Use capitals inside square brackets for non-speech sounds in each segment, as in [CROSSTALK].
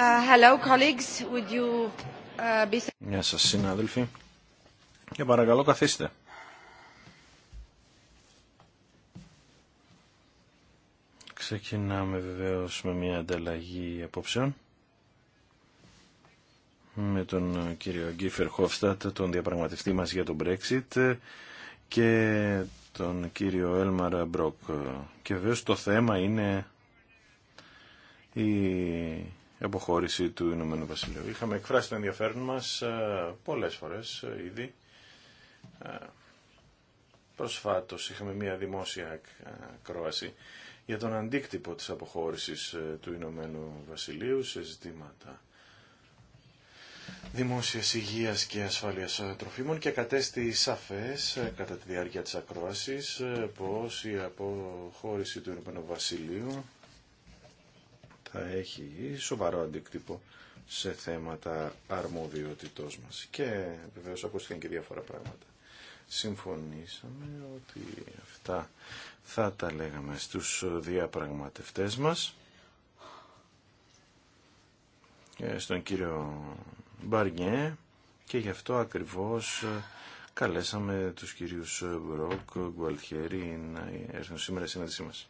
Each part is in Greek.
Uh, uh, Γεια σας συνάδελφοι και παρακαλώ καθίστε. Ξεκινάμε βεβαίως με μια ανταλλαγή απόψεων με τον κύριο Γκίφερ Χόφστατ, τον διαπραγματευτή μας για τον Brexit και τον κύριο Έλμαρ Μπρόκ. Και βεβαίως το θέμα είναι η αποχώρηση του Ηνωμένου Βασιλείου. Είχαμε εκφράσει το ενδιαφέρον μας ε, πολλές φορές ε, ήδη. Ε, προσφάτως είχαμε μία δημόσια κρόαση για τον αντίκτυπο της αποχώρησης του Ηνωμένου Βασιλείου σε ζητήματα δημόσιας υγείας και ασφάλειας τροφίμων και κατέστη σαφές κατά τη διάρκεια της ακρόασης πως η αποχώρηση του Ηνωμένου Βασιλείου θα έχει σοβαρό αντίκτυπο σε θέματα αρμοδιότητός μας. Και βεβαίως ακούστηκαν και διάφορα πράγματα. Συμφωνήσαμε ότι αυτά θα τα λέγαμε στους διαπραγματευτές μας και στον κύριο Μπαρνιέ και γι' αυτό ακριβώς ε, καλέσαμε τους κυρίους Μπροκ, Γκουαλτιέρη να έρθουν σήμερα στην συνάντησή μας.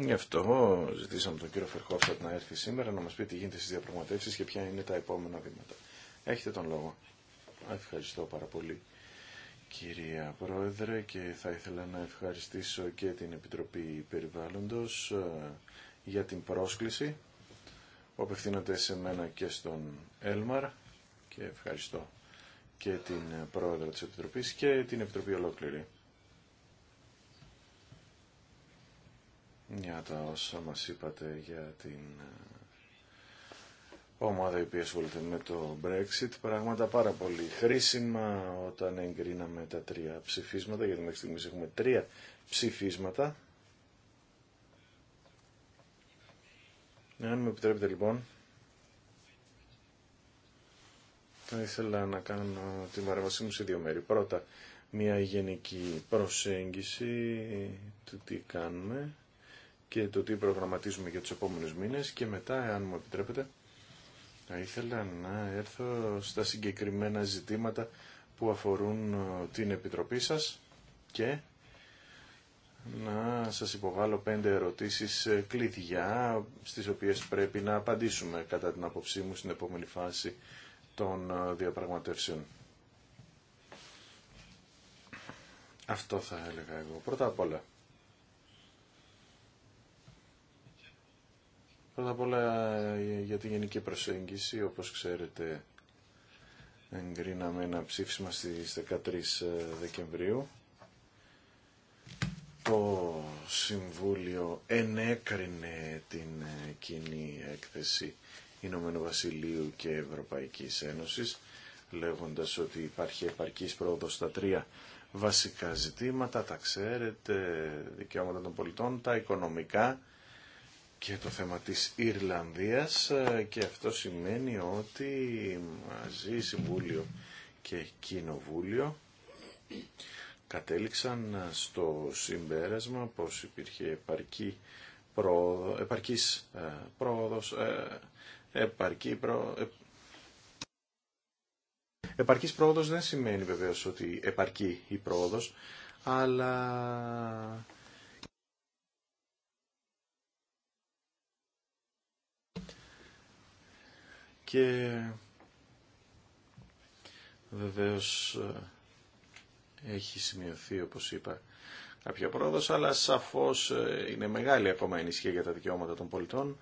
Γι' αυτό ζητήσαμε τον κύριο Φερχόφτατ να έρθει σήμερα να μας πει τι γίνεται στις διαπραγματεύσεις και ποια είναι τα επόμενα βήματα. Έχετε τον λόγο. Ευχαριστώ πάρα πολύ κυρία Πρόεδρε και θα ήθελα να ευχαριστήσω και την Επιτροπή Περιβάλλοντος ε, για την πρόσκληση που απευθύνονται σε μένα και στον Έλμαρ και ευχαριστώ και την Πρόεδρο της Επιτροπής και την Επιτροπή ολόκληρη. για τα όσα μας είπατε για την ε, ομάδα η οποία ασχολείται με το Brexit. Πράγματα πάρα πολύ χρήσιμα όταν εγκρίναμε τα τρία ψηφίσματα, γιατί μέχρι στιγμής έχουμε τρία ψηφίσματα. Αν μου επιτρέπετε λοιπόν, θα ήθελα να κάνω την παρέμβασή μου σε δύο μέρη. Πρώτα, μια γενική προσέγγιση του τι κάνουμε και το τι προγραμματίζουμε για τους επόμενους μήνες και μετά, αν μου επιτρέπετε, θα ήθελα να έρθω στα συγκεκριμένα ζητήματα που αφορούν ε, την Επιτροπή σας και να σας υποβάλω πέντε ερωτήσεις ε, κλειδιά στις οποίες πρέπει να απαντήσουμε κατά την άποψή μου στην επόμενη φάση των ε, διαπραγματεύσεων. Αυτό θα έλεγα εγώ. Πρώτα απ' όλα. Πρώτα απ' όλα ε, για τη γενική προσέγγιση, όπως ξέρετε εγκρίναμε ένα ψήφισμα στις 13 ε, Δεκεμβρίου. Το Συμβούλιο ενέκρινε την ε, κοινή έκθεση Ηνωμένου Βασιλείου και Ευρωπαϊκής Ένωσης, λέγοντας ότι υπάρχει επαρκής πρόοδος στα τρία βασικά ζητήματα, τα ξέρετε, δικαιώματα των πολιτών, τα οικονομικά και το θέμα της Ιρλανδίας ε, και αυτό σημαίνει ότι μαζί Συμβούλιο και Κοινοβούλιο κατέληξαν ε, στο συμπέρασμα πως υπήρχε επαρκή πρόοδο, επαρκής ε, πρόοδος, επαρκή προ, Επαρκής πρόοδος δεν σημαίνει βεβαίως ότι επαρκή η πρόοδος, αλλά και βεβαίως ε, έχει σημειωθεί όπως είπα κάποια πρόοδος αλλά σαφώς ε, είναι μεγάλη ακόμα ενισχύα για τα δικαιώματα των πολιτών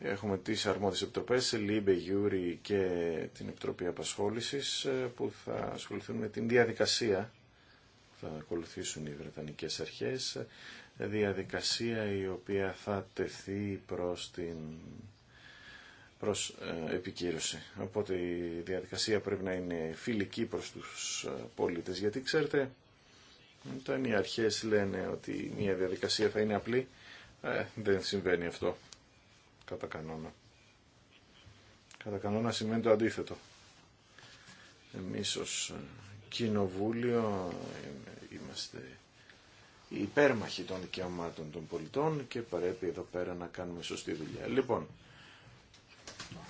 Έχουμε τις αρμόδιες επιτροπές, ΛΥΜΠΕ, Γιούρι και την Επιτροπή Απασχόλησης ε, που θα ασχοληθούν με την διαδικασία που θα ακολουθήσουν οι Βρετανικές Αρχές, διαδικασία η οποία θα τεθεί προς την προς ε, επικύρωση. Οπότε η διαδικασία πρέπει να είναι φιλική προς τους ε, πολίτες, γιατί ξέρετε, όταν οι αρχές λένε ότι μια διαδικασία θα είναι απλή, ε, δεν συμβαίνει αυτό κατά κανόνα. Κατά κανόνα σημαίνει το αντίθετο. Εμείς ως κοινοβούλιο είμαστε υπέρμαχοι των δικαιωμάτων των πολιτών και πρέπει εδώ πέρα να κάνουμε σωστή δουλειά. Λοιπόν,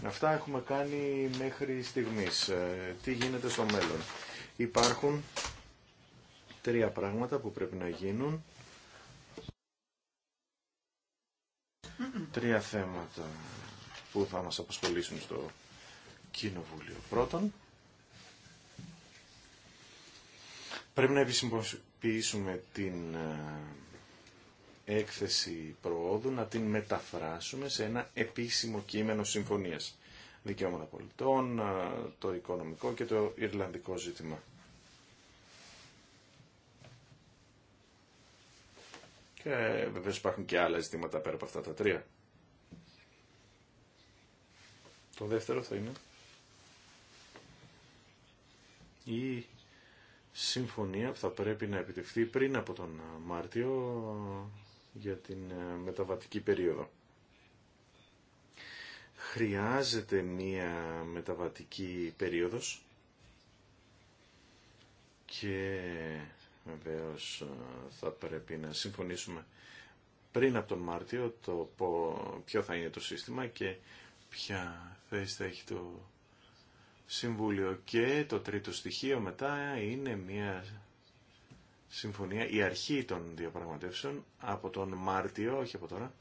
Αυτά έχουμε κάνει μέχρι στιγμής. Ε, τι γίνεται στο μέλλον. Υπάρχουν τρία πράγματα που πρέπει να γίνουν. Τρία θέματα που θα μας απασχολήσουν στο Κοινοβούλιο. Πρώτον, πρέπει να επισημοποιήσουμε την ε, έκθεση προόδου να την μεταφράσουμε σε ένα επίσημο κείμενο συμφωνίας. Δικαιώματα πολιτών, το οικονομικό και το Ιρλανδικό ζήτημα. Και βεβαίω υπάρχουν και άλλα ζητήματα πέρα από αυτά τα τρία. Το δεύτερο θα είναι η συμφωνία που θα πρέπει να επιτευχθεί πριν από τον Μάρτιο για την ε, μεταβατική περίοδο. Χρειάζεται μία μεταβατική περίοδος και βεβαίω ε, θα πρέπει να συμφωνήσουμε πριν από τον Μάρτιο το ποιο θα είναι το σύστημα και ποια θέση θα έχει το Συμβούλιο. Και το τρίτο στοιχείο μετά είναι μια συμφωνία, η αρχή των διαπραγματεύσεων από τον Μάρτιο, όχι από τώρα,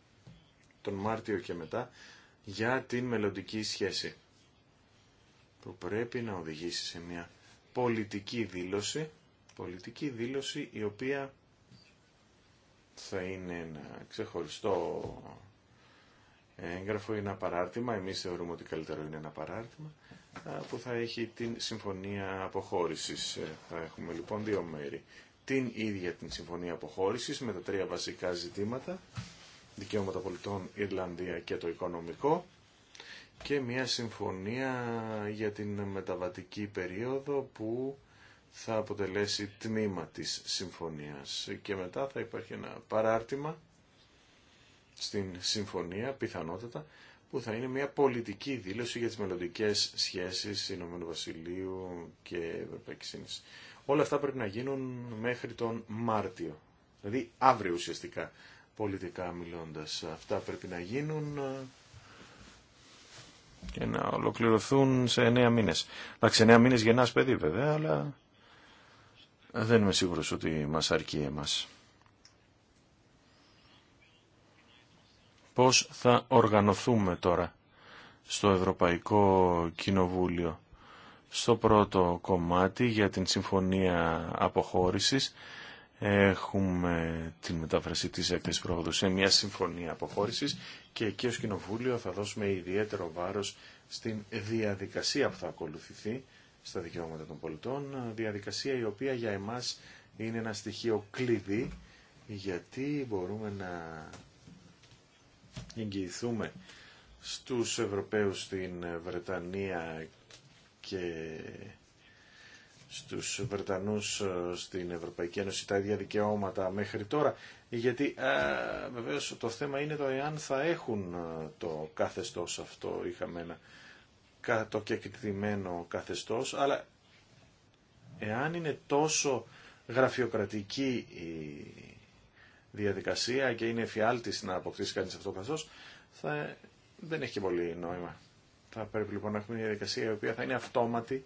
τον Μάρτιο και μετά, για την μελλοντική σχέση που πρέπει να οδηγήσει σε μια πολιτική δήλωση, πολιτική δήλωση η οποία θα είναι ένα ξεχωριστό έγγραφο ή ένα παράρτημα, εμείς θεωρούμε ότι καλύτερο είναι ένα παράρτημα, που θα έχει την συμφωνία αποχώρησης. Ε, θα έχουμε λοιπόν δύο μέρη την ίδια την Συμφωνία Αποχώρησης με τα τρία βασικά ζητήματα, δικαιώματα πολιτών, Ιρλανδία και το οικονομικό, και μια συμφωνία για την μεταβατική περίοδο που θα αποτελέσει τμήμα της συμφωνίας. Και μετά θα υπάρχει ένα παράρτημα στην συμφωνία, πιθανότατα, που θα είναι μια πολιτική δήλωση για τις μελλοντικέ σχέσεις Ηνωμένου Βασιλείου και Ευρωπαϊκής Όλα αυτά πρέπει να γίνουν μέχρι τον Μάρτιο. Δηλαδή αύριο ουσιαστικά πολιτικά μιλώντας. Αυτά πρέπει να γίνουν ε, και να ολοκληρωθούν σε εννέα μήνες. Εντάξει, εννέα μήνες γεννάς παιδί βέβαια, αλλά δεν είμαι σίγουρος ότι μας αρκεί εμάς. Πώς θα οργανωθούμε τώρα στο Ευρωπαϊκό Κοινοβούλιο στο πρώτο κομμάτι για την συμφωνία αποχώρησης έχουμε την μετάφραση της έκθεσης προόδου σε μια συμφωνία αποχώρησης και εκεί ως Κοινοβούλιο θα δώσουμε ιδιαίτερο βάρος στην διαδικασία που θα ακολουθηθεί στα δικαιώματα των πολιτών, διαδικασία η οποία για εμάς είναι ένα στοιχείο κλειδί γιατί μπορούμε να εγγυηθούμε στους Ευρωπαίους στην Βρετανία και στους Βρετανούς ε, στην Ευρωπαϊκή Ένωση τα ίδια δικαιώματα μέχρι τώρα γιατί α, ε, βεβαίως το θέμα είναι το εάν θα έχουν ε, το καθεστώς αυτό είχαμε ένα κατοκεκριτημένο καθεστώς αλλά εάν είναι τόσο γραφειοκρατική η διαδικασία και είναι εφιάλτης να αποκτήσει κανείς αυτό το καθεστώς θα, δεν έχει και πολύ νόημα. Θα πρέπει λοιπόν να έχουμε μια διαδικασία η οποία θα είναι αυτόματη,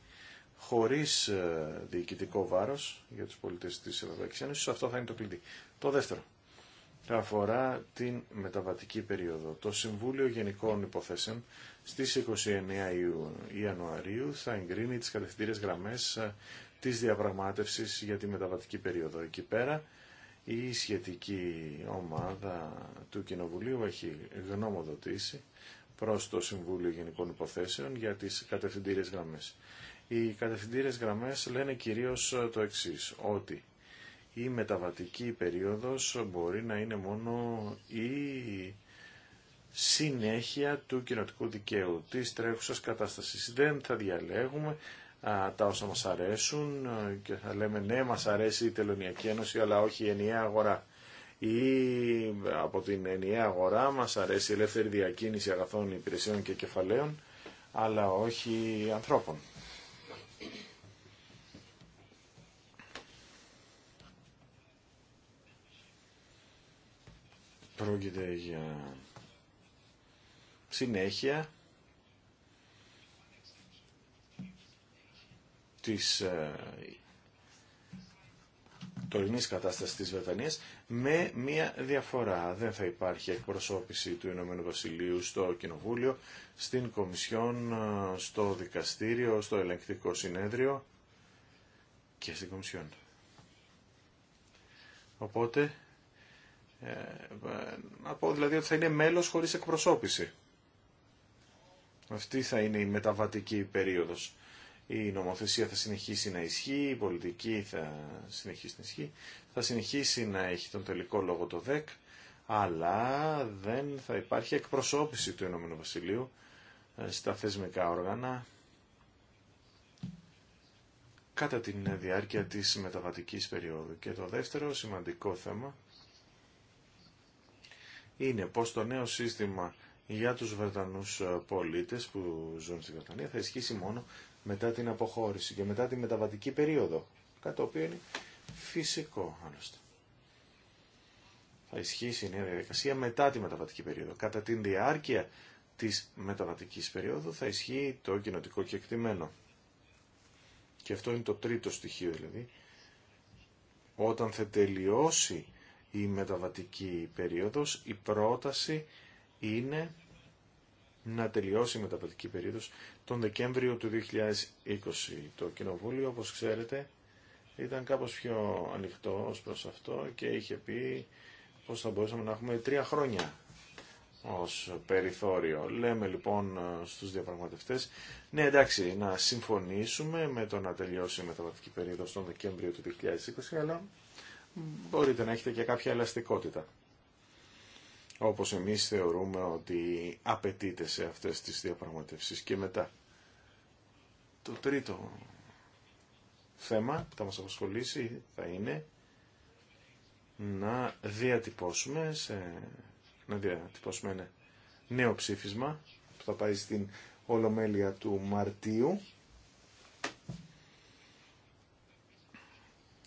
χωρίς ε, διοικητικό βάρος για τους πολίτες της Ευρωπαϊκή Ένωση. Αυτό θα είναι το κλειδί. Το δεύτερο θα αφορά την μεταβατική περίοδο. Το Συμβούλιο Γενικών Υποθέσεων στις 29 Ιανουαρίου θα εγκρίνει τις κατευθυντήρες γραμμές ε, της διαπραγμάτευσης για τη μεταβατική περίοδο. Εκεί πέρα η σχετική ομάδα του Κοινοβουλίου έχει γνωμοδοτήσει προς το Συμβούλιο Γενικών Υποθέσεων για τις κατευθυντήριες γραμμές. Οι κατευθυντήριες γραμμές λένε κυρίως το εξής, ότι η μεταβατική περίοδος μπορεί να είναι μόνο η συνέχεια του κοινοτικού δικαίου, της τρέχουσας κατάστασης. Δεν θα διαλέγουμε τα όσα μας αρέσουν ε, και θα λέμε ναι μας αρέσει η Τελωνιακή Ένωση αλλά όχι η ενιαία αγορά ή από την ενιαία αγορά μας αρέσει η ελεύθερη διακίνηση αγαθών υπηρεσιών και κεφαλαίων αλλά όχι ανθρώπων. Πρόκειται για συνέχεια της ε, τωρινής κατάσταση τη Βρετανία με μία διαφορά. Δεν θα υπάρχει εκπροσώπηση του Ηνωμένου Βασιλείου στο Κοινοβούλιο, στην Κομισιόν, στο Δικαστήριο, στο Ελεγκτικό Συνέδριο και στην Κομισιόν. Οπότε, ε, να πω δηλαδή ότι θα είναι μέλος χωρίς εκπροσώπηση. Αυτή θα είναι η μεταβατική περίοδος η νομοθεσία θα συνεχίσει να ισχύει, η πολιτική θα συνεχίσει να ισχύει, θα συνεχίσει να έχει τον τελικό λόγο το ΔΕΚ, αλλά δεν θα υπάρχει εκπροσώπηση του Ηνωμένου Βασιλείου ε, στα θεσμικά όργανα κατά την διάρκεια της μεταβατικής περίοδου. Και το δεύτερο σημαντικό θέμα είναι πως το νέο σύστημα για τους Βρετανούς πολίτες που ζουν στη Βρετανία θα ισχύσει μόνο μετά την αποχώρηση και μετά τη μεταβατική περίοδο, κάτι το οποίο είναι φυσικό άλλωστε. Θα ισχύσει η νέα διαδικασία μετά τη μεταβατική περίοδο. Κατά την διάρκεια της μεταβατικής περίοδου θα ισχύει το κοινοτικό κεκτημένο. Και αυτό είναι το τρίτο στοιχείο δηλαδή. Όταν θα τελειώσει η μεταβατική περίοδος, η πρόταση είναι να τελειώσει η μεταπατική περίοδος τον Δεκέμβριο του 2020. Το Κοινοβούλιο, όπως ξέρετε, ήταν κάπως πιο ανοιχτό ως προς αυτό και είχε πει πως θα μπορούσαμε να έχουμε τρία χρόνια ως περιθώριο. Λέμε λοιπόν στους διαπραγματευτές, ναι εντάξει να συμφωνήσουμε με το να τελειώσει η μεταβατική περίοδος τον Δεκέμβριο του 2020, αλλά μπορείτε να έχετε και κάποια ελαστικότητα όπως εμείς θεωρούμε ότι απαιτείται σε αυτές τις διαπραγματεύσεις και μετά. Το τρίτο θέμα που θα μας απασχολήσει θα είναι να διατυπώσουμε, σε, να διατυπώσουμε ένα νέο ψήφισμα που θα πάει στην Ολομέλεια του Μαρτίου.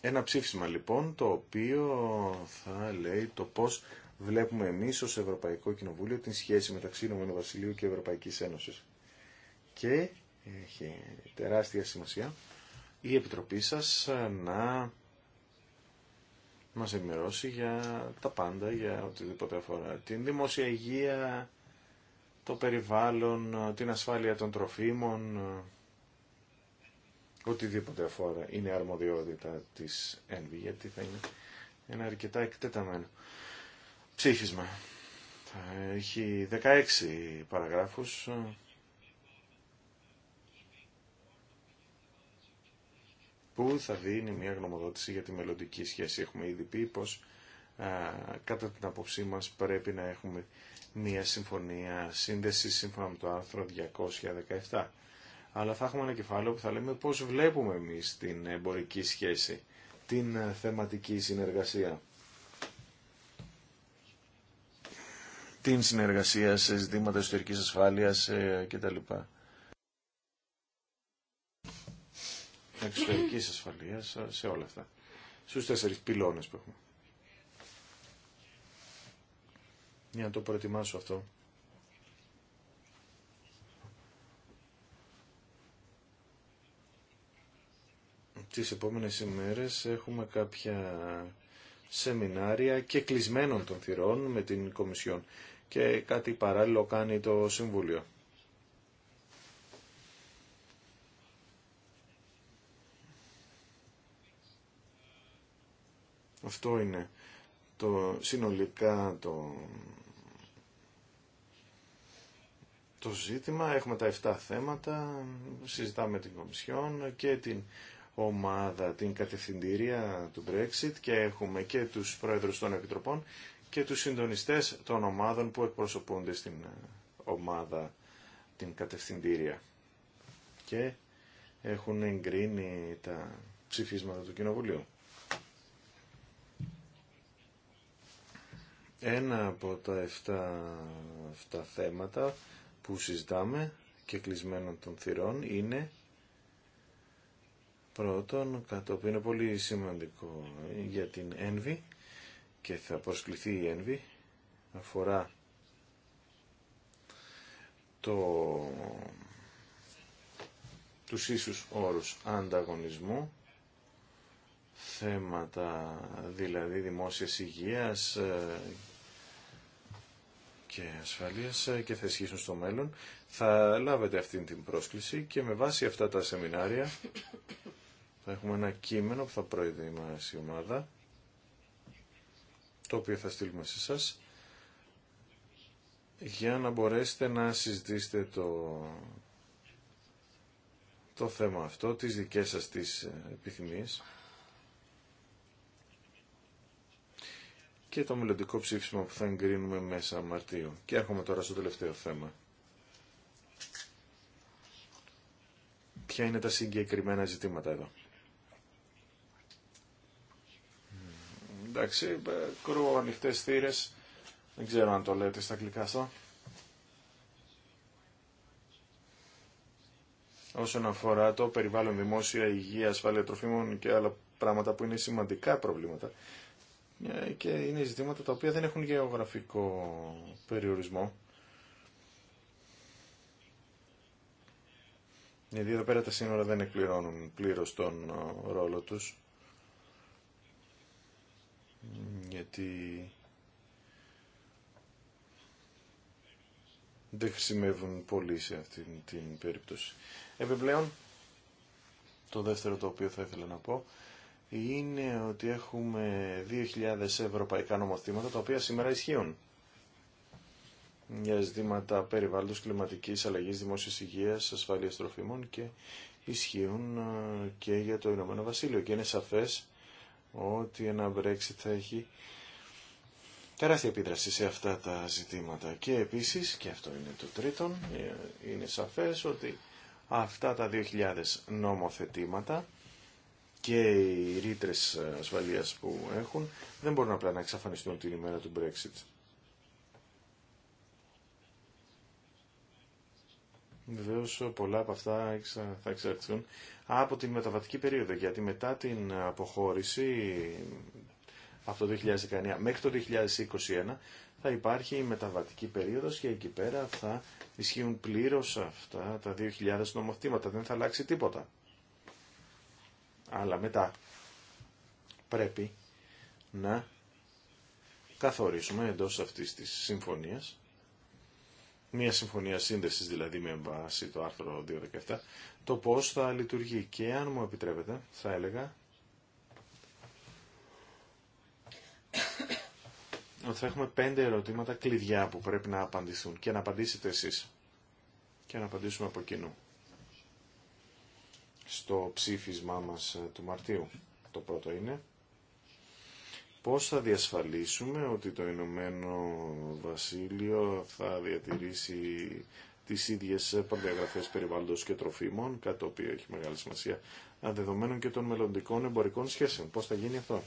Ένα ψήφισμα λοιπόν το οποίο θα λέει το πώς βλέπουμε εμεί ω Ευρωπαϊκό Κοινοβούλιο την σχέση μεταξύ Ηνωμένου Βασιλείου και ευρωπαϊκή Ένωση. Και έχει τεράστια σημασία η Επιτροπή σας να μας ενημερώσει για τα πάντα, για οτιδήποτε αφορά την δημόσια υγεία, το περιβάλλον, την ασφάλεια των τροφίμων, οτιδήποτε αφορά είναι αρμοδιότητα της ΕΝΒΗ, γιατί θα είναι ένα αρκετά εκτεταμένο ψήφισμα. Έχει 16 παραγράφους. που θα δίνει μια γνωμοδότηση για τη μελλοντική σχέση. Έχουμε ήδη πει πως α, κατά την απόψή μας πρέπει να έχουμε μια συμφωνία σύνδεση σύμφωνα με το άρθρο 217. Αλλά θα έχουμε ένα κεφάλαιο που θα λέμε πώς βλέπουμε εμείς την εμπορική σχέση, την ε, θεματική συνεργασία. την συνεργασία σε ζητήματα εσωτερικής ασφάλειας ε, κτλ. Εξωτερική ασφαλείας ε, σε όλα αυτά. Στου τέσσερι πυλώνες που έχουμε. Για να το προετοιμάσω αυτό. Τι επόμενε ημέρε έχουμε κάποια σεμινάρια και κλεισμένων των θυρών με την Κομισιόν και κάτι παράλληλο κάνει το Συμβούλιο. Αυτό είναι το συνολικά το, το ζήτημα. Έχουμε τα 7 θέματα, συζητάμε την Κομισιόν και την ομάδα, την κατευθυντηρία του Brexit και έχουμε και τους πρόεδρους των Επιτροπών και τους συντονιστές των ομάδων που εκπροσωπούνται στην ε, ομάδα την κατευθυντήρια και έχουν εγκρίνει τα ψηφίσματα του Κοινοβουλίου. Ένα από τα 7 θέματα που συζητάμε και κλεισμένων των θυρών είναι πρώτον, κατόπιν που είναι πολύ σημαντικό για την ένβη, και θα προσκληθεί η ΕΝΒΗ αφορά το, τους ίσους όρους ανταγωνισμού, θέματα δηλαδή δημόσιας υγείας ε, και ασφαλείας ε, και θα ισχύσουν στο μέλλον. Θα λάβετε αυτή την πρόσκληση και με βάση αυτά τα σεμινάρια θα έχουμε ένα κείμενο που θα προετοιμάσει η ομάδα το οποίο θα στείλουμε σε εσά για να μπορέσετε να συζητήσετε το, το θέμα αυτό, τις δικές σας τις ε, επιθυμίες και το μελλοντικό ψήφισμα που θα εγκρίνουμε μέσα Μαρτίου. Και έρχομαι τώρα στο τελευταίο θέμα. Ποια είναι τα συγκεκριμένα ζητήματα εδώ. εντάξει, ε, κρούω ανοιχτέ θύρε. Δεν ξέρω αν το λέτε στα αγγλικά αυτό. Όσον αφορά το περιβάλλον, δημόσια υγεία, ασφάλεια τροφίμων και άλλα πράγματα που είναι σημαντικά προβλήματα ε, και είναι ζητήματα τα οποία δεν έχουν γεωγραφικό περιορισμό. Γιατί εδώ πέρα τα σύνορα δεν εκπληρώνουν πλήρως τον ε, ρόλο τους γιατί δεν χρησιμεύουν πολύ σε αυτή την περίπτωση. Επιπλέον, το δεύτερο το οποίο θα ήθελα να πω είναι ότι έχουμε 2.000 ευρωπαϊκά νομοθήματα τα οποία σήμερα ισχύουν για ζητήματα περιβάλλοντος, κλιματικής αλλαγής, δημόσιας υγείας, ασφάλειας τροφίμων και ισχύουν ε, και για το Ηνωμένο Βασίλειο και είναι σαφές ότι ένα Brexit θα έχει τεράστια επίδραση σε αυτά τα ζητήματα. Και επίσης, και αυτό είναι το τρίτο, είναι σαφές ότι αυτά τα 2.000 νομοθετήματα και οι ρήτρε ασφαλείας που έχουν δεν μπορούν απλά να εξαφανιστούν την ημέρα του Brexit. Βεβαίω πολλά από αυτά θα εξαρτηθούν από την μεταβατική περίοδο, γιατί μετά την αποχώρηση από το 2019 μέχρι το 2021 θα υπάρχει η μεταβατική περίοδος και εκεί πέρα θα ισχύουν πλήρως αυτά τα 2.000 νομοθήματα, δεν θα αλλάξει τίποτα. Αλλά μετά πρέπει να καθορίσουμε εντός αυτής της συμφωνίας μια συμφωνία σύνδεση δηλαδή με βάση το άρθρο 217, το πώς θα λειτουργεί. Και αν μου επιτρέπετε, θα έλεγα ότι θα έχουμε πέντε ερωτήματα κλειδιά που πρέπει να απαντηθούν και να απαντήσετε εσείς και να απαντήσουμε από κοινού στο ψήφισμά μας του Μαρτίου. Το πρώτο είναι πώς θα διασφαλίσουμε ότι το Ηνωμένο Βασίλειο θα διατηρήσει τις ίδιες παραγραφές περιβάλλοντος και τροφίμων, κάτι το οποίο έχει μεγάλη σημασία, ανδεδομένων και των μελλοντικών εμπορικών σχέσεων. Πώς θα γίνει αυτό.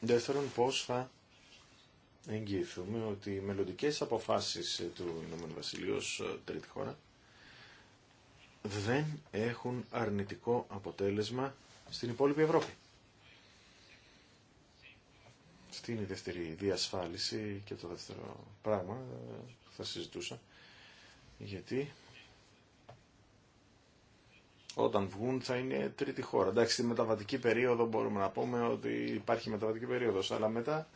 Δεύτερον, πώς θα εγγυηθούμε ότι οι μελλοντικές αποφάσεις του Ηνωμένου Βασιλείου ως ε, τρίτη χώρα δεν έχουν αρνητικό αποτέλεσμα στην υπόλοιπη Ευρώπη. Στην είναι η δεύτερη διασφάλιση και το δεύτερο πράγμα που ε, θα συζητούσα. Γιατί όταν βγουν θα είναι τρίτη χώρα. Εντάξει, στη μεταβατική περίοδο μπορούμε να πούμε ότι υπάρχει μεταβατική περίοδος, αλλά μετά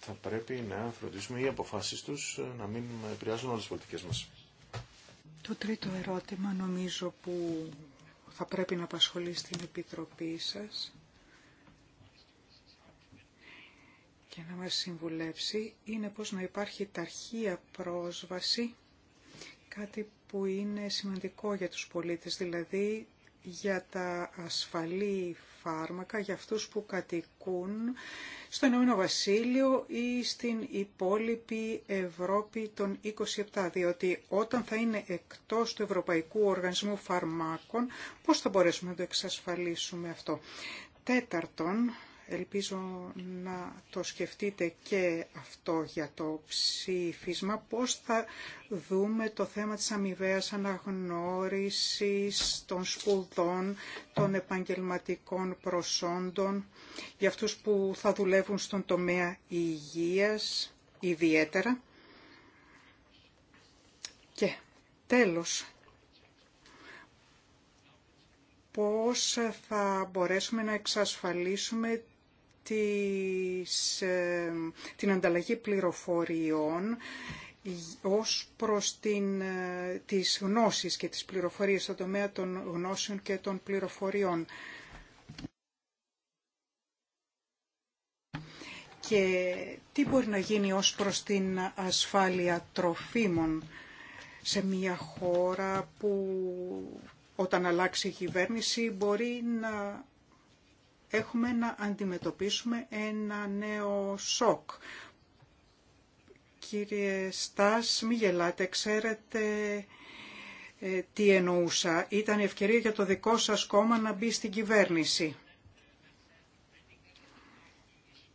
θα πρέπει να φροντίσουμε οι αποφάσεις τους ε, να μην επηρεάζουν όλες τις πολιτικές μας. Το τρίτο ερώτημα νομίζω που θα πρέπει να απασχολεί στην Επιτροπή σας και να μας συμβουλεύσει είναι πώς να υπάρχει ταρχία πρόσβαση, κάτι που είναι σημαντικό για τους πολίτες, δηλαδή για τα ασφαλή φάρμακα για αυτούς που κατοικούν στο Ηνωμένο Βασίλειο ή στην υπόλοιπη Ευρώπη των 27, διότι όταν θα είναι εκτός του Ευρωπαϊκού Οργανισμού Φαρμάκων, πώς θα μπορέσουμε να το εξασφαλίσουμε αυτό. Τέταρτον, Ελπίζω να το σκεφτείτε και αυτό για το ψήφισμα. Πώς θα δούμε το θέμα της αμοιβαία αναγνώρισης των σπουδών, των επαγγελματικών προσόντων, για αυτούς που θα δουλεύουν στον τομέα υγείας ιδιαίτερα. Και τέλος, πώς θα μπορέσουμε να εξασφαλίσουμε της, την ανταλλαγή πληροφοριών ως προς την, ε, τις γνώσεις και τις πληροφορίες στον τομέα των γνώσεων και των πληροφοριών. Και τι μπορεί να γίνει ως προς την ασφάλεια τροφίμων σε μια χώρα που όταν αλλάξει η κυβέρνηση μπορεί να έχουμε να αντιμετωπίσουμε ένα νέο σοκ. Κύριε Στάς, μη γελάτε, ξέρετε ε, τι εννοούσα. Ήταν η ευκαιρία για το δικό σας κόμμα να μπει στην κυβέρνηση.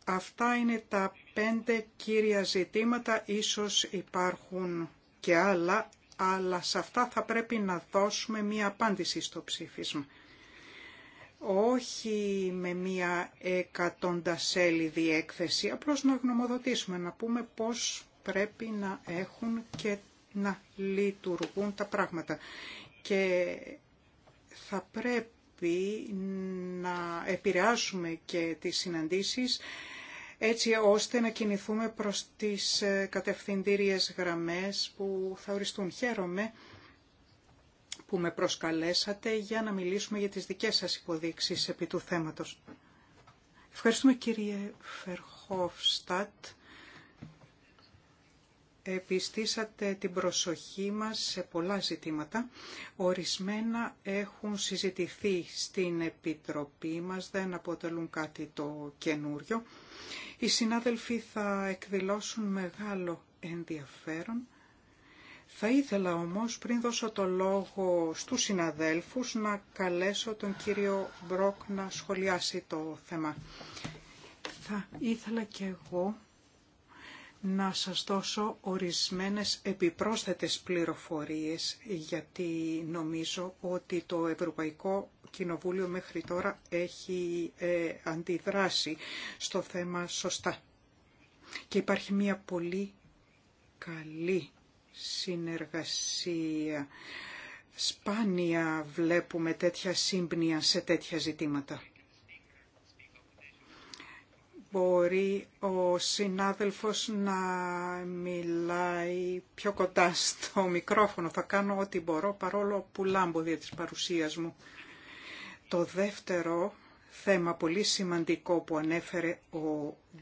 Αυτά είναι τα πέντε κύρια ζητήματα, ίσως υπάρχουν και άλλα, αλλά σε αυτά θα πρέπει να δώσουμε μία απάντηση στο ψήφισμα όχι με μία εκατοντασέλιδη έκθεση, απλώς να γνωμοδοτήσουμε, να πούμε πώς πρέπει να έχουν και να λειτουργούν τα πράγματα. Και θα πρέπει να επηρεάσουμε και τις συναντήσεις έτσι ώστε να κινηθούμε προς τις κατευθυντήριες γραμμές που θα οριστούν. Χαίρομαι που με προσκαλέσατε για να μιλήσουμε για τις δικές σας υποδείξεις επί του θέματος. Ευχαριστούμε κύριε Φερχόφστατ. Επιστήσατε την προσοχή μας σε πολλά ζητήματα. Ορισμένα έχουν συζητηθεί στην Επιτροπή μας, δεν αποτελούν κάτι το καινούριο. Οι συνάδελφοι θα εκδηλώσουν μεγάλο ενδιαφέρον θα ήθελα όμως πριν δώσω το λόγο στους συναδέλφους να καλέσω τον κύριο Μπρόκ να σχολιάσει το θέμα. Θα ήθελα και εγώ να σας δώσω ορισμένες επιπρόσθετες πληροφορίες γιατί νομίζω ότι το Ευρωπαϊκό Κοινοβούλιο μέχρι τώρα έχει ε, αντιδράσει στο θέμα σωστά. Και υπάρχει μια πολύ καλή συνεργασία. Σπάνια βλέπουμε τέτοια σύμπνοια σε τέτοια ζητήματα. Μπορεί ο συνάδελφος να μιλάει πιο κοντά στο μικρόφωνο. Θα κάνω ό,τι μπορώ παρόλο που λάμπω δια της παρουσίας μου. Το δεύτερο θέμα πολύ σημαντικό που ανέφερε ο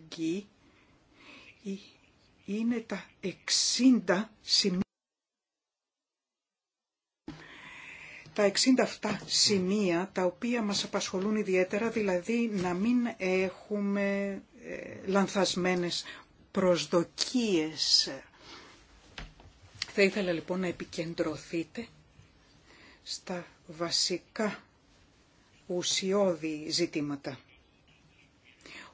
Γκί είναι τα 60 σημεία. Τα 60 αυτά σημεία τα οποία μας απασχολούν ιδιαίτερα, δηλαδή να μην έχουμε ε, λανθασμένες προσδοκίες. Θα ήθελα λοιπόν να επικεντρωθείτε στα βασικά ουσιώδη ζητήματα.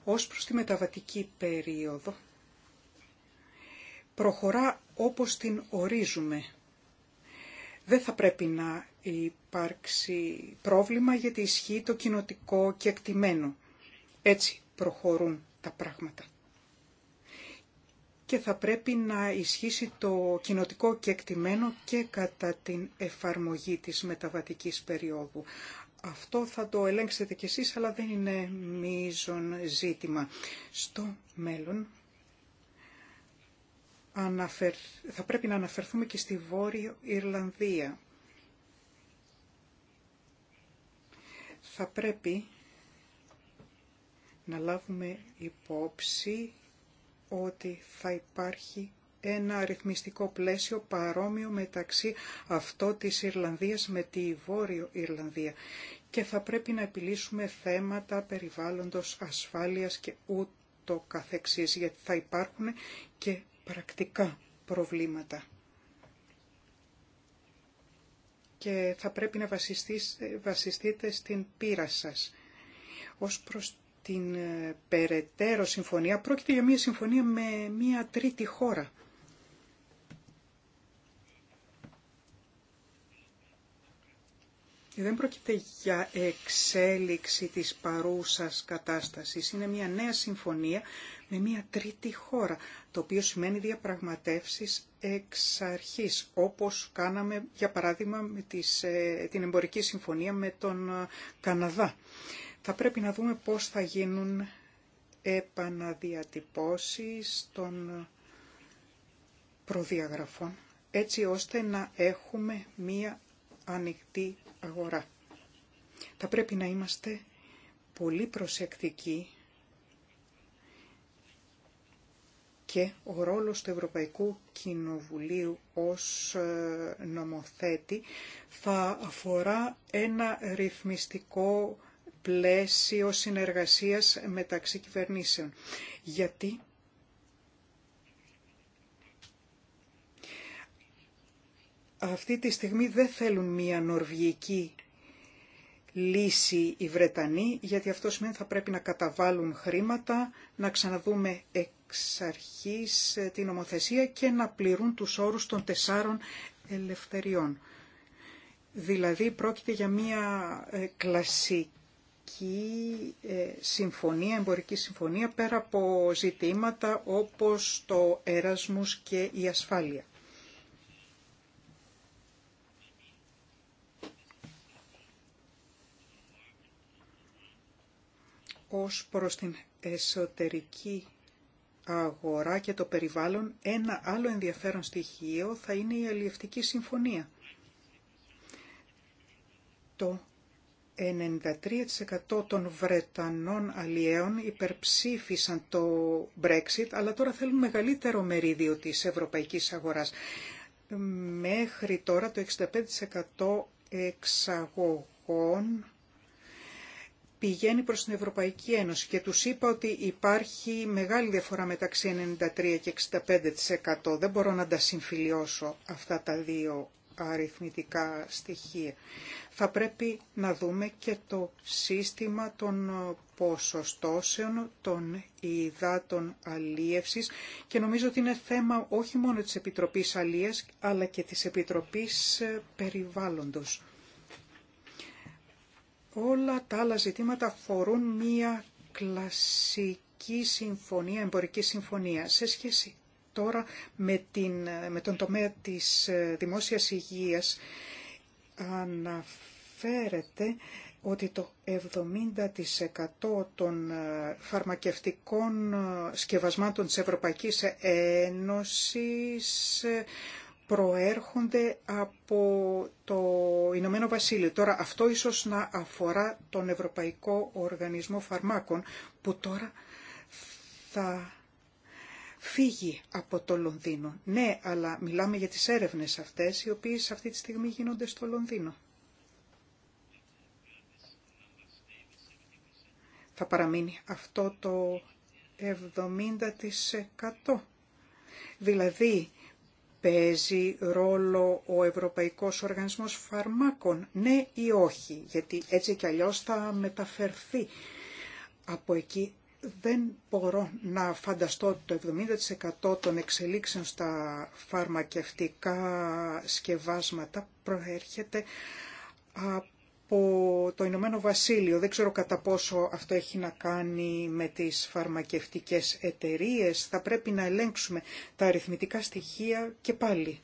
Ως προς τη μεταβατική περίοδο προχωρά όπως την ορίζουμε. Δεν θα πρέπει να υπάρξει πρόβλημα γιατί ισχύει το κοινοτικό και εκτιμένο. Έτσι προχωρούν τα πράγματα. Και θα πρέπει να ισχύσει το κοινοτικό και εκτιμένο και κατά την εφαρμογή της μεταβατικής περίοδου. Αυτό θα το ελέγξετε κι εσείς, αλλά δεν είναι μείζον ζήτημα. Στο μέλλον θα πρέπει να αναφερθούμε και στη Βόρειο Ιρλανδία. Θα πρέπει να λάβουμε υπόψη ότι θα υπάρχει ένα αριθμιστικό πλαίσιο παρόμοιο μεταξύ αυτό της Ιρλανδίας με τη Βόρειο Ιρλανδία και θα πρέπει να επιλύσουμε θέματα περιβάλλοντος ασφάλειας και ούτω καθεξής γιατί θα υπάρχουν και πρακτικά προβλήματα. Και θα πρέπει να βασιστείτε στην πείρα σας. Ως προς την ε, περαιτέρω συμφωνία, πρόκειται για μια συμφωνία με μια τρίτη χώρα. Δεν πρόκειται για εξέλιξη της παρούσας κατάστασης. Είναι μια νέα συμφωνία με μία τρίτη χώρα, το οποίο σημαίνει διαπραγματεύσεις εξ αρχής, όπως κάναμε για παράδειγμα με ε, την εμπορική συμφωνία με τον ε, Καναδά. Θα πρέπει να δούμε πώς θα γίνουν επαναδιατυπώσεις των προδιαγραφών, έτσι ώστε να έχουμε μία ανοιχτή αγορά. Θα πρέπει να είμαστε πολύ προσεκτικοί και ο ρόλος του Ευρωπαϊκού Κοινοβουλίου ως ε, νομοθέτη θα αφορά ένα ρυθμιστικό πλαίσιο συνεργασίας μεταξύ κυβερνήσεων. Γιατί αυτή τη στιγμή δεν θέλουν μία νορβηγική λύση οι Βρετανοί, γιατί αυτό σημαίνει θα πρέπει να καταβάλουν χρήματα, να ξαναδούμε εξ αρχής ε, την νομοθεσία και να πληρούν τους όρους των τεσσάρων ελευθεριών. Δηλαδή πρόκειται για μια ε, κλασική ε, συμφωνία, εμπορική συμφωνία πέρα από ζητήματα όπως το έρασμος και η ασφάλεια. Ως προς την εσωτερική αγορά και το περιβάλλον, ένα άλλο ενδιαφέρον στοιχείο θα είναι η αλλιευτική συμφωνία. Το 93% των Βρετανών αλλιέων υπερψήφισαν το Brexit, αλλά τώρα θέλουν μεγαλύτερο μερίδιο της ευρωπαϊκής αγοράς. Μέχρι τώρα το 65% εξαγωγών πηγαίνει προς την Ευρωπαϊκή Ένωση και τους είπα ότι υπάρχει μεγάλη διαφορά μεταξύ 93% και 65%. Δεν μπορώ να τα συμφιλιώσω αυτά τα δύο αριθμητικά στοιχεία. Θα πρέπει να δούμε και το σύστημα των ποσοστώσεων των υδάτων αλίευσης και νομίζω ότι είναι θέμα όχι μόνο της Επιτροπής Αλίας αλλά και της Επιτροπής Περιβάλλοντος. Όλα τα άλλα ζητήματα αφορούν μία κλασική συμφωνία, εμπορική συμφωνία σε σχέση τώρα με, την, με τον τομέα της ε, δημόσιας υγείας αναφέρεται ότι το 70% των ε, φαρμακευτικών ε, σκευασμάτων της Ευρωπαϊκής Ένωσης προέρχονται από το Ηνωμένο Βασίλειο. Τώρα αυτό ίσως να αφορά τον Ευρωπαϊκό Οργανισμό Φαρμάκων που τώρα θα φύγει από το Λονδίνο. Ναι, αλλά μιλάμε για τις έρευνες αυτές οι οποίες αυτή τη στιγμή γίνονται στο Λονδίνο. Θα παραμείνει αυτό το 70%. Δηλαδή, παίζει ρόλο ο Ευρωπαϊκός Οργανισμός Φαρμάκων, ναι ή όχι, γιατί έτσι κι αλλιώς θα μεταφερθεί από εκεί. Δεν μπορώ να φανταστώ ότι το 70% των εξελίξεων στα φαρμακευτικά σκευάσματα προέρχεται από το Ηνωμένο Βασίλειο. Δεν ξέρω κατά πόσο αυτό έχει να κάνει με τις φαρμακευτικές εταιρείες. Θα πρέπει να ελέγξουμε τα αριθμητικά στοιχεία και πάλι.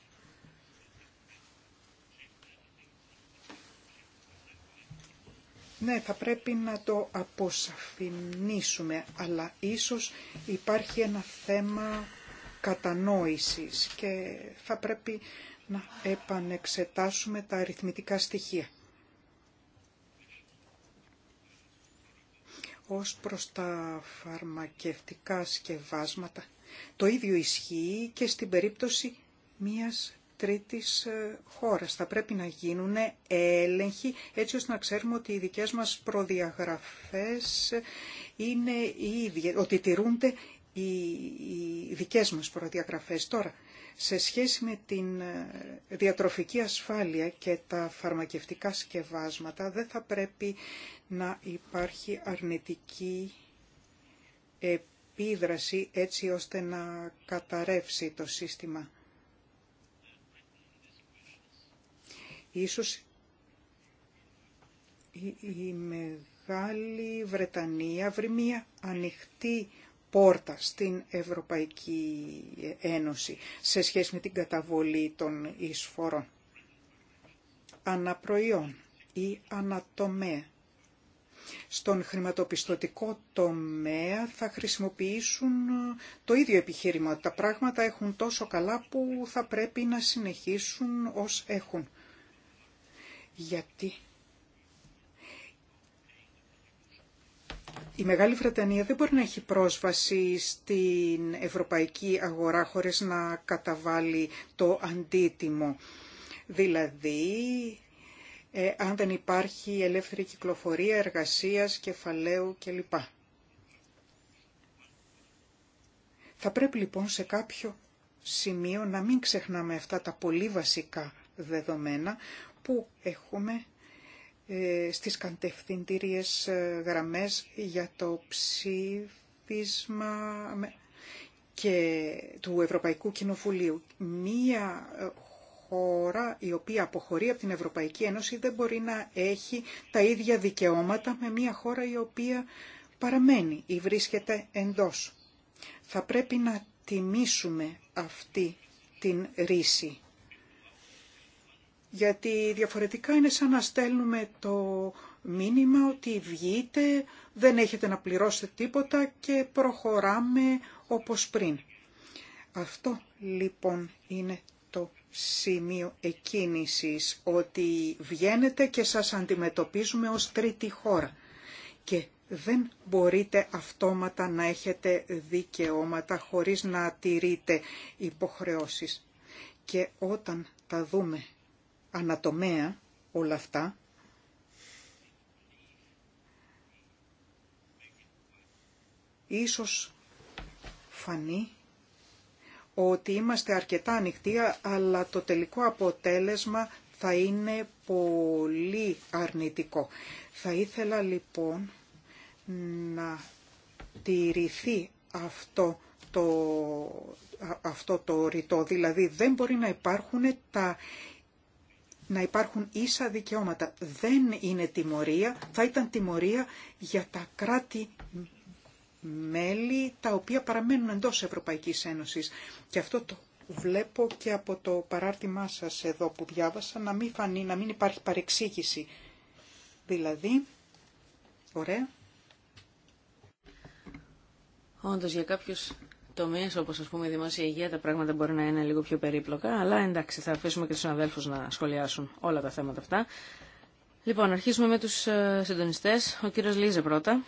Ναι, θα πρέπει να το αποσαφηνίσουμε, αλλά ίσως υπάρχει ένα θέμα κατανόησης και θα πρέπει να επανεξετάσουμε τα αριθμητικά στοιχεία. ως προς τα φαρμακευτικά σκευάσματα. Το ίδιο ισχύει και στην περίπτωση μιας τρίτης ε, χώρας. Θα πρέπει να γίνουν έλεγχοι έτσι ώστε να ξέρουμε ότι οι δικές μας προδιαγραφές είναι οι ίδιες, ότι τηρούνται οι δικές μας προδιαγραφές. Τώρα, σε σχέση με την ε, διατροφική ασφάλεια και τα φαρμακευτικά σκευάσματα δεν θα πρέπει να υπάρχει αρνητική επίδραση έτσι ώστε να καταρρεύσει το σύστημα. Ίσως η Μεγάλη Βρετανία βρει μια ανοιχτή στην Ευρωπαϊκή Ένωση σε σχέση με την καταβολή των εισφορών. Αναπροϊόν ή ανατομέα. Στον χρηματοπιστωτικό τομέα θα χρησιμοποιήσουν ε, το ίδιο επιχείρημα. Τα πράγματα έχουν τόσο καλά που θα πρέπει να συνεχίσουν ως έχουν. Γιατί Η Μεγάλη Βρετανία δεν μπορεί να έχει πρόσβαση στην ευρωπαϊκή αγορά χωρίς να καταβάλει το αντίτιμο. Δηλαδή, ε, αν δεν υπάρχει ελεύθερη κυκλοφορία εργασίας, κεφαλαίου κλπ. Θα πρέπει λοιπόν σε κάποιο σημείο να μην ξεχνάμε αυτά τα πολύ βασικά δεδομένα που έχουμε ε, στις κατευθυντήριες ε, γραμμές για το ψήφισμα και του Ευρωπαϊκού Κοινοβουλίου. Μία ε, χώρα η οποία αποχωρεί από την Ευρωπαϊκή Ένωση δεν μπορεί να έχει τα ίδια δικαιώματα με μία χώρα η οποία παραμένει ή βρίσκεται εντός. Θα πρέπει να τιμήσουμε αυτή την ρίση γιατί διαφορετικά είναι σαν να στέλνουμε το μήνυμα ότι βγείτε, δεν έχετε να πληρώσετε τίποτα και προχωράμε όπως πριν. Αυτό λοιπόν είναι το σημείο εκκίνησης, ότι βγαίνετε και σας αντιμετωπίζουμε ως τρίτη χώρα και δεν μπορείτε αυτόματα να έχετε δικαιώματα χωρίς να τηρείτε υποχρεώσεις. Και όταν τα δούμε ανατομέα όλα αυτά. Ίσως φανεί ότι είμαστε αρκετά ανοιχτοί, αλλά το τελικό αποτέλεσμα θα είναι πολύ αρνητικό. Θα ήθελα λοιπόν να τηρηθεί αυτό το, αυτό το ρητό, δηλαδή δεν μπορεί να υπάρχουν τα να υπάρχουν ίσα δικαιώματα. Δεν είναι τιμωρία, θα ήταν τιμωρία για τα κράτη μέλη τα οποία παραμένουν εντός Ευρωπαϊκής Ένωσης. Και αυτό το βλέπω και από το παράρτημά σας εδώ που διάβασα, να μην φανεί, να μην υπάρχει παρεξήγηση. Δηλαδή, ωραία. Όντως για κάποιους τομεί, όπω α πούμε η δημόσια υγεία τα πράγματα μπορεί να είναι λίγο πιο περίπλοκα αλλά εντάξει θα αφήσουμε και του συναδέλφου να σχολιάσουν όλα τα θέματα αυτά. Λοιπόν αρχίσουμε με του ε, συντονιστέ, Ο κύριο Λίζε πρώτα.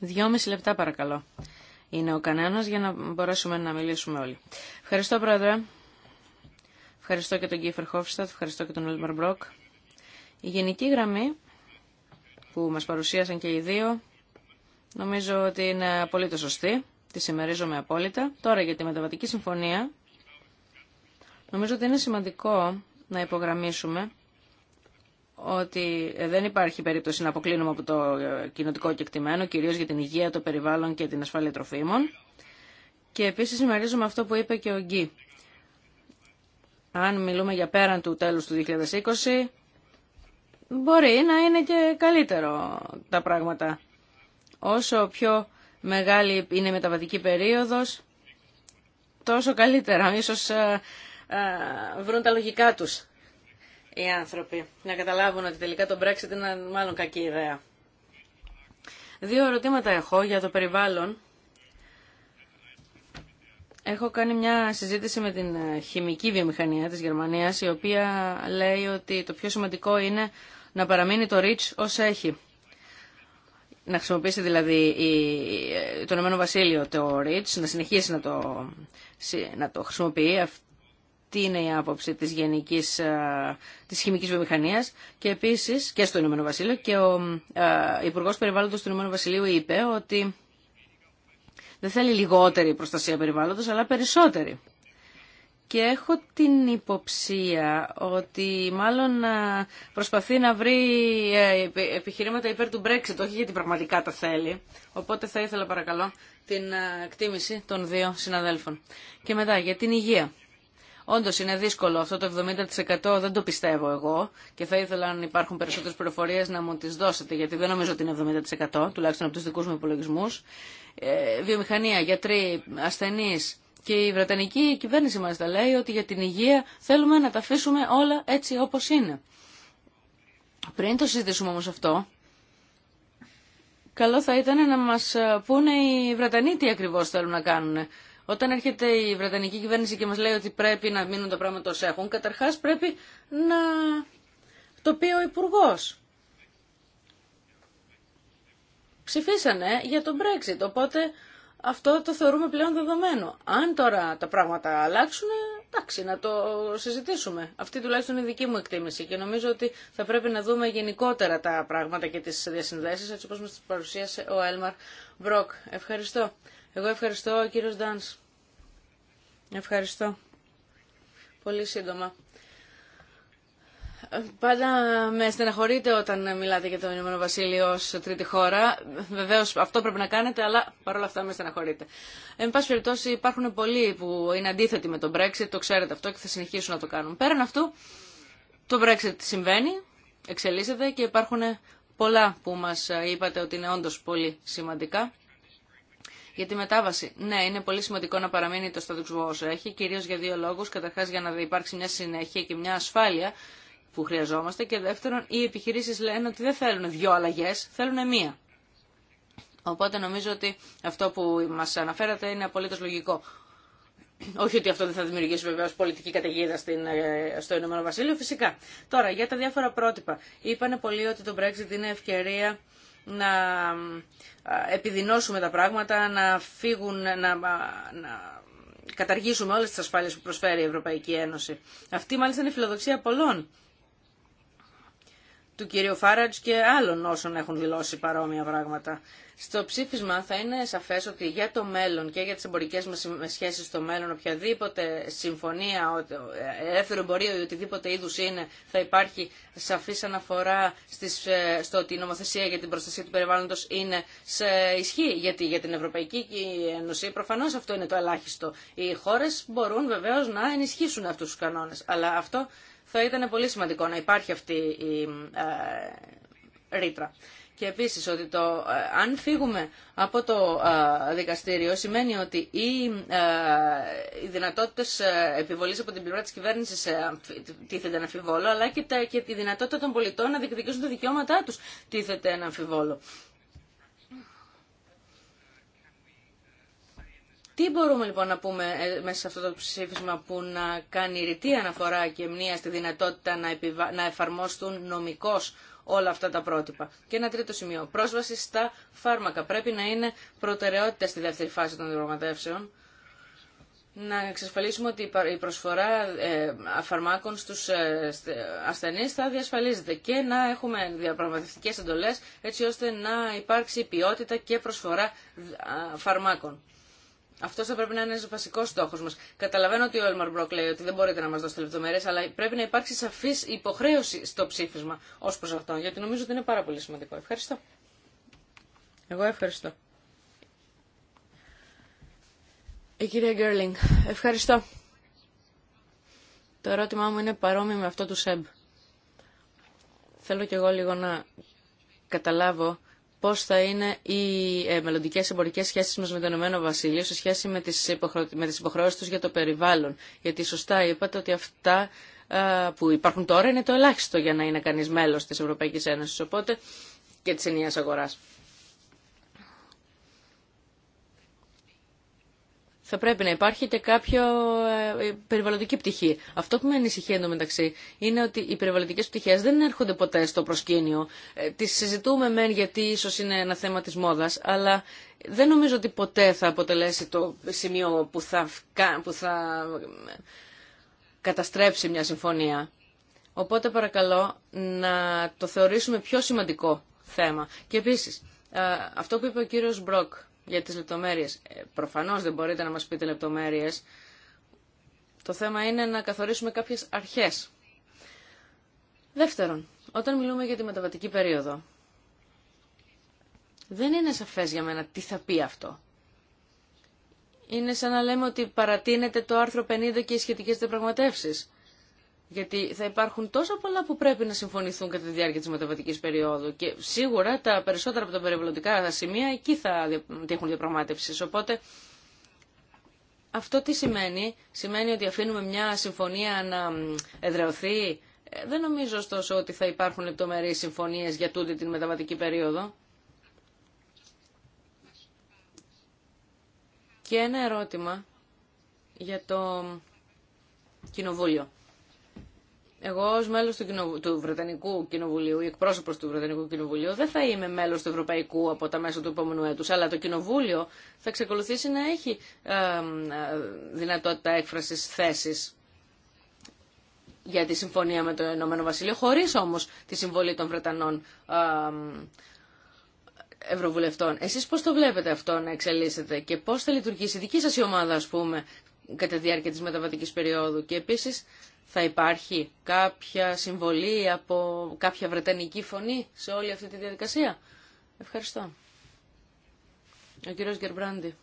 Δυόμιση λεπτά παρακαλώ. Είναι ο κανένα για να μπορέσουμε να μιλήσουμε όλοι. Ευχαριστώ πρόεδρε. Ευχαριστώ και τον Κίφερ Χόφστατ, ευχαριστώ και τον Όλμαρ Μπρόκ. Η γενική γραμμή που μας παρουσίασαν και οι δύο Νομίζω ότι είναι απολύτως σωστή. Τη συμμερίζομαι απόλυτα. Τώρα για τη μεταβατική συμφωνία. Νομίζω ότι είναι σημαντικό να υπογραμμίσουμε ότι δεν υπάρχει περίπτωση να αποκλίνουμε από το κοινοτικό κεκτημένο, κυρίως για την υγεία, το περιβάλλον και την ασφάλεια τροφίμων. Και επίσης συμμερίζομαι αυτό που είπε και ο Γκί. Αν μιλούμε για πέραν του τέλους του 2020, μπορεί να είναι και καλύτερο τα πράγματα. Όσο πιο μεγάλη είναι η μεταβατική περίοδος, τόσο καλύτερα. Ίσως ε, ε, βρουν τα λογικά τους οι άνθρωποι να καταλάβουν ότι τελικά το Brexit είναι μάλλον κακή ιδέα. Δύο ερωτήματα έχω για το περιβάλλον. Έχω κάνει μια συζήτηση με την ε, χημική βιομηχανία της Γερμανίας, η οποία λέει ότι το πιο σημαντικό είναι να παραμείνει το REACH ως έχει να χρησιμοποιήσει δηλαδή το Ηνωμένο Βασίλειο το REACH, να συνεχίσει να το, να το χρησιμοποιεί. Αυτή είναι η άποψη της, γενικής, της χημικής βιομηχανίας και επίσης και στο Ηνωμένο Βασίλειο και ο υπουργό Περιβάλλοντος του Ηνωμένου Βασιλείου είπε ότι δεν θέλει λιγότερη προστασία περιβάλλοντος αλλά περισσότερη και έχω την υποψία ότι μάλλον ε, προσπαθεί να βρει ε, επιχειρήματα υπέρ του Brexit, όχι γιατί πραγματικά τα θέλει. Οπότε θα ήθελα παρακαλώ την ε, εκτίμηση των δύο συναδέλφων. Και μετά για την υγεία. Όντω είναι δύσκολο αυτό το 70% δεν το πιστεύω εγώ και θα ήθελα αν υπάρχουν περισσότερε πληροφορίε να μου τι δώσετε γιατί δεν νομίζω ότι είναι 70% τουλάχιστον από του δικού μου υπολογισμού. Ε, βιομηχανία, γιατροί, ασθενεί, και η Βρετανική κυβέρνηση μας τα λέει ότι για την υγεία θέλουμε να τα αφήσουμε όλα έτσι όπως είναι. Πριν το συζητήσουμε όμως αυτό, καλό θα ήταν να μας πούνε οι Βρετανοί τι ακριβώς θέλουν να κάνουν. Όταν έρχεται η Βρετανική κυβέρνηση και μας λέει ότι πρέπει να μείνουν τα πράγματα όσο έχουν, καταρχάς πρέπει να το πει ο υπουργό. Ψηφίσανε για τον Brexit, οπότε αυτό το θεωρούμε πλέον δεδομένο. Αν τώρα τα πράγματα αλλάξουν, εντάξει, να το συζητήσουμε. Αυτή τουλάχιστον είναι η δική μου εκτίμηση και νομίζω ότι θα πρέπει να δούμε γενικότερα τα πράγματα και τις διασυνδέσεις, έτσι όπως μας παρουσίασε ο Έλμαρ Μπροκ. Ευχαριστώ. Εγώ ευχαριστώ, ο κύριος Ντάνς. Ευχαριστώ. Πολύ σύντομα. Πάντα με στεναχωρείτε όταν μιλάτε για το Ηνωμένο Βασίλειο ω τρίτη χώρα. Βεβαίω αυτό πρέπει να κάνετε, αλλά παρόλα αυτά με στεναχωρείτε. Εν πάση περιπτώσει, υπάρχουν πολλοί που είναι αντίθετοι με τον Brexit, το ξέρετε αυτό και θα συνεχίσουν να το κάνουν. Πέραν αυτού, το Brexit συμβαίνει, εξελίσσεται και υπάρχουν πολλά που μα είπατε ότι είναι όντω πολύ σημαντικά. Για τη μετάβαση. Ναι, είναι πολύ σημαντικό να παραμείνει το status όσο έχει, κυρίω για δύο λόγου. Καταρχά, για να υπάρξει μια συνέχεια και μια ασφάλεια που χρειαζόμαστε και δεύτερον οι επιχειρήσεις λένε ότι δεν θέλουν δύο αλλαγέ, θέλουν μία. Οπότε νομίζω ότι αυτό που μας αναφέρατε είναι απολύτως λογικό. Όχι ότι αυτό δεν θα δημιουργήσει βεβαίω πολιτική καταιγίδα ε, στο Ηνωμένο Βασίλειο, φυσικά. Τώρα, για τα διάφορα πρότυπα. Είπανε πολλοί ότι το Brexit είναι ευκαιρία να ε, επιδεινώσουμε τα πράγματα, να φύγουν, να, να καταργήσουμε όλες τις ασφάλειες που προσφέρει η Ευρωπαϊκή Ένωση. Αυτή μάλιστα είναι η φιλοδοξία πολλών του κυρίου Φάραντς και άλλων όσων έχουν δηλώσει παρόμοια πράγματα. Στο ψήφισμα θα είναι σαφές ότι για το μέλλον και για τις εμπορικέ μας σχέσεις στο μέλλον οποιαδήποτε συμφωνία, ελεύθερο εμπορίο ή οτιδήποτε είδους είναι θα υπάρχει σαφής αναφορά στις, ε, στο ότι η νομοθεσία για την προστασία του περιβάλλοντος είναι σε ισχύ. Γιατί για την Ευρωπαϊκή Ένωση προφανώς αυτό είναι το ελάχιστο. Οι χώρες μπορούν βεβαίως να ενισχύσουν αυτούς τους κανόνες. Αλλά αυτό θα ήταν πολύ σημαντικό να υπάρχει αυτή η ε, ρήτρα. Και επίσης ότι το, ε, αν φύγουμε από το ε, δικαστήριο σημαίνει ότι οι, οι δυνατότητες επιβολής από την πλευρά της κυβέρνησης τίθεται ένα αμφιβόλο αλλά και, τα, και η δυνατότητα των πολιτών να διεκδικήσουν τα δικαιώματά τους τίθεται ένα αμφιβόλο. Τι μπορούμε λοιπόν να πούμε ε, μέσα σε αυτό το ψήφισμα που να κάνει ρητή αναφορά και μνήα στη δυνατότητα να, να εφαρμόσουν νομικώ όλα αυτά τα πρότυπα. Και ένα τρίτο σημείο. Πρόσβαση στα φάρμακα. Πρέπει να είναι προτεραιότητα στη δεύτερη φάση των διαπραγματεύσεων. Να εξασφαλίσουμε ότι η προσφορά ε, φαρμάκων στους ε, ασθενείς θα διασφαλίζεται και να έχουμε διαπραγματευτικές εντολές έτσι ώστε να υπάρξει ποιότητα και προσφορά φαρμάκων. Αυτό θα πρέπει να είναι ένα βασικό στόχο μα. Καταλαβαίνω ότι ο Έλμαρ Μπροκ λέει ότι δεν μπορείτε να μα δώσετε λεπτομέρειε, αλλά πρέπει να υπάρξει σαφή υποχρέωση στο ψήφισμα ω προ αυτό, γιατί νομίζω ότι είναι πάρα πολύ σημαντικό. Ευχαριστώ. Εγώ ευχαριστώ. Η κυρία Γκέρλινγκ, ευχαριστώ. Το ερώτημά μου είναι παρόμοιο με αυτό του ΣΕΜ. Θέλω κι εγώ λίγο να καταλάβω πώ θα είναι οι ε, μελλοντικέ εμπορικέ σχέσεις μας με το Ηνωμένο Βασίλειο σε σχέση με τις, υποχρεω... για το περιβάλλον. Γιατί σωστά είπατε ότι αυτά που υπάρχουν τώρα είναι το ελάχιστο για να είναι κανεί μέλο της Ευρωπαϊκής Ένωσης οπότε και τη ενιαία αγορά. θα πρέπει να υπάρχει και κάποιο ε, περιβαλλοντική πτυχή. Αυτό που με ανησυχεί εντωμεταξύ είναι ότι οι περιβαλλοντικέ πτυχέ δεν έρχονται ποτέ στο προσκήνιο. Ε, Τι συζητούμε μεν γιατί ίσω είναι ένα θέμα τη μόδα, αλλά δεν νομίζω ότι ποτέ θα αποτελέσει το σημείο που θα, που θα ε, καταστρέψει μια συμφωνία. Οπότε παρακαλώ να το θεωρήσουμε πιο σημαντικό θέμα. Και επίσης, αυτό που είπε ο κύριο Μπροκ για τις λεπτομέρειες. Ε, προφανώς δεν μπορείτε να μας πείτε λεπτομέρειες. Το θέμα είναι να καθορίσουμε κάποιες αρχές. Δεύτερον, όταν μιλούμε για τη μεταβατική περίοδο, δεν είναι σαφές για μένα τι θα πει αυτό. Είναι σαν να λέμε ότι παρατείνεται το άρθρο 50 και οι σχετικές διαπραγματεύσεις. Γιατί θα υπάρχουν τόσα πολλά που πρέπει να συμφωνηθούν κατά τη διάρκεια τη μεταβατική περίοδου. Και σίγουρα τα περισσότερα από τα περιβαλλοντικά σημεία εκεί θα έχουν διαπραγμάτευση. Οπότε αυτό τι σημαίνει. Σημαίνει ότι αφήνουμε μια συμφωνία να εδρεωθεί. Ε, δεν νομίζω ωστόσο ότι θα υπάρχουν λεπτομερεί συμφωνίε για τούτη την μεταβατική περίοδο. Και ένα ερώτημα για το Κοινοβούλιο. Εγώ ω μέλο του, του Βρετανικού Κοινοβουλίου ή εκπρόσωπο του Βρετανικού Κοινοβουλίου δεν θα είμαι μέλο του Ευρωπαϊκού από τα μέσα του επόμενου έτου, αλλά το Κοινοβούλιο θα εξακολουθήσει να έχει ε, δυνατότητα έκφραση θέση για τη συμφωνία με το Ηνωμένο Βασίλειο, χωρί όμω τη συμβολή των Βρετανών ε, Ευρωβουλευτών. Εσεί πώ το βλέπετε αυτό να εξελίσσεται και πώ θα λειτουργήσει η δική σα η ομάδα, α πούμε, κατά τη διάρκεια τη μεταβατική περίοδου. Και επίση θα υπάρχει κάποια συμβολή από κάποια βρετανική φωνή σε όλη αυτή τη διαδικασία. Ευχαριστώ. Ο κύριος Γκερμπράντη.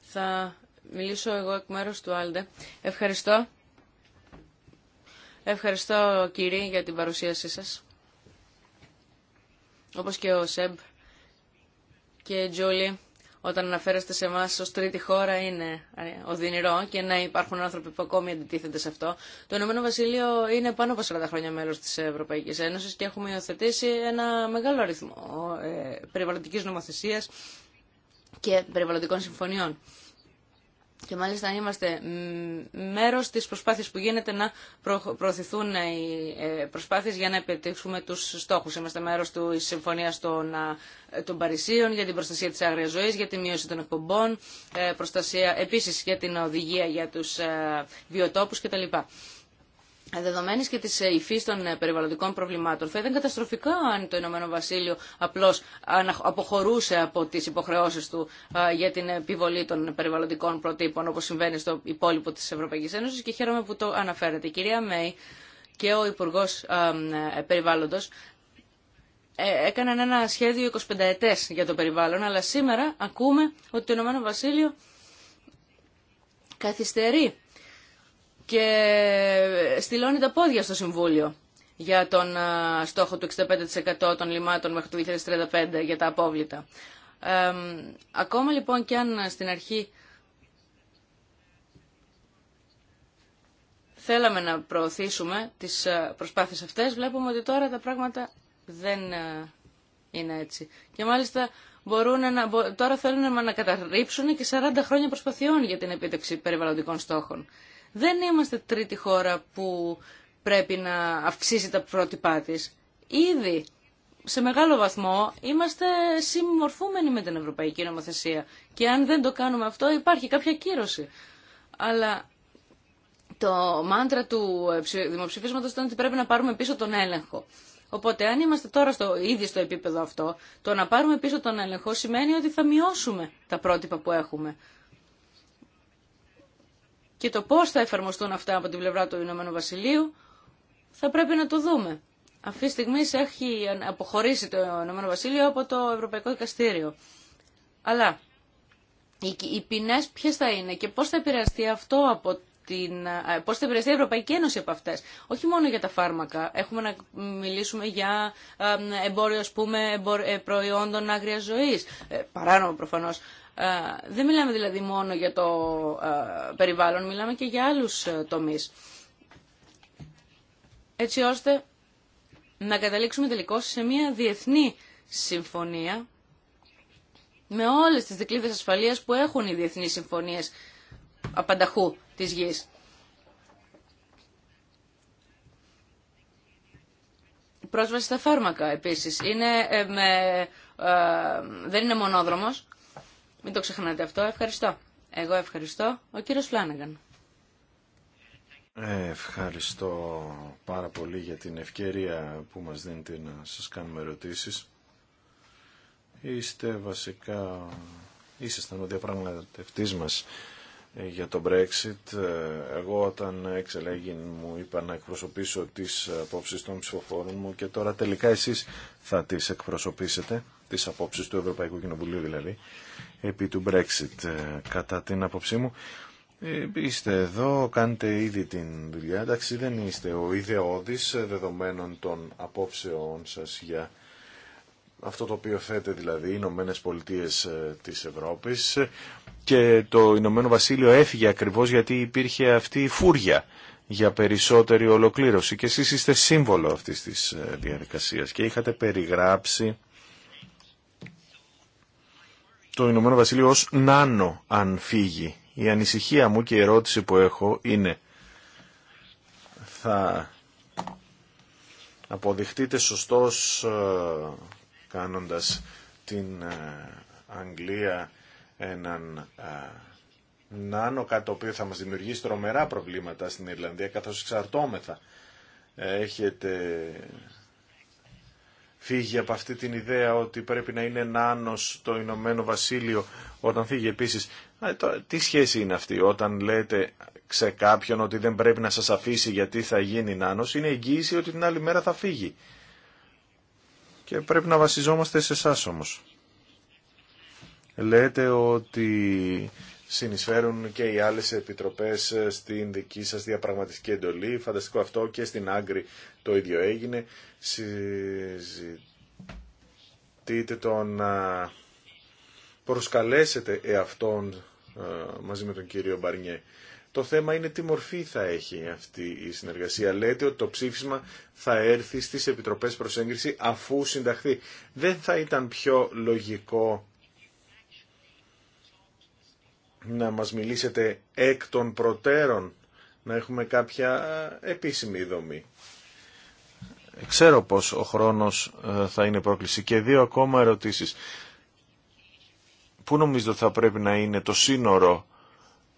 Θα μιλήσω εγώ εκ μέρους του Άλντε. Ευχαριστώ. Ευχαριστώ κύριε για την παρουσίασή σας. Όπως και ο Σεμπ και η Τζούλη όταν αναφέρεστε σε εμά ω τρίτη χώρα είναι ε, οδυνηρό και να υπάρχουν άνθρωποι που ακόμη αντιτίθενται σε αυτό. Το Ηνωμένο Βασίλειο είναι πάνω από 40 χρόνια μέλο τη Ευρωπαϊκή Ένωση και έχουμε υιοθετήσει ένα μεγάλο αριθμό ε, περιβαλλοντική νομοθεσία και περιβαλλοντικών συμφωνιών και μάλιστα είμαστε μέρος της προσπάθειας που γίνεται να προωθηθούν οι ε, προσπάθειες για να επιτύχουμε τους στόχους. Είμαστε μέρος του Συμφωνίας των, ε, των Παρισίων για την προστασία της άγριας ζωής, για τη μείωση των εκπομπών, ε, προστασία επίσης για την οδηγία για τους βιοτόπους κτλ δεδομένης και της ε, υφή των ε, περιβαλλοντικών προβλημάτων. Θα ήταν καταστροφικά αν το Ηνωμένο Βασίλειο απλώς αποχωρούσε από τις υποχρεώσεις του για την επιβολή των περιβαλλοντικών προτύπων όπως συμβαίνει στο υπόλοιπο της Ευρωπαϊκής Ένωσης και χαίρομαι που το αναφέρετε. Η κυρία Μέη και ο Υπουργό ε, Περιβάλλοντος έκαναν ένα σχέδιο 25 ετές για το περιβάλλον αλλά σήμερα ακούμε ότι το Ηνωμένο Βασίλειο καθυστερεί και στυλώνει τα πόδια στο Συμβούλιο για τον στόχο του 65% των λιμάτων μέχρι το 2035 για τα απόβλητα. ακόμα λοιπόν και αν στην αρχή θέλαμε να προωθήσουμε τις προσπάθειες αυτές, βλέπουμε ότι τώρα τα πράγματα δεν είναι έτσι. Και μάλιστα μπορούν να, τώρα θέλουν να καταρρύψουν και 40 χρόνια προσπαθειών για την επίτευξη περιβαλλοντικών στόχων. Δεν είμαστε τρίτη χώρα που πρέπει να αυξήσει τα πρότυπά τη. Ήδη σε μεγάλο βαθμό είμαστε συμμορφούμενοι με την Ευρωπαϊκή Νομοθεσία και αν δεν το κάνουμε αυτό υπάρχει κάποια κύρωση. Αλλά το μάντρα του δημοψηφίσματος ήταν ότι πρέπει να πάρουμε πίσω τον έλεγχο. Οπότε αν είμαστε τώρα στο, ήδη στο επίπεδο αυτό, το να πάρουμε πίσω τον έλεγχο σημαίνει ότι θα μειώσουμε τα πρότυπα που έχουμε και το πώς θα εφαρμοστούν αυτά από την πλευρά του Ηνωμένου Βασιλείου θα πρέπει να το δούμε. Αυτή τη στιγμή έχει αποχωρήσει το Ηνωμένο Βασίλειο από το Ευρωπαϊκό Δικαστήριο. Αλλά οι ποινέ ποιε θα είναι και πώς θα επηρεαστεί αυτό από την, πώς θα επηρεαστεί η Ευρωπαϊκή Ένωση από αυτές. Όχι μόνο για τα φάρμακα. Έχουμε να μιλήσουμε για εμπόριο, πούμε, ε, προϊόντων άγρια ζωή. Ε, παράνομο προφανώ. Ε, δεν μιλάμε δηλαδή μόνο για το ε, περιβάλλον, μιλάμε και για άλλους ε, τομείς. Έτσι ώστε να καταλήξουμε τελικώ σε μια διεθνή συμφωνία με όλες τις δικλείδες ασφαλείας που έχουν οι διεθνείς συμφωνίες απανταχού της γης. Πρόσβαση στα φάρμακα επίσης. Είναι, δεν είναι μονόδρομος. Μην το ξεχνάτε αυτό. Ευχαριστώ. Εγώ ευχαριστώ. Ο κύριος Φλάνεγκαν. Ευχαριστώ πάρα πολύ για την ευκαιρία που μας δίνετε να σας κάνουμε ερωτήσεις. Είστε βασικά, ήσασταν ο διαπραγματευτής μας ε, για το Brexit. Ε, εγώ όταν εξελέγη μου είπα να εκπροσωπήσω τις απόψεις των ψηφοφόρων μου και τώρα τελικά εσείς θα τις εκπροσωπήσετε, τις απόψεις του Ευρωπαϊκού Κοινοβουλίου δηλαδή, επί του Brexit ε, κατά την απόψή μου. Είστε εδώ, κάνετε ήδη την δουλειά, εντάξει δεν είστε ο ιδεώδης δεδομένων των απόψεών σας για αυτό το οποίο θέτε δηλαδή οι Ηνωμένε Πολιτείε της Ευρώπης και το Ηνωμένο Βασίλειο έφυγε ακριβώς γιατί υπήρχε αυτή η φούρια για περισσότερη ολοκλήρωση και εσείς είστε σύμβολο αυτής της ε, διαδικασίας και είχατε περιγράψει το Ηνωμένο Βασίλειο ως νάνο αν φύγει. Η ανησυχία μου και η ερώτηση που έχω είναι θα αποδειχτείτε σωστός ε, κάνοντας την ε, Αγγλία έναν νάνο, κάτι το οποίο θα μας δημιουργήσει τρομερά προβλήματα στην Ιρλανδία, καθώς εξαρτώμεθα. Ε, έχετε φύγει από αυτή την ιδέα ότι πρέπει να είναι νάνος το Ηνωμένο Βασίλειο όταν φύγει επίσης. Ε, τι σχέση είναι αυτή όταν λέτε σε κάποιον ότι δεν πρέπει να σας αφήσει γιατί θα γίνει νάνος, είναι εγγύηση ότι την άλλη μέρα θα φύγει. Και πρέπει να βασιζόμαστε σε εσά όμως λέτε ότι συνεισφέρουν και οι άλλες επιτροπές στην δική σας διαπραγματική εντολή. Φανταστικό αυτό και στην Άγκρη το ίδιο έγινε. Συζητείτε το να προσκαλέσετε εαυτόν ε, μαζί με τον κύριο Μπαρνιέ. Το θέμα είναι τι μορφή θα έχει αυτή η συνεργασία. Λέτε ότι το ψήφισμα θα έρθει στις Επιτροπές προσέγγιση αφού συνταχθεί. Δεν θα ήταν πιο λογικό να μας μιλήσετε εκ των προτέρων, να έχουμε κάποια ε, επίσημη δομή. Ξέρω πως ο χρόνος ε, θα είναι πρόκληση. Και δύο ακόμα ερωτήσεις. Πού νομίζετε θα πρέπει να είναι το σύνορο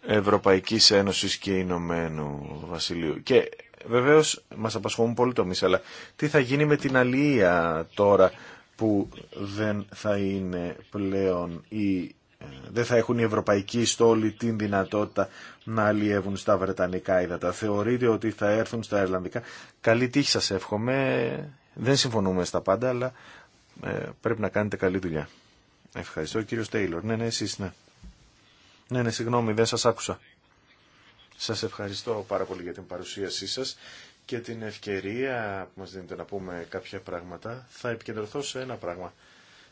Ευρωπαϊκής Ένωσης και Ηνωμένου Βασιλείου. Και βεβαίως μας απασχολούν πολύ το αλλά τι θα γίνει με την αλληλεία τώρα που δεν θα είναι πλέον η ε, δεν θα έχουν οι ευρωπαϊκοί στόλοι την δυνατότητα να αλλιεύουν στα βρετανικά ύδατα. Θεωρείτε ότι θα έρθουν στα Ελλανδικά. Καλή τύχη σας εύχομαι. Δεν συμφωνούμε στα πάντα, αλλά ε, πρέπει να κάνετε καλή δουλειά. Ευχαριστώ κύριο Τέιλορ. Ναι, ναι, εσείς, ναι. Ναι, ναι, συγγνώμη, δεν σας άκουσα. Σας ευχαριστώ πάρα πολύ για την παρουσίασή σας και την ευκαιρία που μας δίνετε να πούμε κάποια πράγματα. Θα επικεντρωθώ σε ένα πράγμα.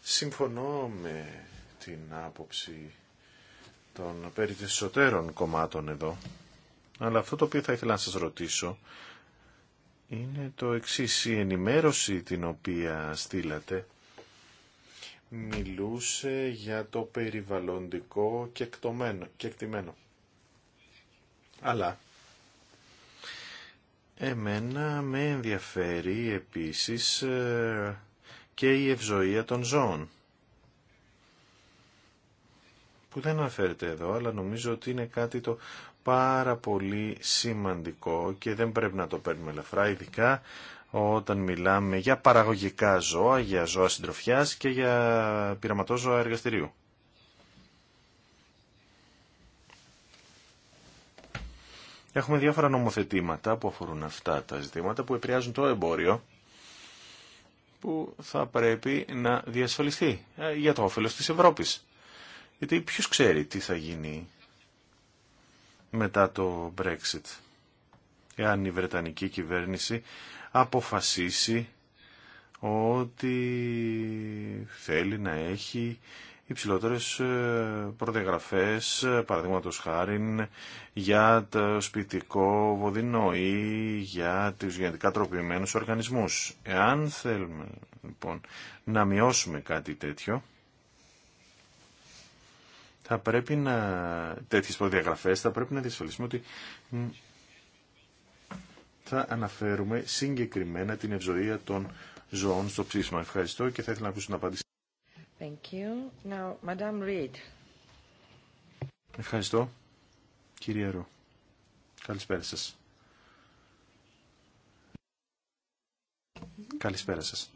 Συμφωνώ με την άποψη των περί κομμάτων εδώ, αλλά αυτό το οποίο θα ήθελα να σας ρωτήσω είναι το εξή. η ενημέρωση την οποία στείλατε μιλούσε για το περιβαλλοντικό και εκτιμένο. Αλλά εμένα με ενδιαφέρει επίσης ε, και η ευζοία των ζώων που δεν αναφέρεται εδώ, αλλά νομίζω ότι είναι κάτι το πάρα πολύ σημαντικό και δεν πρέπει να το παίρνουμε ελαφρά, ειδικά όταν μιλάμε για παραγωγικά ζώα, για ζώα συντροφιάς και για πειραματόζωα εργαστηρίου. Έχουμε διάφορα νομοθετήματα που αφορούν αυτά τα ζητήματα που επηρεάζουν το εμπόριο που θα πρέπει να διασφαλιστεί ε, για το όφελος της Ευρώπης. Γιατί ποιος ξέρει τι θα γίνει μετά το Brexit. Εάν η Βρετανική κυβέρνηση αποφασίσει ότι θέλει να έχει υψηλότερες ε, προδιαγραφές, παραδείγματο χάρη, για το σπιτικό βοδινό ή για τους γενετικά τροποποιημένους οργανισμούς. Εάν θέλουμε λοιπόν να μειώσουμε κάτι τέτοιο, θα πρέπει να, τέτοιες προδιαγραφές θα πρέπει να διασφαλίσουμε ότι θα αναφέρουμε συγκεκριμένα την ευζοία των ζωών στο ψήσιμο. Ευχαριστώ και θα ήθελα να ακούσω την απάντηση. Thank you. Now, Reed. Ευχαριστώ. Κύριε Ρο, Καλησπέρα σας. Καλησπέρα σας.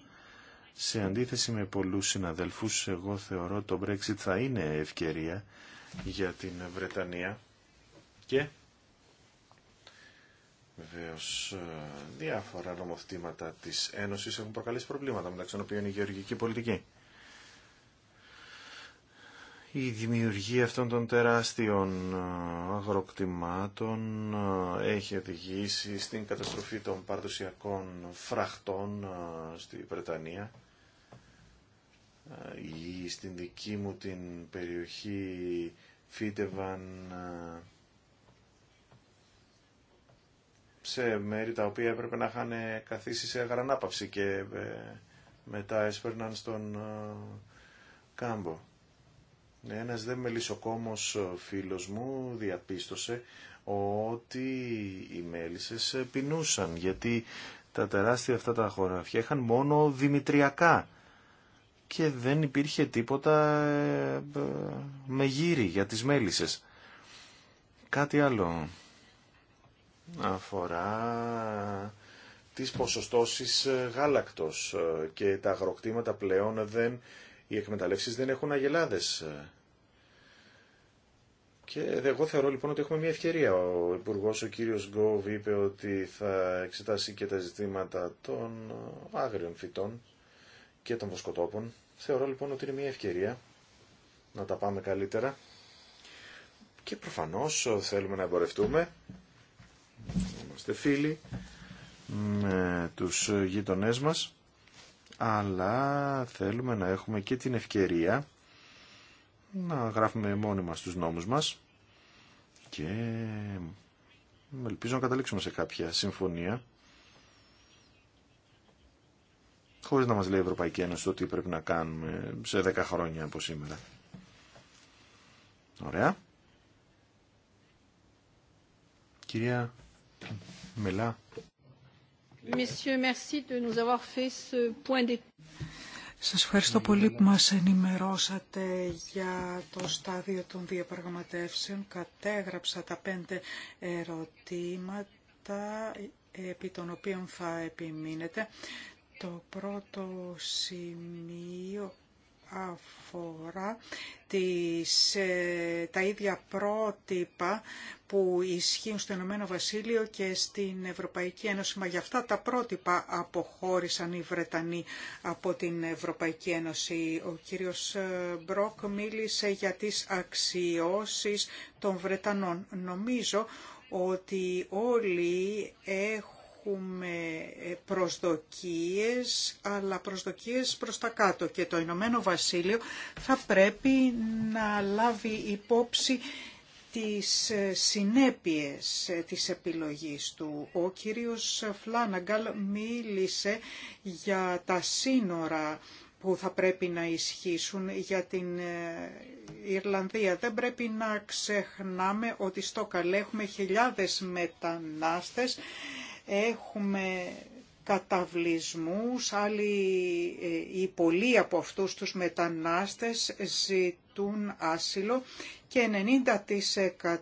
Σε αντίθεση με πολλούς συναδελφούς, εγώ θεωρώ το Brexit θα είναι ευκαιρία για την Βρετανία και Βεβαίω, ε, διάφορα νομοθετήματα της Ένωση έχουν προκαλέσει προβλήματα, μεταξύ των οποίων η γεωργική πολιτική. Η δημιουργία αυτών των τεράστιων ε, αγροκτημάτων ε, έχει οδηγήσει στην καταστροφή των παραδοσιακών φραχτών στη Βρετανία γη στην δική μου την περιοχή φύτευαν ε, σε μέρη τα οποία έπρεπε να είχαν καθίσει σε αγρανάπαυση και ε, μετά έσπερναν στον ε, κάμπο. Ένας δε μελισσοκόμος φίλος μου διαπίστωσε ότι οι μέλισσες πεινούσαν γιατί τα τεράστια αυτά τα χωράφια είχαν μόνο δημητριακά και δεν υπήρχε τίποτα ε, με γύρι για τις μέλισσες. Κάτι άλλο αφορά τις ποσοστώσεις ε, γάλακτος ε, και τα αγροκτήματα πλέον δεν, οι εκμεταλλεύσεις δεν έχουν αγελάδες. Και εγώ θεωρώ λοιπόν ότι έχουμε μια ευκαιρία. Ο Υπουργό ο κύριος Γκόβ είπε ότι θα εξετάσει και τα ζητήματα των άγριων φυτών και των βοσκοτόπων. Θεωρώ λοιπόν ότι είναι μια ευκαιρία να τα πάμε καλύτερα και προφανώς ε, θέλουμε να εμπορευτούμε. Είμαστε φίλοι με τους γείτονές μας αλλά θέλουμε να έχουμε και την ευκαιρία να γράφουμε μόνοι μας τους νόμους μας και ελπίζω να καταλήξουμε σε κάποια συμφωνία χωρίς να μας λέει η Ευρωπαϊκή Ένωση το τι πρέπει να κάνουμε σε δέκα χρόνια από σήμερα. Ωραία. Κυρία Μελά. Σας ευχαριστώ πολύ που μας ενημερώσατε για το στάδιο των διαπραγματεύσεων. Κατέγραψα τα πέντε ερωτήματα επί των οποίων θα επιμείνετε. Το πρώτο σημείο αφορά τις, ε, τα ίδια πρότυπα που ισχύουν στο Ηνωμένο Βασίλειο και στην Ευρωπαϊκή Ένωση. Μα γι' αυτά τα πρότυπα αποχώρησαν οι Βρετανοί από την Ευρωπαϊκή Ένωση. Ο κύριος ε, Μπρόκ μίλησε για τις αξιώσεις των Βρετανών. Νομίζω ότι όλοι έχουν έχουμε ε, προσδοκίες, αλλά προσδοκίες προς τα κάτω και το Ηνωμένο Βασίλειο θα πρέπει να λάβει υπόψη τις ε, συνέπειες ε, της επιλογής του. Ο κύριος Φλάναγκαλ μίλησε για τα σύνορα που θα πρέπει να ισχύσουν για την Ιρλανδία. Δεν πρέπει να ξεχνάμε ότι στο καλέ έχουμε χιλιάδες μετανάστες Έχουμε καταβλισμούς, άλλοι οι ε, πολλοί από αυτούς τους μετανάστες ζητούν άσυλο και 90%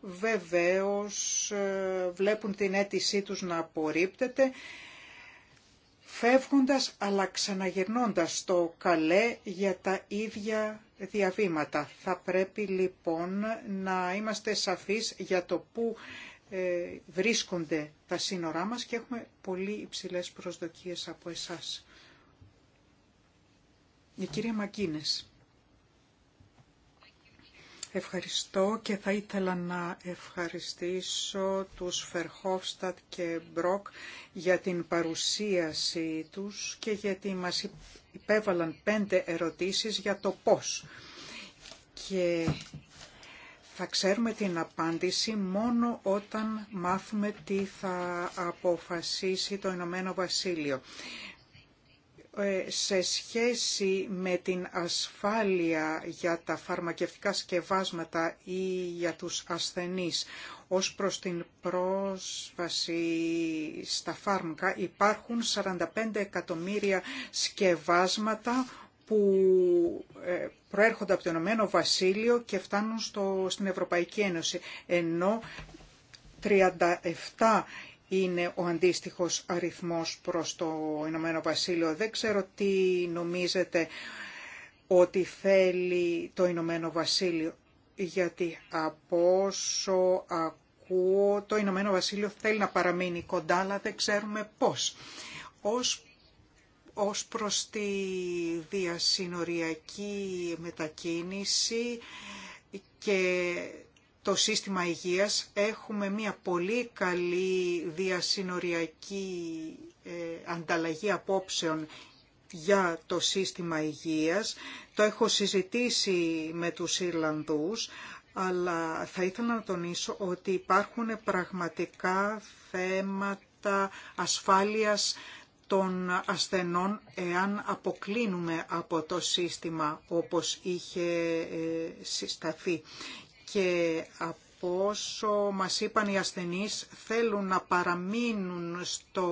βεβαίως ε, βλέπουν την αίτησή τους να απορρίπτεται φεύγοντας αλλά ξαναγυρνώντας στο καλέ για τα ίδια διαβήματα. Θα πρέπει λοιπόν να είμαστε σαφείς για το πού ε, βρίσκονται τα σύνορά μας και έχουμε πολύ υψηλές προσδοκίες από εσάς. Η κυρία Μακίνες. Ευχαριστώ και θα ήθελα να ευχαριστήσω τους Φερχόφστατ και Μπροκ για την παρουσίαση τους και γιατί μας υπέβαλαν πέντε ερωτήσεις για το πώς. Και θα ξέρουμε την απάντηση μόνο όταν μάθουμε τι θα αποφασίσει το Ηνωμένο Βασίλειο. Ε, σε σχέση με την ασφάλεια για τα φαρμακευτικά σκευάσματα ή για τους ασθενείς ως προς την πρόσβαση στα φάρμακα υπάρχουν 45 εκατομμύρια σκευάσματα που ε, προέρχονται από το Ηνωμένο Βασίλειο και φτάνουν στο, στην Ευρωπαϊκή Ένωση, ενώ 37 είναι ο αντίστοιχος αριθμός προς το Ηνωμένο Βασίλειο. Δεν ξέρω τι νομίζετε ότι θέλει το Ηνωμένο Βασίλειο, γιατί από όσο ακούω το Ηνωμένο Βασίλειο θέλει να παραμείνει κοντά, αλλά δεν ξέρουμε πώς. Ως ως προς τη διασυνοριακή μετακίνηση και το σύστημα υγείας έχουμε μια πολύ καλή διασυνοριακή ε, ανταλλαγή απόψεων για το σύστημα υγείας. Το έχω συζητήσει με τους Ιρλανδούς, αλλά θα ήθελα να τονίσω ότι υπάρχουν πραγματικά θέματα ασφάλειας των ασθενών εάν αποκλίνουμε από το σύστημα όπως είχε ε, συσταθεί και από όσο μας είπαν οι ασθενείς θέλουν να παραμείνουν στο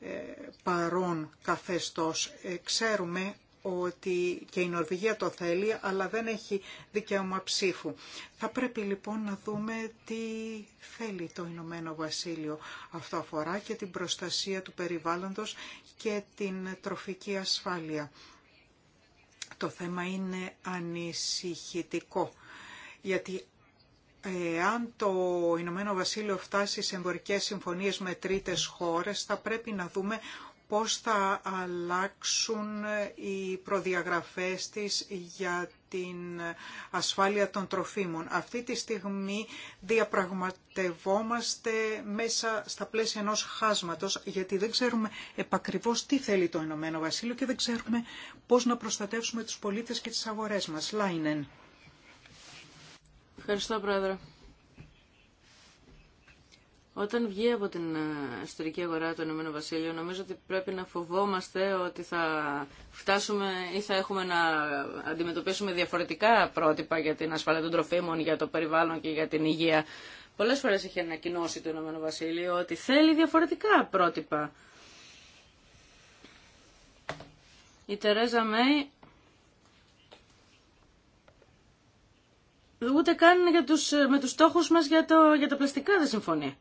ε, παρόν καθεστώς. Ε, ξέρουμε ότι και η Νορβηγία το θέλει, αλλά δεν έχει δικαίωμα ψήφου. Θα πρέπει λοιπόν να δούμε τι θέλει το Ηνωμένο Βασίλειο. Αυτό αφορά και την προστασία του περιβάλλοντος και την τροφική ασφάλεια. Το θέμα είναι ανησυχητικό, γιατί αν το Ηνωμένο Βασίλειο φτάσει σε εμπορικές συμφωνίες με τρίτες χώρες, θα πρέπει να δούμε πώς θα αλλάξουν οι προδιαγραφές της για την ασφάλεια των τροφίμων. Αυτή τη στιγμή διαπραγματευόμαστε μέσα στα πλαίσια ενός χάσματος, γιατί δεν ξέρουμε επακριβώς τι θέλει το Ηνωμένο Βασίλειο και δεν ξέρουμε πώς να προστατεύσουμε τους πολίτες και τις αγορές μας. Λάινεν. Ευχαριστώ, Πρόεδρε. Όταν βγει από την ε, εσωτερική αγορά του Ηνωμένο Βασίλειο, νομίζω ότι πρέπει να φοβόμαστε ότι θα φτάσουμε ή θα έχουμε να αντιμετωπίσουμε διαφορετικά πρότυπα για την ασφάλεια των τροφίμων, για το περιβάλλον και για την υγεία. Πολλές φορές έχει ανακοινώσει το Ηνωμένο Βασίλειο ότι θέλει διαφορετικά πρότυπα. Η Τερέζα Μέη ούτε καν για τους, ε, με τους στόχους μας για, το, για τα πλαστικά δεν συμφωνεί.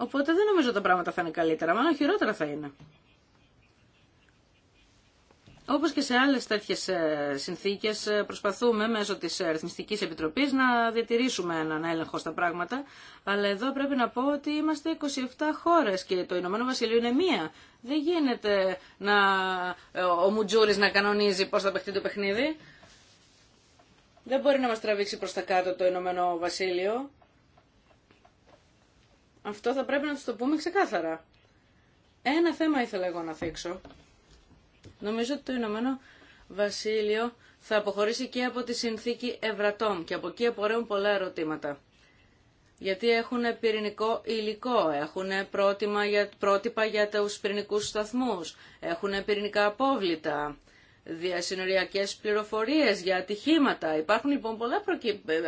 Οπότε δεν νομίζω τα πράγματα θα είναι καλύτερα, μάλλον χειρότερα θα είναι. Όπως και σε άλλες τέτοιες ε, συνθήκες ε, προσπαθούμε μέσω της ε, Ρυθμιστικής Επιτροπής να διατηρήσουμε έναν έλεγχο στα πράγματα, αλλά εδώ πρέπει να πω ότι είμαστε 27 χώρες και το Ηνωμένο Βασιλείο είναι μία. Δεν γίνεται να, ο Μουτζούρης να κανονίζει πώς θα παιχτεί το παιχνίδι. Δεν μπορεί να μας τραβήξει προς τα κάτω το Ηνωμένο Βασίλειο. Αυτό θα πρέπει να του το πούμε ξεκάθαρα. Ένα θέμα ήθελα εγώ να θίξω. Νομίζω ότι το Ηνωμένο Βασίλειο θα αποχωρήσει και από τη συνθήκη Ευρατών και από εκεί απορρέουν πολλά ερωτήματα. Γιατί έχουν πυρηνικό υλικό, έχουν πρότυπα για, πρότυπα για τους πυρηνικούς σταθμούς, έχουν πυρηνικά απόβλητα, διασυνοριακές πληροφορίες για ατυχήματα. Υπάρχουν λοιπόν πολλά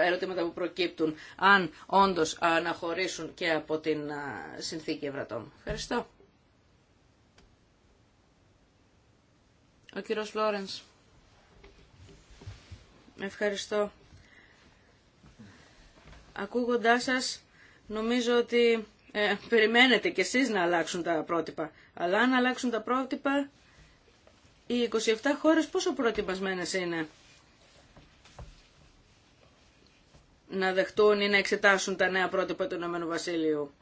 ερωτήματα που προκύπτουν αν όντως αναχωρήσουν και από την συνθήκη Ευρατών. Ευχαριστώ. Ο κύριος Λόρενς. Ευχαριστώ. Ακούγοντάς σας, νομίζω ότι ε, περιμένετε κι εσείς να αλλάξουν τα πρότυπα. Αλλά αν αλλάξουν τα πρότυπα, οι 27 χώρες πόσο προετοιμασμένες είναι να δεχτούν ή να εξετάσουν τα νέα πρότυπα του Ηνωμένου Βασίλειου.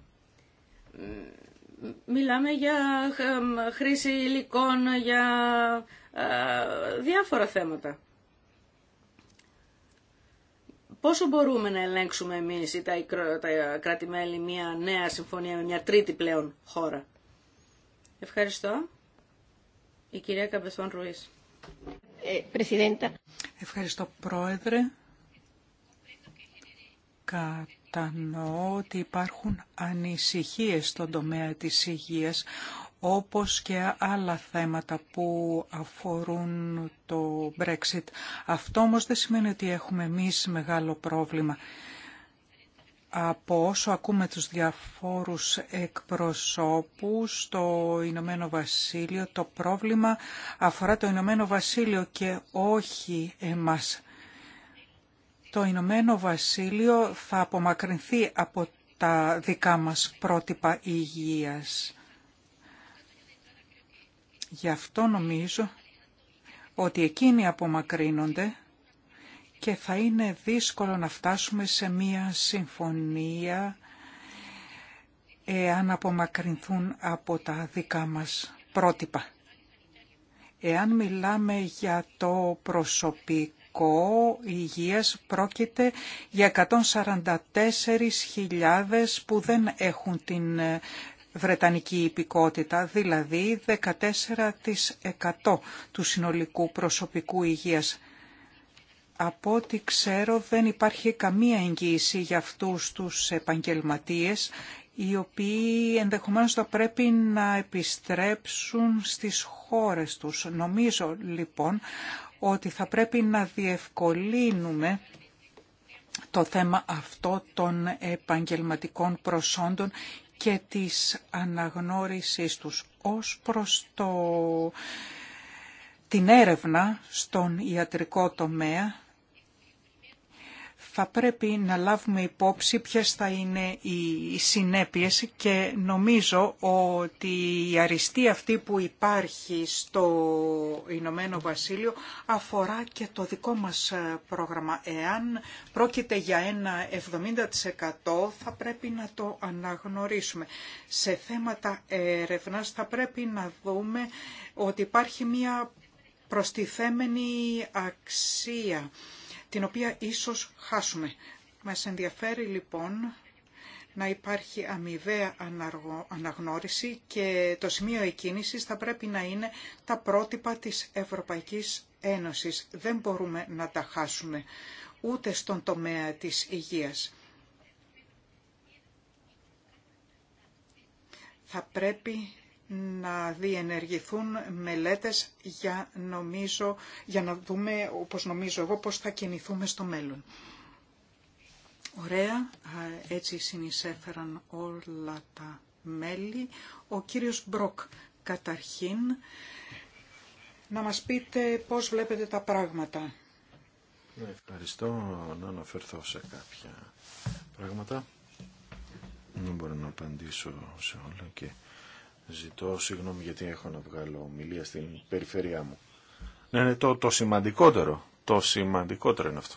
Μιλάμε για χρήση υλικών, για διάφορα θέματα. Πόσο μπορούμε να ελέγξουμε εμείς ή τα κράτη-μέλη μια νέα συμφωνία με μια τρίτη πλέον χώρα. Ευχαριστώ. Ε, Ευχαριστώ πρόεδρε. Κατανοώ ότι υπάρχουν ανησυχίες στον τομέα της υγείας όπως και άλλα θέματα που αφορούν το Brexit. Αυτό όμως δεν σημαίνει ότι έχουμε εμείς μεγάλο πρόβλημα από όσο ακούμε τους διαφόρους εκπροσώπους το Ηνωμένο Βασίλειο, το πρόβλημα αφορά το Ηνωμένο Βασίλειο και όχι εμάς. Το Ηνωμένο Βασίλειο θα απομακρυνθεί από τα δικά μας πρότυπα υγείας. Γι' αυτό νομίζω ότι εκείνοι απομακρύνονται και θα είναι δύσκολο να φτάσουμε σε μία συμφωνία εάν απομακρυνθούν από τα δικά μας πρότυπα. Εάν μιλάμε για το προσωπικό, υγείας πρόκειται για 144.000 που δεν έχουν την ε, βρετανική υπηκότητα, δηλαδή 14% του συνολικού προσωπικού υγείας. Από ό,τι ξέρω δεν υπάρχει καμία εγγύηση για αυτούς τους επαγγελματίες οι οποίοι ενδεχομένως θα πρέπει να επιστρέψουν στις χώρες τους. Νομίζω λοιπόν ότι θα πρέπει να διευκολύνουμε το θέμα αυτό των επαγγελματικών προσόντων και της αναγνώρισης τους ως προς το... την έρευνα στον ιατρικό τομέα θα πρέπει να λάβουμε υπόψη ποιες θα είναι οι συνέπειες και νομίζω ότι η αριστεία αυτή που υπάρχει στο Ηνωμένο Βασίλειο αφορά και το δικό μας ε, πρόγραμμα. Εάν πρόκειται για ένα 70% θα πρέπει να το αναγνωρίσουμε. Σε θέματα έρευνας θα πρέπει να δούμε ότι υπάρχει μια προστιθέμενη αξία την οποία ίσως χάσουμε. Μας ενδιαφέρει λοιπόν να υπάρχει αμοιβαία αναγνώριση και το σημείο εκκίνησης θα πρέπει να είναι τα πρότυπα της Ευρωπαϊκής Ένωσης. Δεν μπορούμε να τα χάσουμε ούτε στον τομέα της υγείας. Θα πρέπει να διενεργηθούν μελέτες για, νομίζω, για να δούμε, όπως νομίζω εγώ, πώς θα κινηθούμε στο μέλλον. Ωραία, έτσι συνεισέφεραν όλα τα μέλη. Ο κύριος Μπροκ, καταρχήν, να μας πείτε πώς βλέπετε τα πράγματα. Ευχαριστώ να αναφερθώ σε κάποια πράγματα. Δεν μπορώ να απαντήσω σε όλα και Ζητώ συγγνώμη γιατί έχω να βγάλω ομιλία στην περιφέρειά μου. Ναι, ναι, το, το σημαντικότερο, το σημαντικότερο είναι αυτό.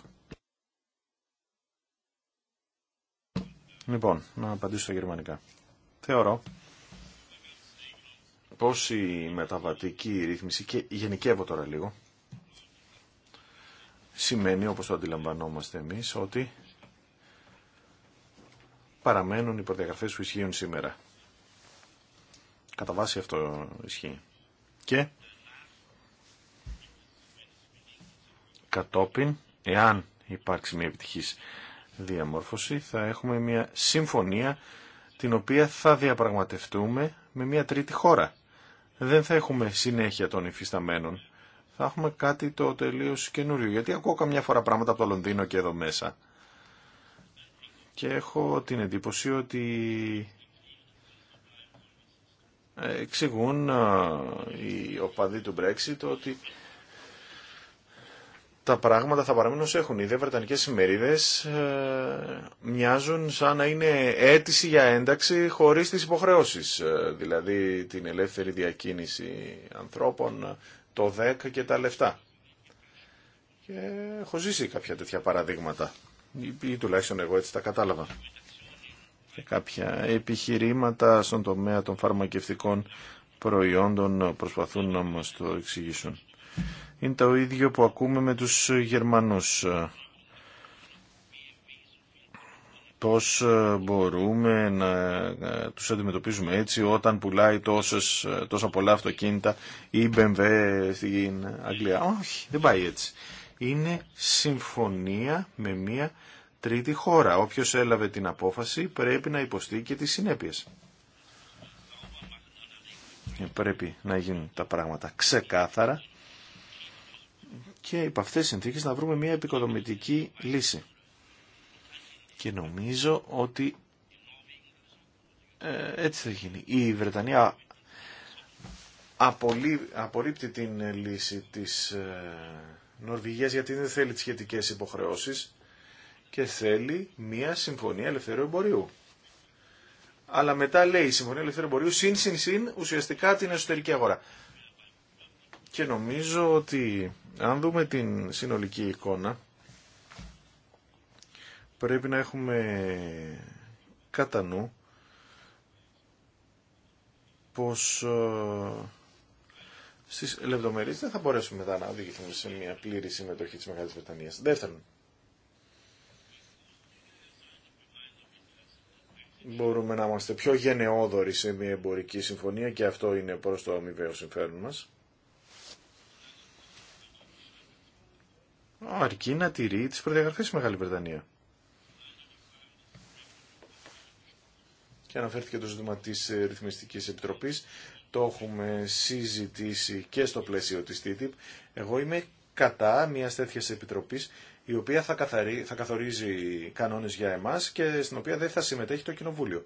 Λοιπόν, να απαντήσω στα γερμανικά. Θεωρώ πως η μεταβατική ρύθμιση και γενικεύω τώρα λίγο σημαίνει όπως το αντιλαμβανόμαστε εμείς ότι παραμένουν οι προδιαγραφές που ισχύουν σήμερα. Κατά βάση αυτό ισχύει. Και κατόπιν, εάν υπάρξει μια επιτυχής διαμόρφωση, θα έχουμε μια συμφωνία την οποία θα διαπραγματευτούμε με μια τρίτη χώρα. Δεν θα έχουμε συνέχεια των υφισταμένων. Θα έχουμε κάτι το τελείως καινούριο. Γιατί ακούω καμιά φορά πράγματα από το Λονδίνο και εδώ μέσα. Και έχω την εντύπωση ότι εξηγούν οι οπαδοί του Brexit ότι τα πράγματα θα παραμείνουν όσο έχουν. Οι δε ημερίδε ημερίδες ε, μοιάζουν σαν να είναι αίτηση για ένταξη χωρίς τις υποχρεώσεις. Ε, δηλαδή την ελεύθερη διακίνηση ανθρώπων, το ΔΕΚ και τα λεφτά. Και έχω ζήσει κάποια τέτοια παραδείγματα. Ή, ή τουλάχιστον εγώ έτσι τα κατάλαβα κάποια επιχειρήματα στον τομέα των φαρμακευτικών προϊόντων προσπαθούν να μας το εξηγήσουν. Είναι το ίδιο που ακούμε με τους Γερμανούς. Πώς μπορούμε να τους αντιμετωπίζουμε έτσι όταν πουλάει τόσα πολλά αυτοκίνητα ή BMW στην Αγγλία. Όχι, δεν πάει έτσι. Είναι συμφωνία με μια τρίτη χώρα. Όποιος έλαβε την απόφαση πρέπει να υποστεί και τις συνέπειες. Ε, πρέπει να γίνουν τα πράγματα ξεκάθαρα και υπ' αυτές τις συνθήκες να βρούμε μια επικοδομητική λύση. Και νομίζω ότι ε, έτσι θα γίνει. Η Βρετανία απορρίπτει την λύση της ε, Νορβηγίας γιατί δεν θέλει τις σχετικές υποχρεώσεις και θέλει μια συμφωνία ελευθερού εμπορίου. Αλλά μετά λέει η συμφωνία ελευθερού εμπορίου συν συν συν ουσιαστικά την εσωτερική αγορά. Και νομίζω ότι αν δούμε την συνολική εικόνα πρέπει να έχουμε κατά νου πως ε, στις λεπτομερίες δεν θα μπορέσουμε μετά να οδηγηθούμε σε μια πλήρη συμμετοχή της Μεγάλης Βρετανίας. Δεύτερον, μπορούμε να είμαστε πιο γενναιόδοροι σε μια εμπορική συμφωνία και αυτό είναι προς το αμοιβαίο συμφέρον μας. Αρκεί να τηρεί τις προδιαγραφές της Μεγάλη Βρετανία. Και αναφέρθηκε το ζήτημα της ε, Ρυθμιστικής Επιτροπής. Το έχουμε συζητήσει και στο πλαίσιο της TTIP. Εγώ είμαι κατά μια τέτοιας επιτροπής η οποία θα, καθαρί, θα καθορίζει κανόνες για εμάς και στην οποία δεν θα συμμετέχει το Κοινοβούλιο.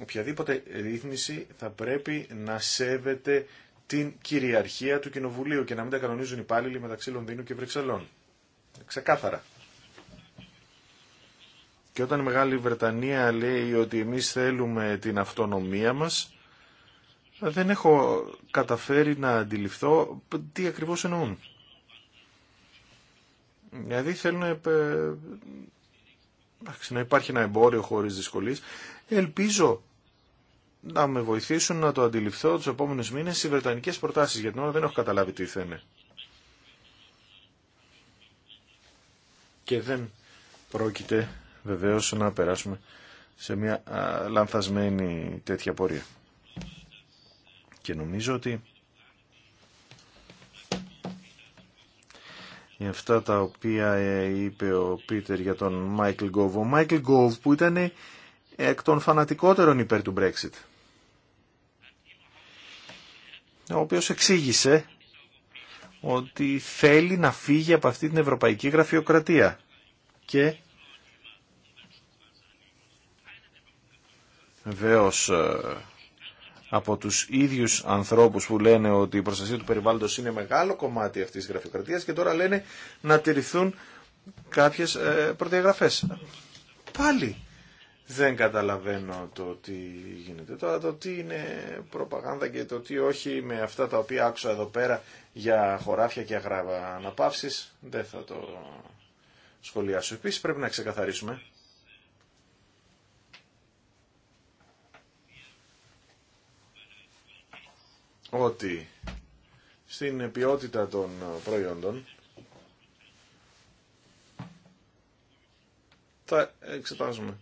Οποιαδήποτε ρύθμιση θα πρέπει να σέβεται την κυριαρχία του Κοινοβουλίου και να μην τα κανονίζουν υπάλληλοι μεταξύ Λονδίνου και Βρυξελών. Ξεκάθαρα. Και όταν η Μεγάλη Βρετανία λέει ότι εμείς θέλουμε την αυτονομία μας, δεν έχω καταφέρει να αντιληφθώ τι ακριβώς εννοούν. Δηλαδή θέλουν ε, να, υπάρχει ένα εμπόριο χωρίς δυσκολίες. Ελπίζω να με βοηθήσουν να το αντιληφθώ τους επόμενους μήνες οι βρετανικές προτάσεις, γιατί δεν έχω καταλάβει τι θένε. Και δεν πρόκειται βεβαίως να περάσουμε σε μια λανθασμένη τέτοια πορεία. Και νομίζω ότι και αυτά τα οποία ε, είπε ο Πίτερ για τον Μάικλ Γκόβ. Ο Μάικλ Γκόβ που ήταν ε, εκ των φανατικότερων υπέρ του Brexit. Ο οποίος εξήγησε ότι θέλει να φύγει από αυτή την ευρωπαϊκή γραφειοκρατία. Και βεβαίω ε, από τους ίδιους ανθρώπους που λένε ότι η προστασία του περιβάλλοντος είναι μεγάλο κομμάτι αυτής της γραφειοκρατίας και τώρα λένε να τηρηθούν κάποιες ε, Πάλι δεν καταλαβαίνω το τι γίνεται. Τώρα το τι είναι προπαγάνδα και το τι όχι με αυτά τα οποία άκουσα εδώ πέρα για χωράφια και αγράβα αναπαύσεις δεν θα το σχολιάσω. Επίσης πρέπει να ξεκαθαρίσουμε ότι στην ποιότητα των ε, προϊόντων θα εξετάζουμε.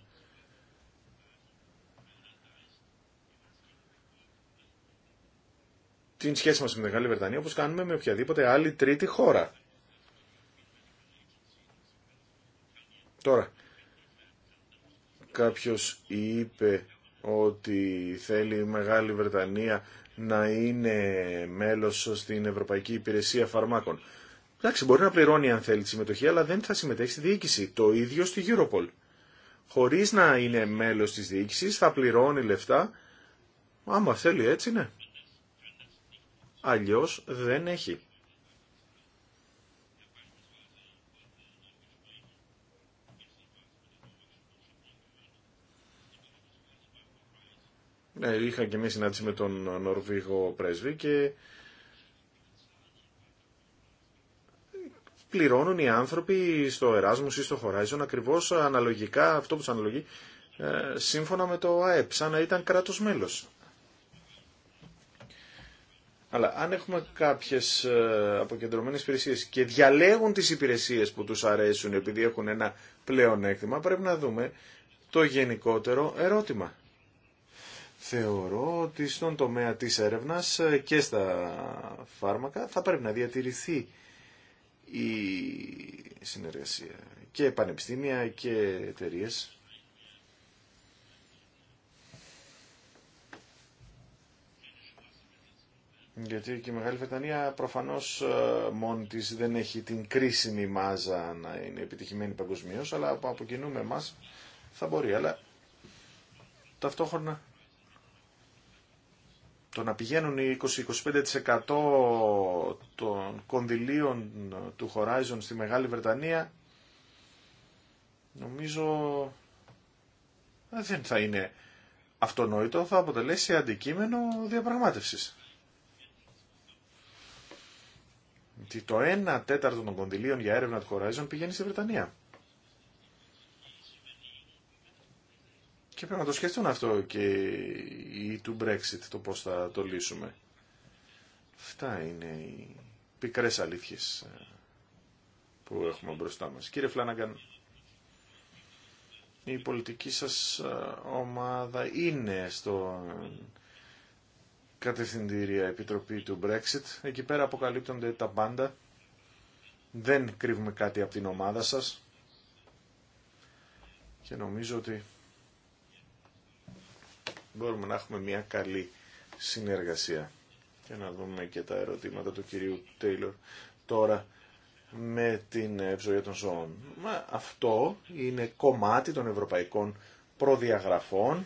Την σχέση μας με τη Μεγάλη Βρετανία όπως κάνουμε με οποιαδήποτε άλλη τρίτη χώρα. Τώρα, κάποιος είπε ότι θέλει η Μεγάλη Βρετανία να είναι μέλος στην Ευρωπαϊκή Υπηρεσία Φαρμάκων. Εντάξει, μπορεί να πληρώνει αν θέλει τη συμμετοχή, αλλά δεν θα συμμετέχει στη διοίκηση. Το ίδιο στη Europol. Χωρίς να είναι μέλος της διοίκησης, θα πληρώνει λεφτά. Άμα θέλει έτσι, είναι. Αλλιώς δεν έχει. Ε, είχα και μια συνάντηση με τον Νορβηγό πρέσβη και πληρώνουν οι άνθρωποι στο Εράσμους ή στο Horizon ακριβώς αναλογικά, αυτό που τους αναλογεί, ε, σύμφωνα με το ΑΕΠ, σαν να ήταν κράτος μέλος. Αλλά αν έχουμε κάποιες ε, αποκεντρωμένες υπηρεσίες και διαλέγουν τις υπηρεσίες που τους αρέσουν επειδή έχουν ένα πλέον πρέπει να δούμε το γενικότερο ερώτημα θεωρώ ότι στον τομέα της έρευνας και στα φάρμακα θα πρέπει να διατηρηθεί η συνεργασία και πανεπιστήμια και εταιρείε. Γιατί και η Μεγάλη Βρετανία προφανώς ε, μόνη της δεν έχει την κρίσιμη μάζα να είναι επιτυχημένη παγκοσμίω, αλλά από κοινού με εμάς θα μπορεί. Αλλά ταυτόχρονα το να πηγαίνουν οι 20-25% των κονδυλίων του Horizon στη Μεγάλη Βρετανία νομίζω δεν θα είναι αυτονόητο, θα αποτελέσει αντικείμενο διαπραγμάτευσης. το 1 τέταρτο των κονδυλίων για έρευνα του Horizon πηγαίνει στη Βρετανία. Και πρέπει να το σκεφτούν αυτό και οι του Brexit, το πώς θα το λύσουμε. Αυτά είναι οι πικρές αλήθειες ε, που έχουμε μπροστά μας. Κύριε Φλάναγκαν, η πολιτική σας ε, ομάδα είναι στο κατευθυντήρια επιτροπή του Brexit. Εκεί πέρα αποκαλύπτονται τα πάντα. Δεν κρύβουμε κάτι από την ομάδα σας. Και νομίζω ότι μπορούμε να έχουμε μια καλή συνεργασία. Και να δούμε και τα ερωτήματα του κυρίου Τέιλορ τώρα με την ψωγεία των ζώων. Μα αυτό είναι κομμάτι των ευρωπαϊκών προδιαγραφών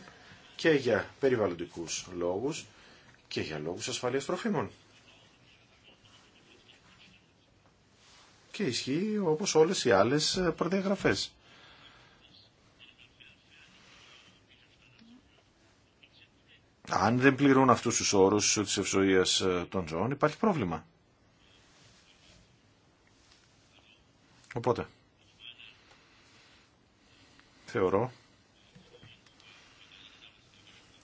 και για περιβαλλοντικούς λόγους και για λόγους ασφαλείας τροφίμων. Και ισχύει όπως όλες οι άλλες προδιαγραφές. Αν δεν πληρούν αυτούς τους όρους της ευσοίας ε, των ζώων υπάρχει πρόβλημα. Οπότε, θεωρώ,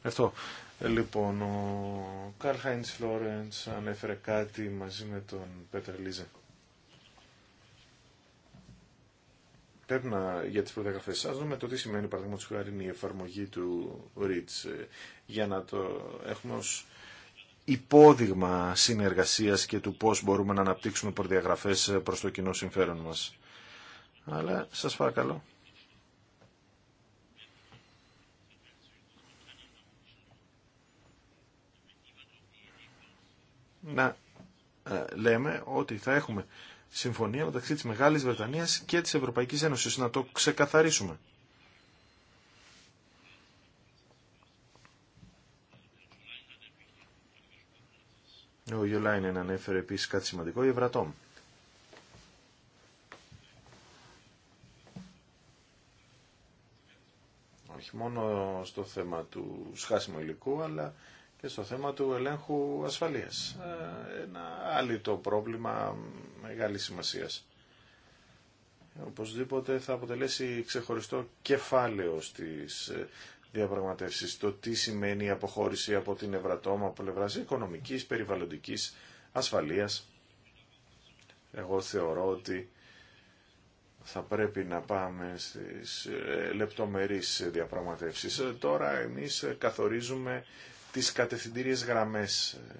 αυτό, λοιπόν, ο Καρλ Χάιντς ανέφερε κάτι μαζί με τον Πέτρε Λίζεκο. πρέπει να, για τις προδιαγραφές, σα δούμε το τι σημαίνει παραδείγματο χάρη η εφαρμογή του REACH για να το έχουμε ως υπόδειγμα συνεργασίας και του πώς μπορούμε να αναπτύξουμε προδιαγραφές προς το κοινό συμφέρον μας. Αλλά σας παρακαλώ. Να ε, λέμε ότι θα έχουμε συμφωνία μεταξύ της Μεγάλης Βρετανίας και της Ευρωπαϊκής Ένωσης. Να το ξεκαθαρίσουμε. Ο Γιολάινεν ανέφερε επίσης κάτι σημαντικό, η Ευρατόμ. Όχι μόνο στο θέμα του σχάσιμου υλικού, αλλά και στο θέμα του ελέγχου ασφαλείας. Ε, ένα άλλο το πρόβλημα μεγάλης σημασίας. Οπωσδήποτε θα αποτελέσει ξεχωριστό κεφάλαιο στις ε, διαπραγματεύσεις το τι σημαίνει η αποχώρηση από την Ευρατόμα από πλευράς οικονομικής, περιβαλλοντικής, ασφαλείας. Εγώ θεωρώ ότι θα πρέπει να πάμε στις ε, λεπτομερείς διαπραγματεύσεις. Τώρα εμείς καθορίζουμε τις κατευθυντήριες γραμμές ε,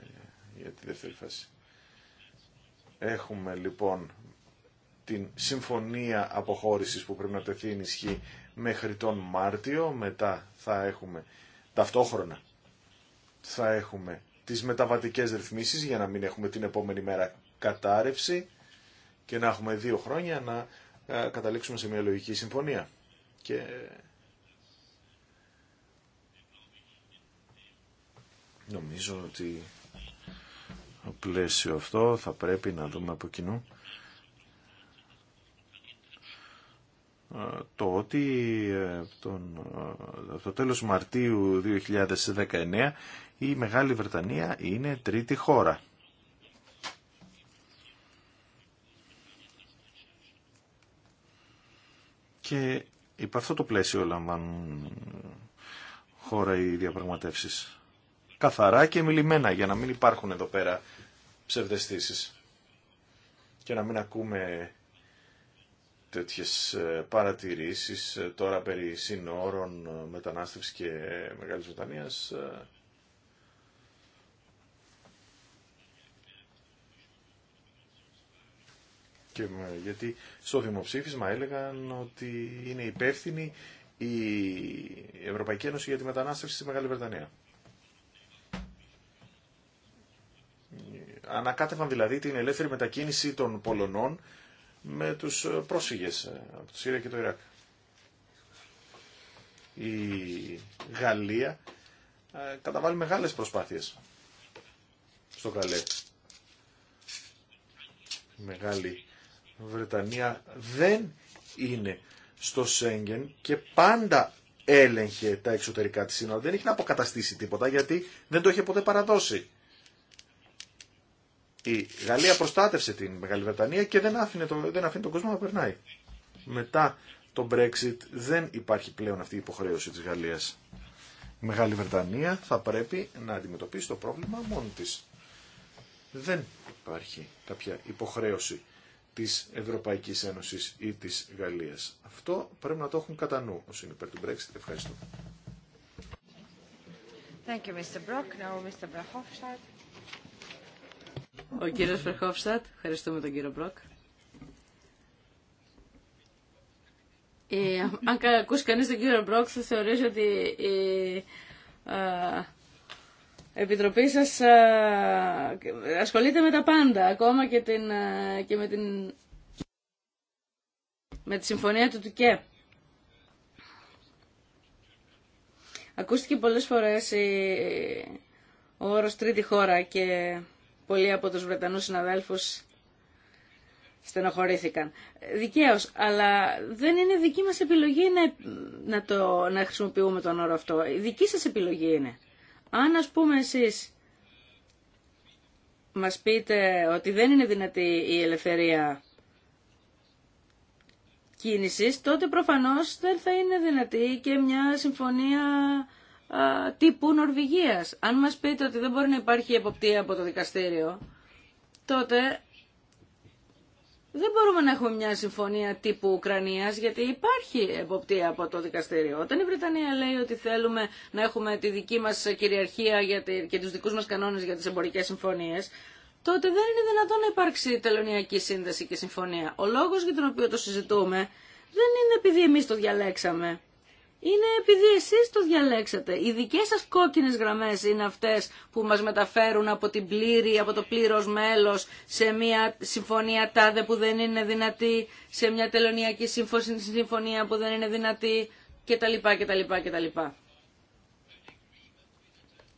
για τη δεύτερη φάση. Έχουμε λοιπόν την συμφωνία αποχώρησης που πρέπει να τεθεί εν μέχρι τον Μάρτιο, μετά θα έχουμε ταυτόχρονα θα έχουμε τις μεταβατικές ρυθμίσεις για να μην έχουμε την επόμενη μέρα κατάρρευση και να έχουμε δύο χρόνια να ε, καταλήξουμε σε μια λογική συμφωνία. Και ε, Νομίζω ότι το πλαίσιο αυτό θα πρέπει να δούμε από κοινού ε, το ότι ε, τον, ε, το τέλος Μαρτίου 2019 η Μεγάλη Βρετανία είναι τρίτη χώρα. Και υπάρχει αυτό το πλαίσιο λαμβάνουν χώρα οι διαπραγματεύσεις καθαρά και μιλημένα για να μην υπάρχουν εδώ πέρα ψευδεστήσεις και να μην ακούμε τέτοιες ε, παρατηρήσεις ε, τώρα περί συνόρων ε, μετανάστευσης και Μεγάλης Βρετανίας. Και, γιατί στο δημοψήφισμα έλεγαν ότι είναι υπεύθυνη η Ευρωπαϊκή Ένωση για τη μετανάστευση στη Μεγάλη Βρετανία. ανακάτευαν δηλαδή την ελεύθερη μετακίνηση των Πολωνών με τους πρόσφυγες ε, από το Σύρια και το Ιράκ. Η Γαλλία ε, καταβάλει μεγάλες προσπάθειες στο Καλέ. Η Μεγάλη Βρετανία δεν είναι στο Σέγγεν και πάντα έλεγχε τα εξωτερικά της σύνορα. Δεν έχει να αποκαταστήσει τίποτα γιατί δεν το είχε ποτέ παραδώσει. Η Γαλλία προστάτευσε την Μεγάλη Βρετανία και δεν άφηνε, το, δεν άφηνε τον κόσμο να περνάει. Μετά το Brexit δεν υπάρχει πλέον αυτή η υποχρέωση της Γαλλίας. Η Μεγάλη Βρετανία θα πρέπει να αντιμετωπίσει το πρόβλημα μόνη της. Δεν υπάρχει κάποια υποχρέωση της Ευρωπαϊκής Ένωσης ή της Γαλλίας. Αυτό πρέπει να το έχουν κατά νου όσοι είναι υπέρ του Brexit. Ευχαριστώ. Thank you, Mr. Brock. Now, Mr. Ο κύριος Φερχόφστατ, ευχαριστούμε τον κύριο Μπρόκ. Ε, αν ακούσει κανείς τον κύριο Μπρόκ θα θεωρήσει ότι η ε, Επιτροπή σας ε, ασχολείται με τα πάντα, ακόμα και, ε, με, την, τη συμφωνία του Τουκέ. Ακούστηκε πολλές φορές ο όρος τρίτη χώρα και πολλοί από τους Βρετανούς συναδέλφους στενοχωρήθηκαν. Δικαίως, αλλά δεν είναι δική μας επιλογή να, να, το, να χρησιμοποιούμε τον όρο αυτό. Η δική σας επιλογή είναι. Αν ας πούμε εσείς μας πείτε ότι δεν είναι δυνατή η ελευθερία κίνησης, τότε προφανώς δεν θα είναι δυνατή και μια συμφωνία τύπου Νορβηγίας. Αν μας πείτε ότι δεν μπορεί να υπάρχει εποπτεία από το δικαστήριο, τότε δεν μπορούμε να έχουμε μια συμφωνία τύπου Ουκρανίας, γιατί υπάρχει εποπτεία από το δικαστήριο. Όταν η Βρετανία λέει ότι θέλουμε να έχουμε τη δική μας κυριαρχία και τους δικούς μας κανόνες για τις εμπορικές συμφωνίες, τότε δεν είναι δυνατόν να υπάρξει τελωνιακή σύνδεση και συμφωνία. Ο λόγος για τον οποίο το συζητούμε δεν είναι επειδή εμείς το διαλέξαμε είναι επειδή εσείς το διαλέξατε. Οι δικές σας κόκκινες γραμμές είναι αυτές που μας μεταφέρουν από την πλήρη, από το πλήρως μέλος σε μια συμφωνία τάδε που δεν είναι δυνατή, σε μια τελωνιακή συμφωνία που δεν είναι δυνατή κτλ. κτλ, κτλ.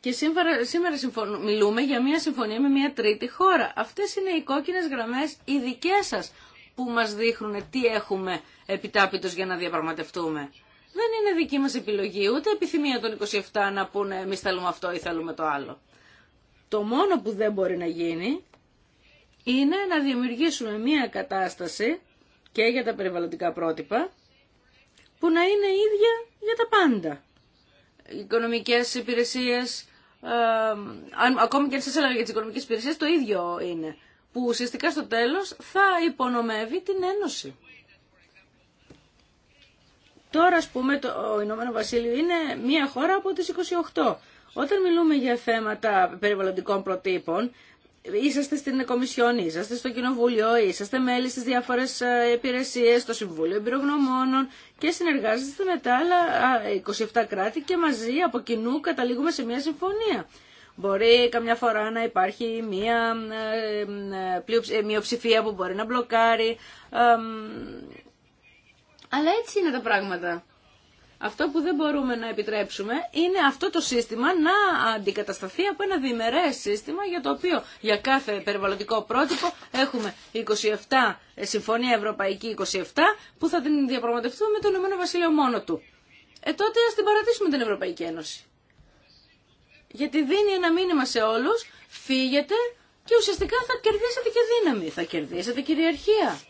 Και σήμερα, σήμερα μιλούμε για μια συμφωνία με μια τρίτη χώρα. Αυτές είναι οι κόκκινες γραμμές οι δικές σας που μας δείχνουν τι έχουμε επιτάπητος για να διαπραγματευτούμε. Δεν είναι δική μας επιλογή, ούτε επιθυμία των 27 να πούνε εμεί θέλουμε αυτό ή θέλουμε το άλλο. Το μόνο που δεν μπορεί να γίνει είναι να δημιουργήσουμε μια κατάσταση και για τα περιβαλλοντικά πρότυπα που να είναι ίδια για τα πάντα. Οικονομικές υπηρεσίες, ακόμη και αν σας έλεγα για τις οικονομικές υπηρεσίες, το ίδιο είναι. Που ουσιαστικά στο τέλος θα υπονομεύει την Ένωση. Τώρα, α πούμε, το Ηνωμένο Βασίλειο είναι μία χώρα από τις 28. Όταν μιλούμε για θέματα περιβαλλοντικών προτύπων, είσαστε στην Κομισιόν, είσαστε στο Κοινοβούλιο, είσαστε μέλη στι διάφορες ε, υπηρεσίε, στο Συμβούλιο Εμπειρογνωμόνων και συνεργάζεστε με τα άλλα 27 κράτη και μαζί από κοινού καταλήγουμε σε μια συμφωνία. Μπορεί καμιά φορά να υπάρχει μια ε, ε, μειοψηφία που μπορεί να μπλοκάρει αλλά έτσι είναι τα πράγματα. Αυτό που δεν μπορούμε να επιτρέψουμε είναι αυτό το σύστημα να αντικατασταθεί από ένα διμερές σύστημα για το οποίο για κάθε περιβαλλοντικό πρότυπο έχουμε 27, ε, Συμφωνία Ευρωπαϊκή 27 που θα την διαπραγματευτούμε με τον Ηνωμένο Βασίλειο μόνο του. Ε, τότε ας την παρατήσουμε την Ευρωπαϊκή Ένωση. Γιατί δίνει ένα μήνυμα σε όλους, φύγετε και ουσιαστικά θα κερδίσετε και δύναμη, θα κερδίσετε κυριαρχία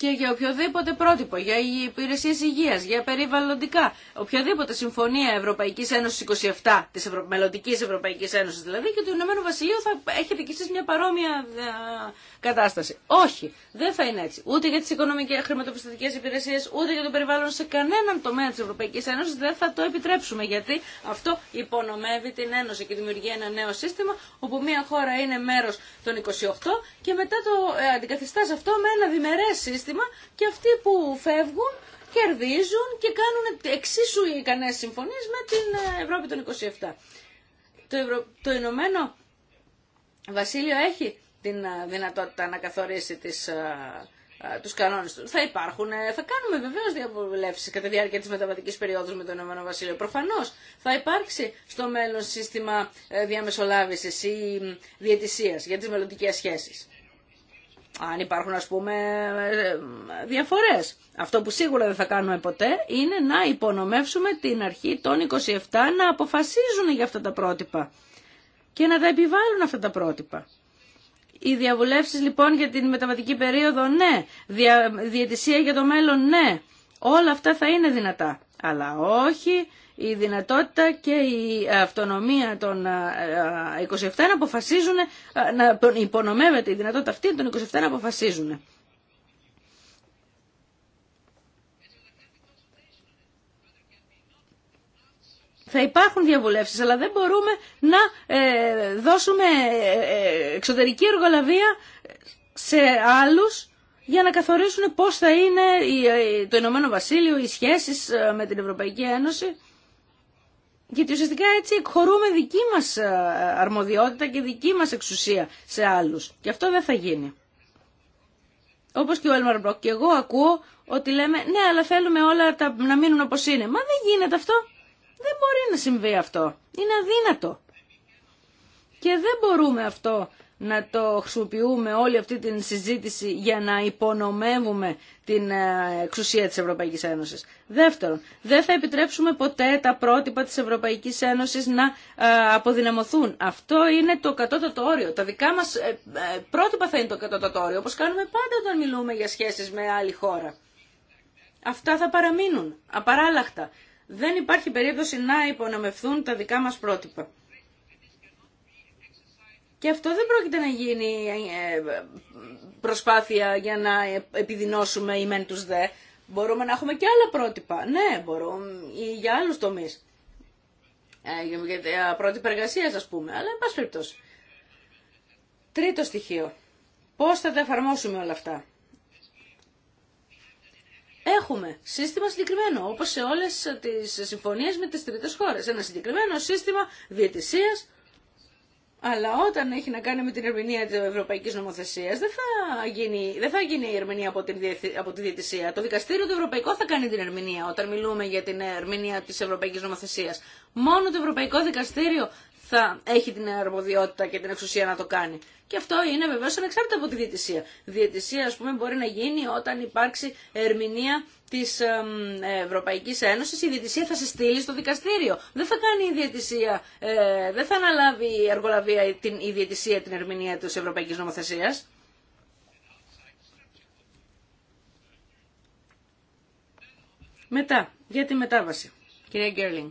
και για οποιοδήποτε πρότυπο, για υπηρεσίε υγεία, για περιβαλλοντικά, οποιαδήποτε συμφωνία Ευρωπαϊκή Ένωση 27, τη Ευρω... μελλοντική Ευρωπαϊκή Ένωση δηλαδή, και του Ηνωμένου Βασιλείου θα έχετε κι εσεί μια παρόμοια κατάσταση. Όχι, δεν θα είναι έτσι. Ούτε για τι οικονομικέ χρηματοπιστωτικέ υπηρεσίε, ούτε για το περιβάλλον σε κανέναν τομέα τη Ευρωπαϊκή Ένωση δεν θα το επιτρέψουμε, γιατί αυτό υπονομεύει την Ένωση και δημιουργεί ένα νέο σύστημα όπου μια χώρα είναι μέρο των 28 και μετά το ε, αντικαθιστά αυτό με ένα διμερέ σύστημα και αυτοί που φεύγουν κερδίζουν και κάνουν εξίσου ικανέ συμφωνίες με την ε, Ευρώπη των 27. Το, το Ηνωμένο Βασίλειο έχει την ε, δυνατότητα να καθορίσει τις, ε, τους κανόνες του. Θα υπάρχουν, θα κάνουμε βεβαίως διαβουλεύσεις κατά τη διάρκεια της μεταβατικής περίοδου με τον Ηνωμένο Βασίλειο. Προφανώς θα υπάρξει στο μέλλον σύστημα διαμεσολάβησης ή διαιτησίας για τις μελλοντικέ σχέσεις αν υπάρχουν ας πούμε διαφορές. Αυτό που σίγουρα δεν θα κάνουμε ποτέ είναι να υπονομεύσουμε την αρχή των 27 να αποφασίζουν για αυτά τα πρότυπα και να τα επιβάλλουν αυτά τα πρότυπα. Οι διαβουλεύσεις λοιπόν για την μεταβατική περίοδο ναι, Δια, για το μέλλον ναι, όλα αυτά θα είναι δυνατά. Αλλά όχι η δυνατότητα και η αυτονομία των 27 ε, ε, να αποφασίζουν, ε, να υπονομεύεται η δυνατότητα αυτή των 27 να αποφασίζουν. Θα υπάρχουν διαβουλεύσεις, αλλά δεν μπορούμε να δώσουμε εξωτερική εργολαβία σε άλλους για να καθορίσουν πώς θα είναι το Ηνωμένο Βασίλειο, οι σχέσεις με την Ευρωπαϊκή Ένωση. Γιατί ουσιαστικά έτσι εκχωρούμε δική μας ε, αρμοδιότητα και δική μας εξουσία σε άλλους. Και αυτό δεν θα γίνει. Όπως και ο Έλμαρ Μπροκ. Και εγώ ακούω ότι λέμε ναι αλλά θέλουμε όλα τα, να μείνουν όπως είναι. Μα δεν γίνεται αυτό. Δεν μπορεί να συμβεί αυτό. Είναι αδύνατο. Και δεν μπορούμε αυτό να το χρησιμοποιούμε όλη αυτή την συζήτηση για να υπονομεύουμε την ε, εξουσία της Ευρωπαϊκής Ένωσης. Δεύτερον, δεν θα επιτρέψουμε ποτέ τα πρότυπα της Ευρωπαϊκής Ένωσης να ε, αποδυναμωθούν. Αυτό είναι το κατώτατο όριο. Τα δικά μας ε, πρότυπα θα είναι το κατώτατο όριο, όπως κάνουμε πάντα όταν μιλούμε για σχέσεις με άλλη χώρα. Αυτά θα παραμείνουν απαράλλαχτα. Δεν υπάρχει περίπτωση να υπονομευθούν τα δικά μας πρότυπα. Και αυτό δεν πρόκειται να γίνει ε, προσπάθεια για να επιδεινώσουμε οι μεν τους δε. Μπορούμε να έχουμε και άλλα πρότυπα. Ναι, μπορούμε ή για άλλους τομείς. Ε, για πρότυπα εργασία, ας πούμε. Αλλά, εν πάση περιπτώσει. Τρίτο στοιχείο. Πώς θα τα εφαρμόσουμε όλα αυτά. Έχουμε σύστημα συγκεκριμένο, όπως σε όλες τις συμφωνίες με τις τρίτες χώρες. Ένα συγκεκριμένο σύστημα διαιτησίας αλλά όταν έχει να κάνει με την ερμηνεία τη Ευρωπαϊκή Νομοθεσία, δεν, θα γίνει, δεν θα γίνει η ερμηνεία από, την, από τη Διευθυνσία. Το Δικαστήριο του Ευρωπαϊκό θα κάνει την ερμηνεία όταν μιλούμε για την ερμηνεία τη Ευρωπαϊκή Νομοθεσία. Μόνο το Ευρωπαϊκό Δικαστήριο θα έχει την αρμοδιότητα και την εξουσία να το κάνει. Και αυτό είναι βεβαίω ανεξάρτητα από τη διαιτησία. Διαιτησία, α πούμε, μπορεί να γίνει όταν υπάρξει ερμηνεία τη Ευρωπαϊκή Ένωση. Η διαιτησία θα σε στείλει στο δικαστήριο. Δεν θα κάνει η ε, δεν θα αναλάβει η εργολαβία την, η διαιτησία την ερμηνεία τη Ευρωπαϊκή Νομοθεσία. Μετά, για τη μετάβαση. Κυρία Γκέρλινγκ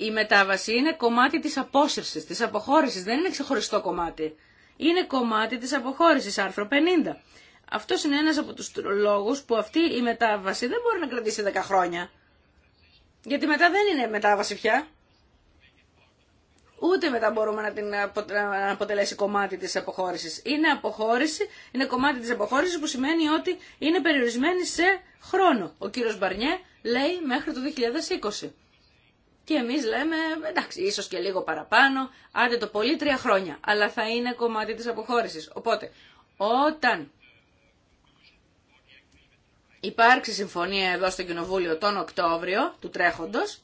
η μετάβαση είναι κομμάτι της απόσυρσης, της αποχώρησης, δεν είναι ξεχωριστό κομμάτι. Είναι κομμάτι της αποχώρησης, άρθρο 50. Αυτό είναι ένας από τους λόγους που αυτή η μετάβαση δεν μπορεί να κρατήσει 10 χρόνια. Γιατί μετά δεν είναι μετάβαση πια. Ούτε μετά μπορούμε να την αποτελέσει κομμάτι της αποχώρησης. Είναι αποχώρηση, είναι κομμάτι της αποχώρησης που σημαίνει ότι είναι περιορισμένη σε χρόνο. Ο κύριος Μπαρνιέ λέει μέχρι το 2020. Και εμείς λέμε, εντάξει, ίσως και λίγο παραπάνω, άντε το πολύ τρία χρόνια, αλλά θα είναι κομμάτι της αποχώρησης. Οπότε, όταν υπάρξει συμφωνία εδώ στο Κοινοβούλιο τον Οκτώβριο του τρέχοντος,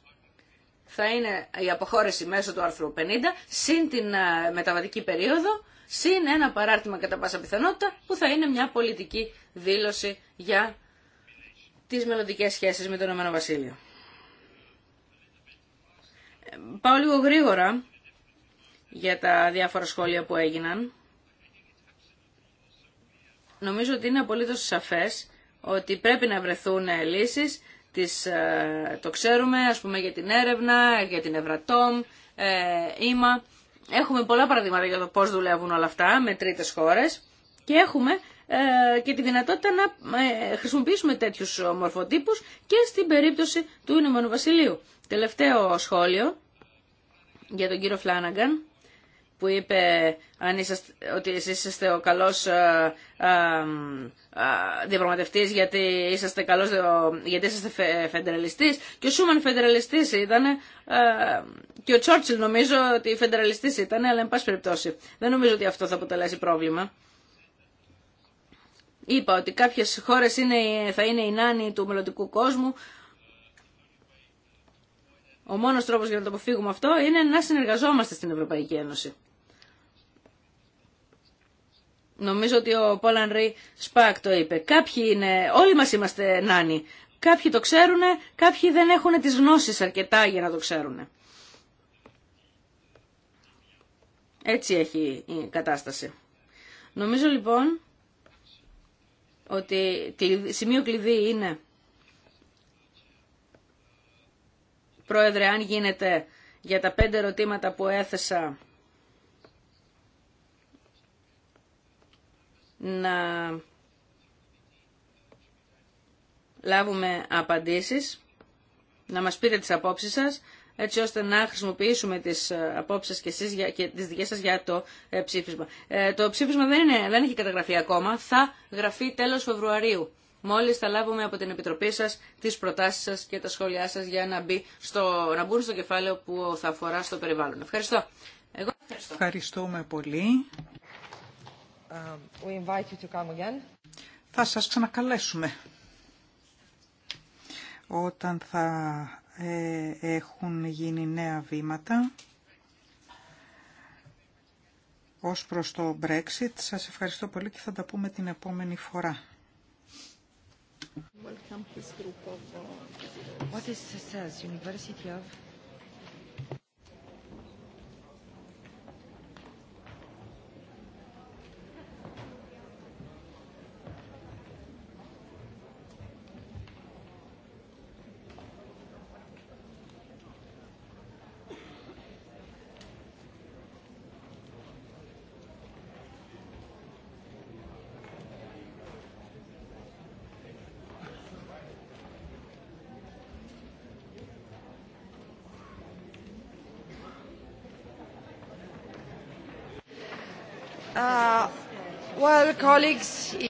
θα είναι η αποχώρηση μέσω του άρθρου 50, συν την ε, μεταβατική περίοδο, συν ένα παράρτημα κατά πάσα πιθανότητα, που θα είναι μια πολιτική δήλωση για τις μελλοντικέ σχέσεις με το Ηνωμένο Βασίλειο. Πάω λίγο γρήγορα για τα διάφορα σχόλια που έγιναν. Νομίζω ότι είναι απολύτως σαφές ότι πρέπει να βρεθούν λύσεις. Τις, ε, το ξέρουμε, ας πούμε, για την έρευνα, για την Ευρατόμ, ε, Έχουμε πολλά παραδείγματα για το πώς δουλεύουν όλα αυτά με τρίτες χώρες και έχουμε ε, και τη δυνατότητα να ε, χρησιμοποιήσουμε τέτοιους μορφοτύπους και στην περίπτωση του Ηνωμένου Βασιλείου. Τελευταίο σχόλιο για τον κύριο Φλάναγκαν που είπε αν είσαστε, ότι εσείς είστε ο καλός α, ε, ε, ε, διαπραγματευτής γιατί είσαστε, καλός, γιατί είσαστε φε, και ο Σούμαν φεντεραλιστής ήταν και ο Τσόρτσιλ νομίζω ότι φεντεραλιστής ήταν αλλά εν πάση περιπτώσει δεν νομίζω ότι αυτό θα αποτελέσει πρόβλημα. Είπα ότι κάποιες χώρες θα είναι οι νάνοι του μελλοντικού κόσμου ο μόνος τρόπος για να το αποφύγουμε αυτό είναι να συνεργαζόμαστε στην Ευρωπαϊκή Ένωση. Νομίζω ότι ο Πόλαν Ρι Σπακ το είπε. Κάποιοι είναι, όλοι μας είμαστε νάνοι. Κάποιοι το ξέρουν, κάποιοι δεν έχουν τις γνώσεις αρκετά για να το ξέρουν. Έτσι έχει η κατάσταση. Νομίζω λοιπόν ότι σημείο κλειδί είναι Πρόεδρε, αν γίνεται για τα πέντε ερωτήματα που έθεσα να λάβουμε απαντήσεις, να μας πείτε τις απόψεις σας, έτσι ώστε να χρησιμοποιήσουμε τις ε, απόψεις και, εσείς, και τις δικές σας για το ε, ψήφισμα. Ε, το ψήφισμα δεν, είναι, δεν έχει καταγραφεί ακόμα, θα γραφεί τέλος Φεβρουαρίου μόλις θα λάβουμε από την Επιτροπή σας τις προτάσεις σας και τα σχόλιά σας για να, μπει στο, να μπουν στο κεφάλαιο που θα αφορά στο περιβάλλον. Ευχαριστώ. Εγώ ευχαριστώ. Ευχαριστούμε πολύ. Um, we invite you to come again. Θα σας ξανακαλέσουμε όταν θα ε, έχουν γίνει νέα βήματα ως προς το Brexit. Σας ευχαριστώ πολύ και θα τα πούμε την επόμενη φορά. Welcome to group of... What is CES, University of...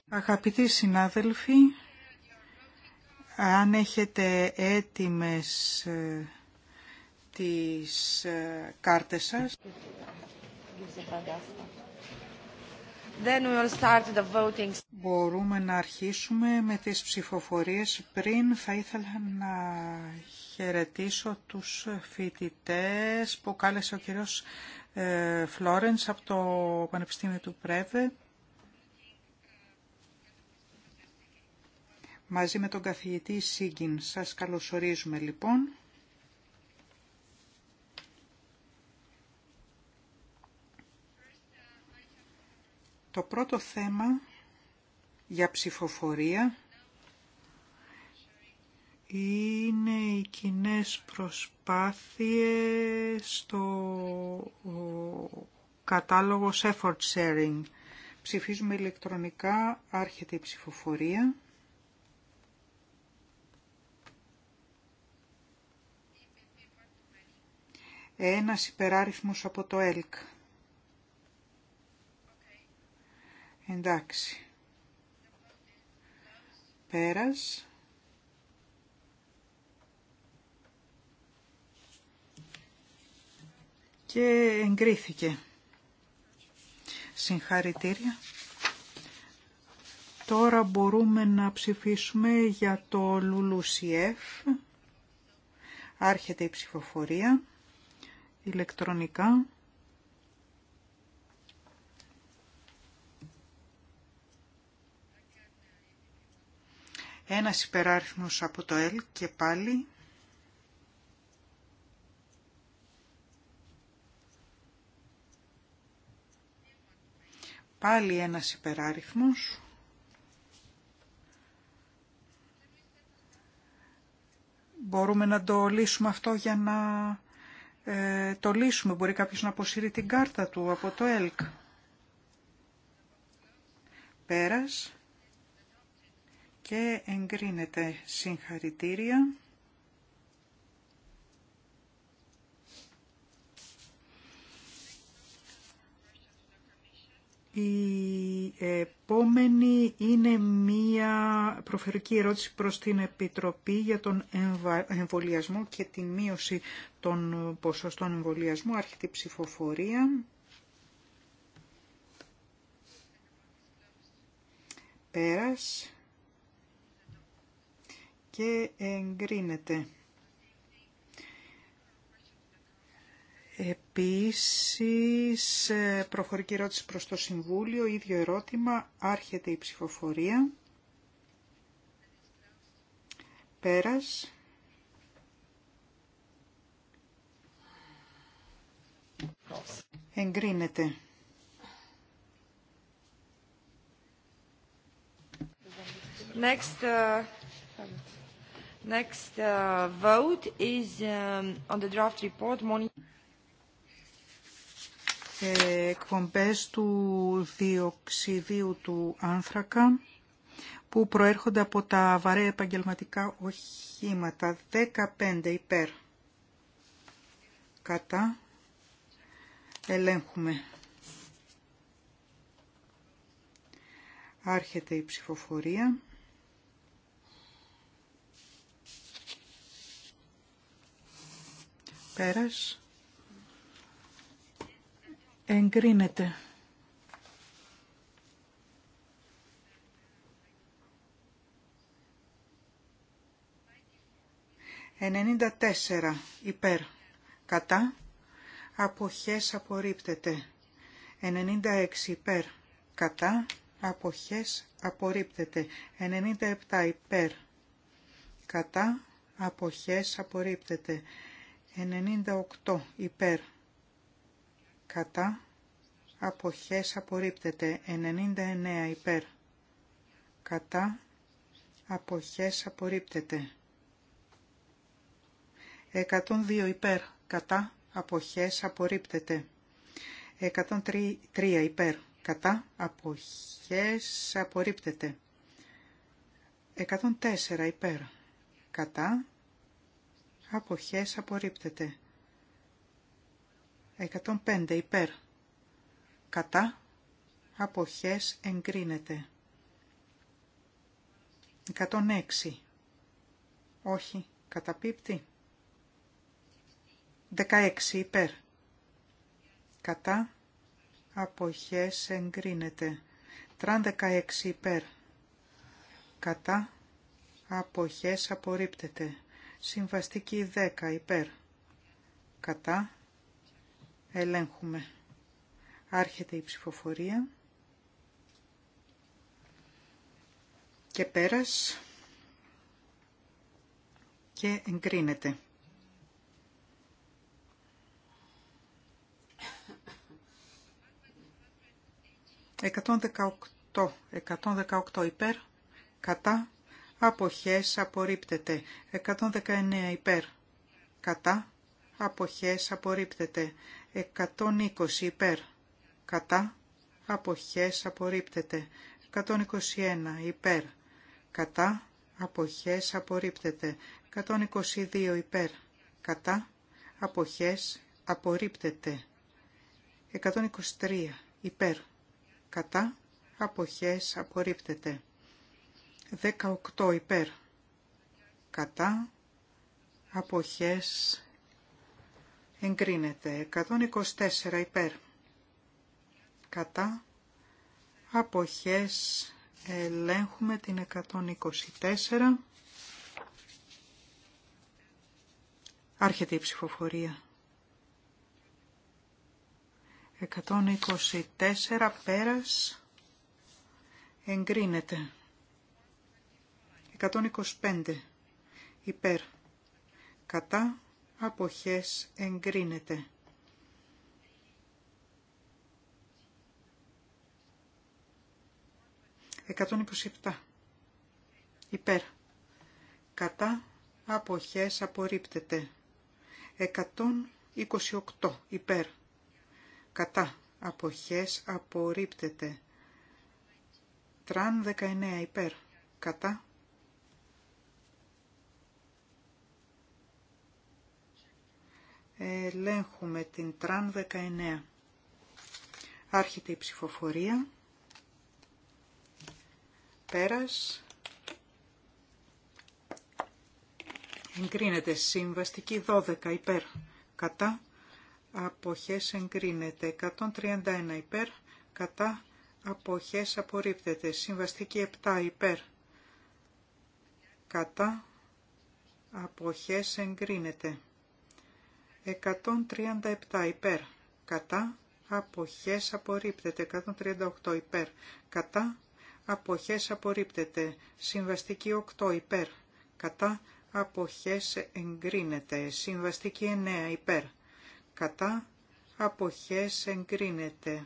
Αγαπητοί συνάδελφοι, αν έχετε έτοιμες ε, τις ε, κάρτες σας, Then we start the voting. μπορούμε να αρχίσουμε με τις ψηφοφορίες. Πριν θα ήθελα να χαιρετήσω τους φοιτητές που κάλεσε ο κύριος ε, Φλόρενς από το Πανεπιστήμιο του Πρέβε μαζί με τον καθηγητή Σίγκιν. Σας καλωσορίζουμε λοιπόν. Το πρώτο θέμα για ψηφοφορία είναι οι κοινές προσπάθειες στο κατάλογο effort sharing. Ψηφίζουμε ηλεκτρονικά, άρχεται η ψηφοφορία. ένας υπεράριθμος από το ΕΛΚ. Εντάξει. Πέρας. Και εγκρίθηκε. Συγχαρητήρια. Τώρα μπορούμε να ψηφίσουμε για το Λουλουσιεφ. Άρχεται η ψηφοφορία ηλεκτρονικά. Ένας υπεράριθμος από το L και πάλι. Πάλι ένας υπεράριθμος. Μπορούμε να το λύσουμε αυτό για να ε, το λύσουμε. Μπορεί κάποιος να αποσύρει την κάρτα του από το ΕΛΚ. Πέρας και εγκρίνεται συγχαρητήρια. Η επόμενη είναι μία προφερική ερώτηση προς την Επιτροπή για τον εμβολιασμό και τη μείωση των ποσοστών εμβολιασμού, άρχιτη ψηφοφορία. Πέρας και εγκρίνεται. Επίσης, ε, προφορική ερώτηση προς το Συμβούλιο, ίδιο ερώτημα, άρχεται η ψηφοφορία. Πέρας. Εγκρίνεται. Next, uh, next uh, vote is um, on the draft report εκπομπές του διοξιδίου του άνθρακα που προέρχονται από τα βαρέα επαγγελματικά οχήματα. 15 υπέρ. Κατά. Ελέγχουμε. Άρχεται η ψηφοφορία. Πέρας εγκρίνεται. Ενενήντα τέσσερα υπέρ κατά αποχές απορρίπτεται. Ενενήντα έξι υπέρ κατά αποχές απορρίπτεται. Ενενήντα επτά υπέρ κατά αποχές απορρίπτεται. Ενενήντα οκτώ υπέρ κατά αποχές απορρίπτεται 99 υπέρ κατά αποχές απορρίπτεται 102 υπέρ κατά αποχές απορρίπτεται 103 υπέρ κατά αποχές απορρίπτεται 104 υπέρ κατά αποχές απορρίπτεται 105 υπέρ. Κατά. Αποχές εγκρίνεται. 106. Όχι. Καταπίπτει. 16 υπέρ. Κατά. Αποχές εγκρίνεται. Τραν 16 υπέρ. Κατά. Αποχές απορρίπτεται. Συμβαστική 10 υπέρ. Κατά. Ελέγχουμε. Άρχεται η ψηφοφορία. Και πέρας. Και εγκρίνεται. Εκατόν δεκαοκτώ. Εκατόν δεκαοκτώ υπέρ. Κατά. Αποχές απορρίπτεται. 119 υπέρ. Κατά. Αποχές απορρίπτεται. 120 υπέρ. Κατά. Αποχές απορρίπτεται. 121 υπέρ. Κατά. Αποχές απορρίπτεται. 122 υπέρ. Κατά. Αποχές απορρίπτεται. 123 υπέρ. Κατά. Αποχές απορρίπτεται. 18 υπέρ. Κατά. Αποχές εγκρίνεται 124 υπέρ κατά αποχές ελέγχουμε την 124 άρχεται η ψηφοφορία 124 πέρας εγκρίνεται 125 υπέρ κατά αποχές εγκρίνεται. 127. Υπέρ. Κατά αποχές απορρίπτεται. 128. Υπέρ. Κατά αποχές απορρίπτεται. Τραν 19. Υπέρ. Κατά Ελέγχουμε την τραν 19. Άρχεται η ψηφοφορία. Πέρας. Εγκρίνεται συμβαστική 12 υπέρ. Κατά. Αποχές εγκρίνεται 131 υπέρ. Κατά. Αποχές απορρίπτεται. Συμβαστική 7 υπέρ. Κατά. Αποχές εγκρίνεται. 137 υπέρ, κατά, αποχές απορρίπτεται. 138 υπέρ, κατά, αποχές απορρίπτεται. Συμβαστική 8 υπέρ, κατά, αποχές εγκρίνεται. Συμβαστική 9 υπέρ, κατά, αποχές εγκρίνεται.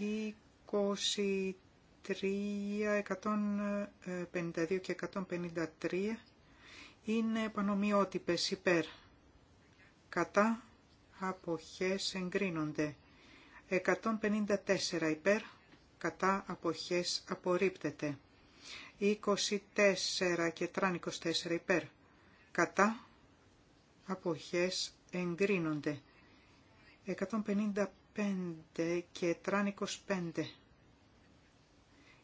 23, 152 και 153 είναι επανομοιότυπες υπέρ. Κατά αποχές εγκρίνονται. 154 υπέρ. Κατά αποχές απορρίπτεται. 24 και τραν 24 υπέρ. Κατά αποχές εγκρίνονται. 155 και τραν 25.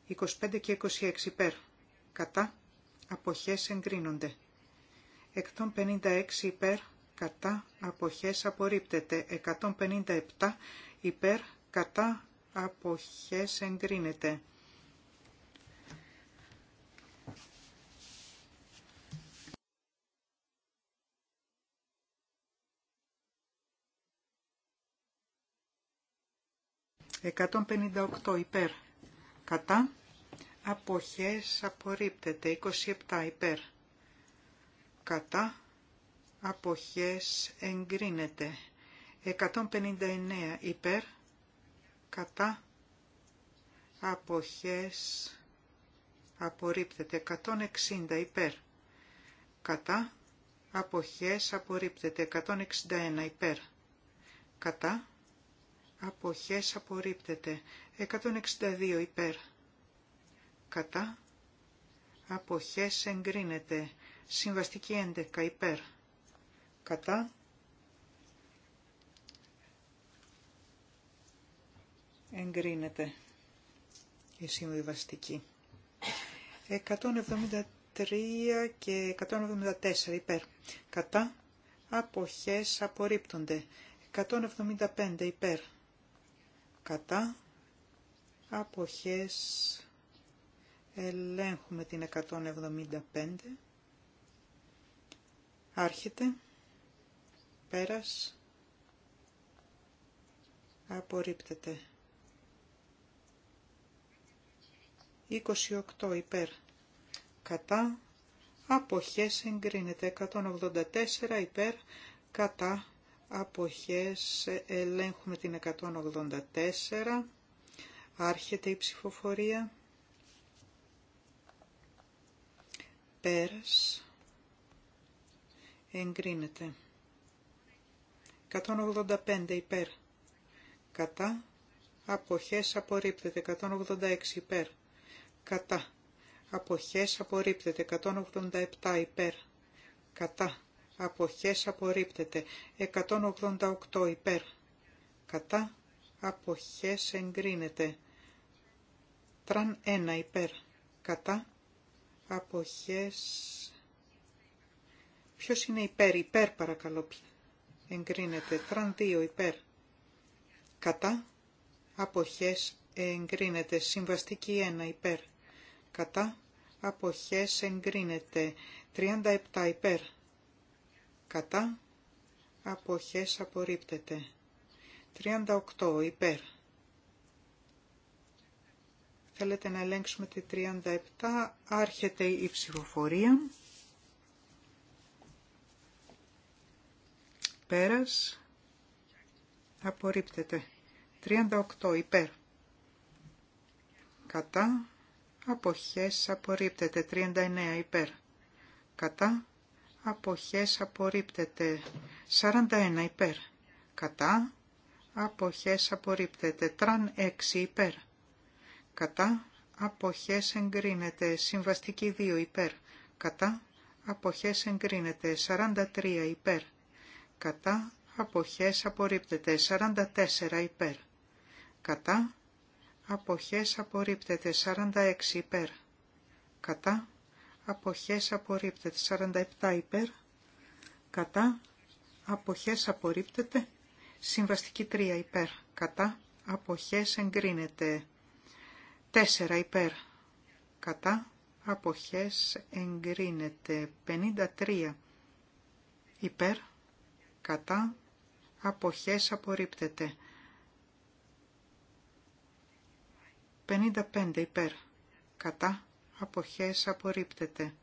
25 και 26 υπέρ. Κατά αποχές εγκρίνονται. 156 υπέρ κατά αποχές απορρίπτεται. 157 υπέρ κατά αποχές εγκρίνεται. 158 υπέρ. Κατά. Αποχές απορρίπτεται. 27 υπέρ κατά αποχές εγκρίνεται 159 υπέρ κατά αποχές απορρίπτεται 160 υπέρ κατά αποχές απορρίπτεται 161 υπέρ κατά αποχές απορρίπτεται 162 υπέρ κατά αποχές εγκρίνεται Συμβαστική 11 υπέρ κατά εγκρίνεται η συμβιβαστική. 173 και 174 υπέρ. Κατά αποχές απορρίπτονται. 175 υπέρ. Κατά αποχές ελέγχουμε την 175. Άρχεται. Πέρας. Απορρίπτεται. 28 υπέρ. Κατά. Αποχές εγκρίνεται. 184 υπέρ. Κατά. Αποχές ελέγχουμε την 184. Άρχεται η ψηφοφορία. Πέρας εγκρίνεται. 185 υπέρ. Κατά. Αποχές απορρίπτεται. 186 υπέρ. Κατά. Αποχές απορρίπτεται. 187 υπέρ. Κατά. Αποχές απορρίπτεται. 188 υπέρ. Κατά. Αποχές εγκρίνεται. Τραν 1 υπέρ. Κατά. Αποχές Ποιο είναι υπέρ, υπέρ παρακαλώ. Εγκρίνεται. Τραν 2 υπέρ. Κατά. Αποχές εγκρίνεται. Συμβαστική 1 υπέρ. Κατά. Αποχές εγκρίνεται. 37 υπέρ. Κατά. Αποχές απορρίπτεται. 38 υπέρ. Θέλετε να ελέγξουμε τη 37. Άρχεται η ψηφοφορία. πέρας απορρίπτεται. 38 υπέρ. Κατά αποχές απορρίπτεται. 39 υπέρ. Κατά αποχές απορρίπτεται. 41 υπέρ. Κατά αποχές απορρίπτεται. Τραν 6 υπέρ. Κατά αποχές εγκρίνεται. Συμβαστική 2 υπέρ. Κατά αποχές εγκρίνεται. 43 υπέρ κατά αποχές απορρίπτεται 44 υπέρ. Κατά αποχές απορρίπτεται 46 υπέρ. Κατά αποχές απορρίπτεται 47 υπέρ. Κατά αποχές απορρίπτεται συμβαστική 3 υπέρ. Κατά αποχές εγκρίνεται 4 υπέρ. Κατά αποχές εγκρίνεται 53 υπέρ κατά, αποχές απορρίπτεται. 55 υπέρ, κατά, αποχές απορρίπτεται.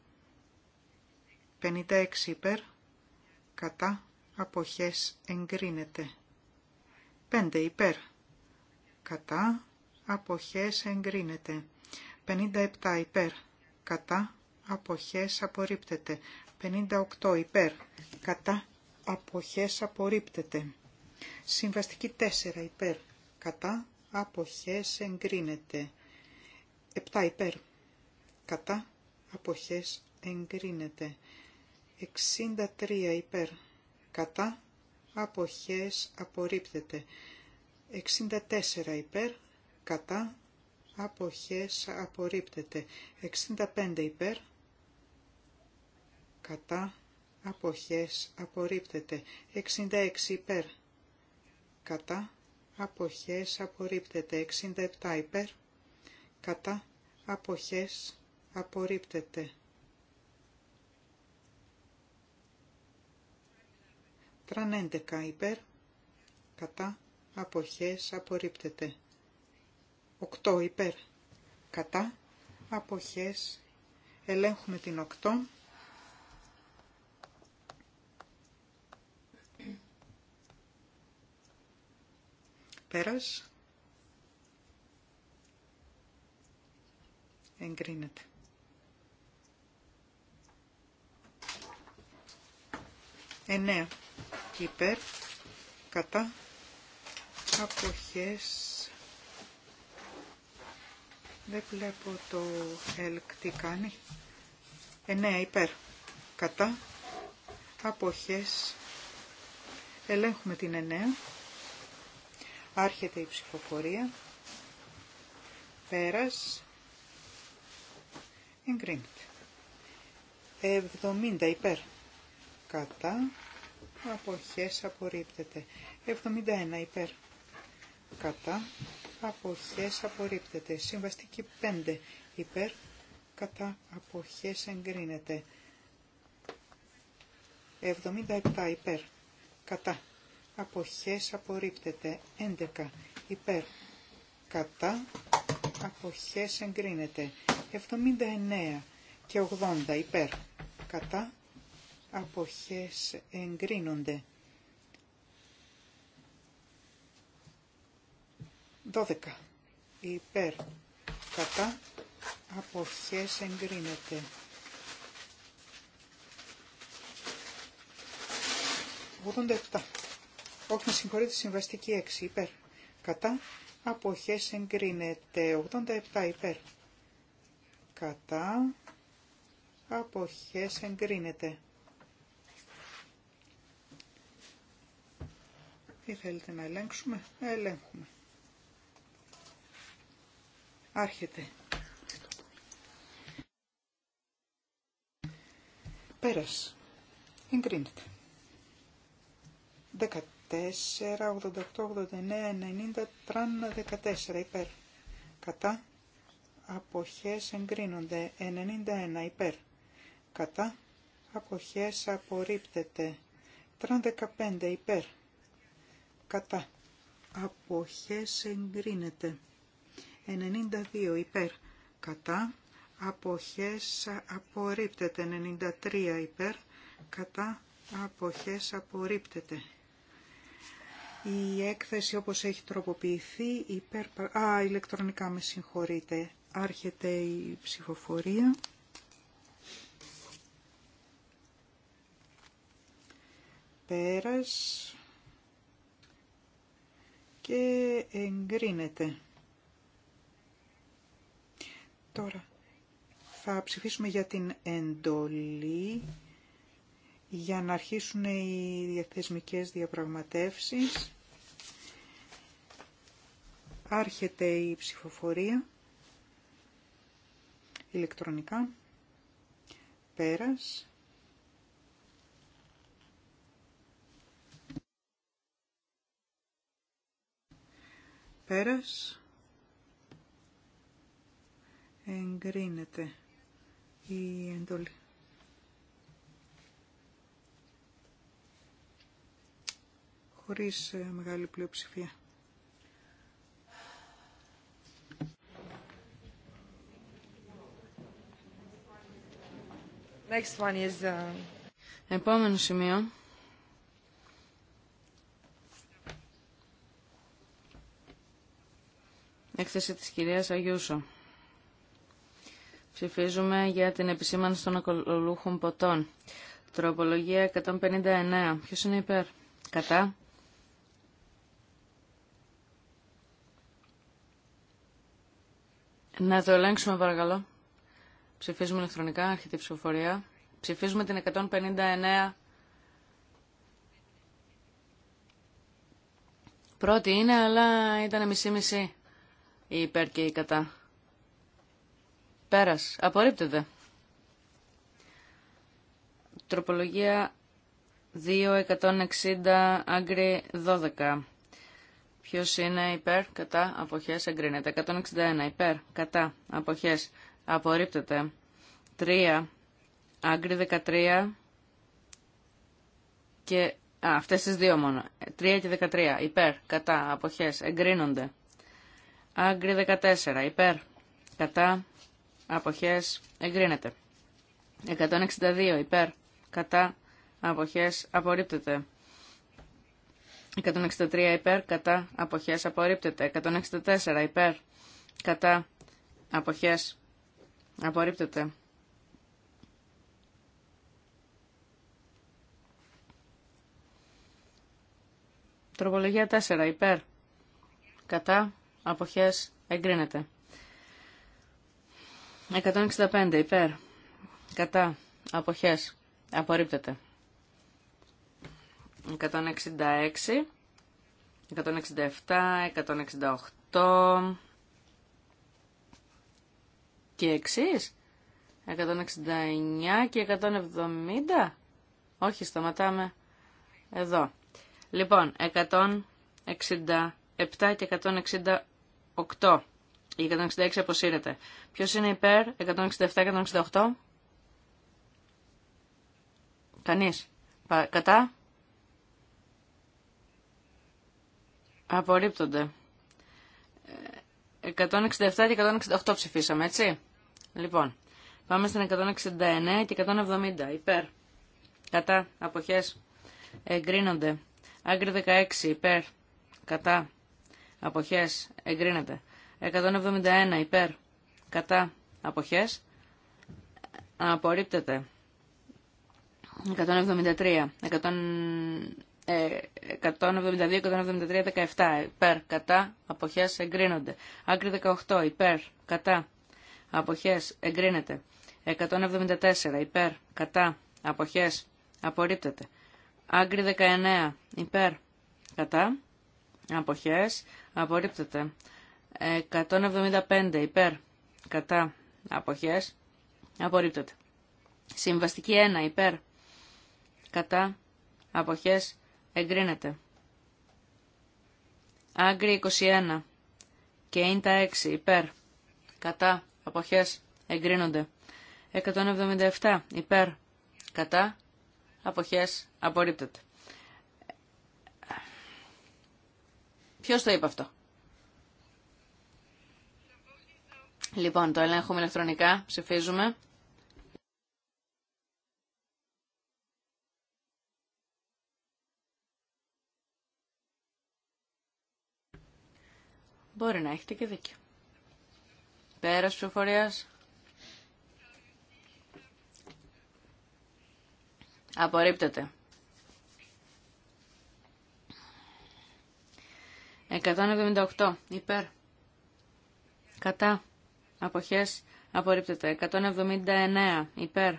56 υπέρ, κατά, αποχές εγκρίνεται. 5 υπέρ, κατά, αποχές εγκρίνεται. 57 υπέρ, κατά, αποχές απορρίπτεται. 58 υπέρ, κατά, αποχές απορρίπτεται. Συμβαστική 4 υπέρ κατά αποχές εγκρίνεται. 7 υπέρ κατά αποχές εγκρίνεται. 63 υπέρ κατά αποχές απορρίπτεται. 64 υπέρ κατά αποχές απορρίπτεται. 65 υπέρ κατά αποχές απορρίπτεται. 66 υπέρ κατά αποχές απορρίπτεται. 67 υπέρ κατά αποχές απορρίπτεται. Τρανέντεκα υπέρ κατά αποχές απορρίπτεται. 8 υπέρ κατά αποχές ελέγχουμε την 8 Πέρας. Εγκρίνεται. Εννέα. Υπέρ. Κατά. Αποχές. Δεν βλέπω το ΕΛΚ τι κάνει. Εννέα υπέρ. Κατά. Αποχές. Ελέγχουμε την εννέα. Άρχεται η ψηφοφορία. Πέρας. Εγκρίνεται. 70 υπέρ. Κατά. Αποχές απορρίπτεται. 71 υπέρ. Κατά. Αποχές απορρίπτεται. Συμβαστική 5 υπέρ. Κατά. Αποχές εγκρίνεται. 77 υπέρ. Κατά αποχές απορρίπτεται. 11 υπέρ κατά αποχές εγκρίνεται. 79 και 80 υπέρ κατά αποχές εγκρίνονται. 12 υπέρ κατά αποχές εγκρίνεται. 87 όχι, με συγχωρείτε, συμβαστική 6 υπέρ. Κατά αποχές εγκρίνεται 87 υπέρ. Κατά αποχές εγκρίνεται. Τι θέλετε να ελέγξουμε. Ελέγχουμε. Άρχεται. Πέρας. Εγκρίνεται. 88, 89, 90, 14 υπέρ. Κατά αποχές εγκρίνονται 91 υπέρ. Κατά αποχές απορρίπτεται τραν 15 υπέρ. Κατά αποχές εγκρίνεται 92 υπέρ. Κατά αποχές απορρίπτεται 93 υπέρ. Κατά αποχές απορρίπτεται η έκθεση όπως έχει τροποποιηθεί, υπέρ... α, ηλεκτρονικά με συγχωρείτε, άρχεται η ψηφοφορία. Πέρας και εγκρίνεται. Τώρα θα ψηφίσουμε για την εντολή για να αρχίσουν οι διαθεσμικές διαπραγματεύσεις. Άρχεται η ψηφοφορία ηλεκτρονικά. Πέρας. Πέρας. Εγκρίνεται η εντολή. Χωρίς ε, μεγάλη πλειοψηφία. Next one is... Uh, Επόμενο σημείο. Έκθεση της κυρίας Αγιούσο. Ψηφίζουμε για την επισήμανση των ακολούχων ποτών. Τροπολογία 159. Ποιος είναι υπέρ. Κατά. Να το ελέγξουμε παρακαλώ. Ψηφίζουμε ηλεκτρονικά, αρχιτεί η ψηφοφορία. Ψηφίζουμε την 159. Πρώτη είναι, αλλά ήταν μισή-μισή η υπέρ και η κατά. Πέρας. Απορρίπτεται. Τροπολογία 2.160 άγκρι 12. Ποιος είναι υπέρ, κατά, αποχές, εγκρίνεται. 161 υπέρ, κατά, αποχές, Απορρίπτεται. 3. Άγκρι 13 και... Α, αυτές τις δύο μόνο. 3 και 13. Υπέρ. Κατά. Αποχές. Εγκρίνονται. Άγκρι 14. Υπέρ. Κατά. Αποχές. Εγκρίνεται. 162. Υπέρ. Κατά. Αποχές. Απορρίπτεται. 163 υπέρ, κατά, αποχές, απορρίπτεται. 164 υπέρ, κατά, αποχές, Απορρίπτεται. Τροπολογία 4. Υπέρ. Κατά. Αποχές. Εγκρίνεται. 165. Υπέρ. Κατά. Αποχές. Απορρίπτεται. 166. 167. 168 και εξή 169 και 170. Όχι, σταματάμε εδώ. Λοιπόν, 167 και 168. Η 166 αποσύρεται. Ποιος είναι υπέρ 167-168? Κανείς. Κατά. Απορρίπτονται. 167 ε, και 168 ψηφίσαμε, έτσι. Λοιπόν, πάμε στην 169 και 170. Υπέρ. Κατά. Αποχές. Εγκρίνονται. Άγκρι 16. Υπέρ. Κατά. Αποχές. Εγκρίνεται. 171. Υπέρ. Κατά. Αποχές. Απορρίπτεται. 173. 172-173-17 ε, υπέρ, κατά, αποχές εγκρίνονται. Άκρη 18 υπέρ, κατά, αποχές εγκρίνεται. 174 υπέρ κατά αποχές απορρίπτεται. Άγκρι 19 υπέρ κατά αποχές απορρίπτεται. 175 υπέρ κατά αποχές απορρίπτεται. Συμβαστική 1 υπέρ κατά αποχές εγκρίνεται. Άγκρι 21 και είναι τα 6 υπέρ κατά αποχές εγκρίνονται. 177 υπέρ κατά αποχές απορρίπτεται. Ποιος το είπε αυτό. Λοιπόν, το ελέγχουμε ηλεκτρονικά, ψηφίζουμε. Μπορεί να έχετε και δίκιο. Πέρας ψηφοφορίας. Απορρίπτεται. 178 υπέρ. Κατά. Αποχές. Απορρίπτεται. 179 υπέρ.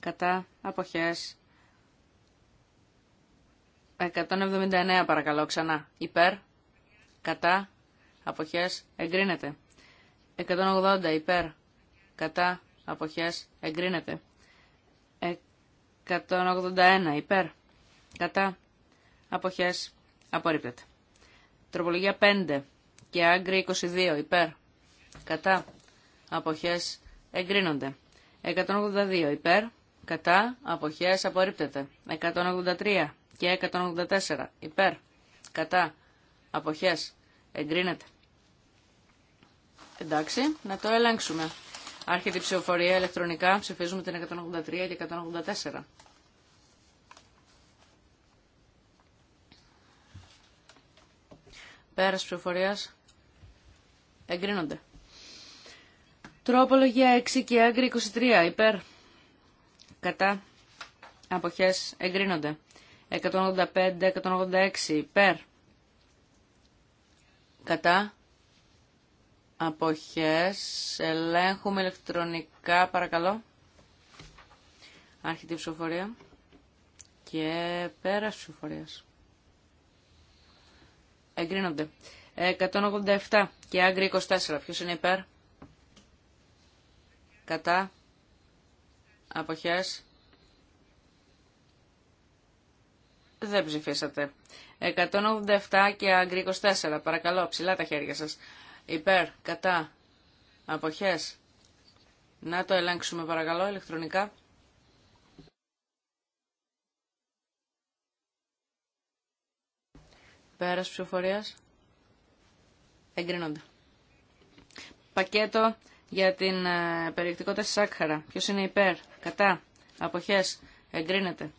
Κατά. Αποχές. 179 παρακαλώ ξανά. Υπέρ. Κατά. Αποχές. Εγκρίνεται. 180 υπέρ κατά αποχές εγκρίνεται. 181 υπέρ κατά αποχές απορρίπτεται. Τροπολογία 5 και άγκρι 22 υπέρ κατά αποχές εγκρίνονται. 182 υπέρ κατά αποχές απορρίπτεται. 183 και 184 υπέρ κατά αποχές εγκρίνεται. Εντάξει, να το ελέγξουμε. Άρχεται η ψηφοφορία ηλεκτρονικά. Ψηφίζουμε την 183 και 184. Πέρας ψηφοφορίας. Εγκρίνονται. Τρόπολογια 6 και άγκρι 23. Υπέρ. Κατά. Αποχές. Εγκρίνονται. 185, 186. Υπέρ. Κατά αποχές ελέγχουμε ηλεκτρονικά παρακαλώ Αρχιτή ψηφοφορία και πέρα ψηφοφορίας εγκρίνονται 187 και άγκρι 24 ποιος είναι υπέρ κατά αποχές δεν ψηφίσατε 187 και άγκρι 24 παρακαλώ ψηλά τα χέρια σας υπέρ, κατά, αποχές. Να το ελέγξουμε παρακαλώ ηλεκτρονικά. Πέρας ψηφοφορίας. Εγκρίνονται. Πακέτο για την ε, περιεκτικότητα στη σάκχαρα. Ποιος είναι υπέρ, κατά, αποχές, εγκρίνεται.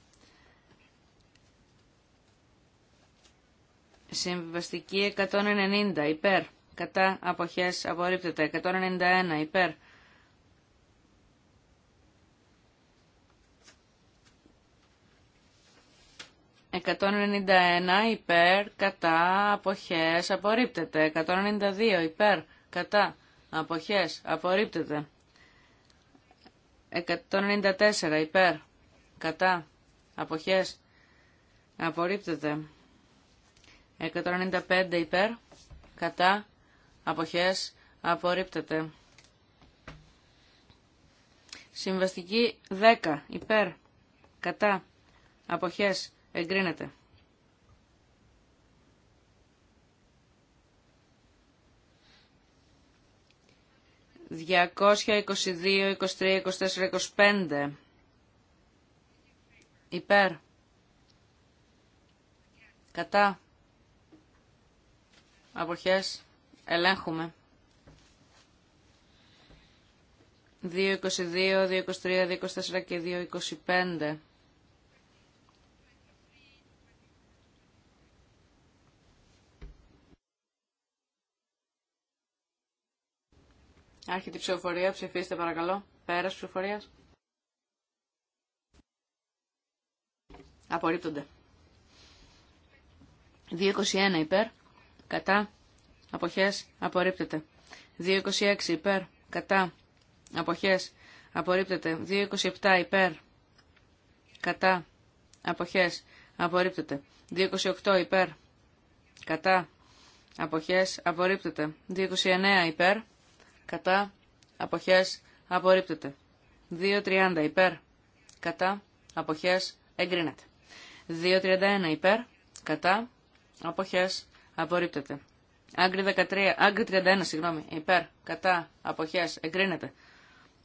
Συμβαστική 190, υπέρ, κατά αποχές απορρίπτεται 191 υπέρ «191 υπέρ κατά αποχές απορρίπτεται». «192 υπέρ κατά αποχές απορρίπτεται». «194 υπέρ κατά αποχές απορρίπτεται». «195 υπέρ κατά αποχές απορρίπτεται. Συμβαστική 10 υπέρ κατά αποχές εγκρίνεται. Διακόσια 23, 24, 25 υπέρ κατά αποχές Ελέγχουμε. 2.22, 2.23, 2.24 και 2.25. Άρχεται η ψηφοφορία. Ψηφίστε παρακαλώ. Πέρας ψηφοφορίας. Απορρίπτονται. 2.21 υπέρ. Κατά αποχές, απορρίπτεται. 2.26 υπέρ, κατά, αποχές, απορρίπτεται. 2.27 υπέρ, κατά, αποχές, απορρίπτεται. 2.28 υπέρ, κατά, αποχές, απορρίπτεται. 2.29 υπέρ, κατά, αποχές, απορρίπτεται. 2.30 υπέρ, κατά, αποχές, εγκρίνεται. 2.31 υπέρ, κατά, αποχές, απορρίπτεται. Άγκρι, 13, άγκρι 31, συγγνώμη, υπέρ, κατά, αποχές, εγκρίνεται.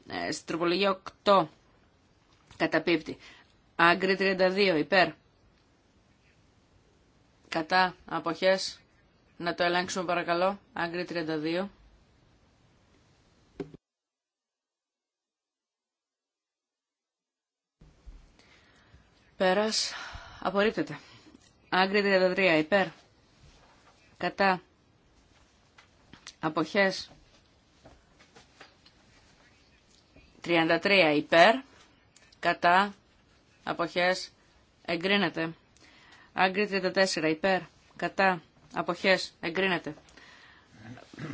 Ε, στην τροπολογία 8, καταπίπτει. Άγκρι 32, υπέρ, κατά, αποχές, να το ελέγξουμε παρακαλώ. Άγκρι 32. Πέρας, απορρίπτεται. Άγκρι 33, υπέρ, κατά, Αποχές. 33 υπέρ. Κατά. Αποχές. Εγκρίνεται. Άγκρι 34 υπέρ. Κατά. Αποχές. Εγκρίνεται.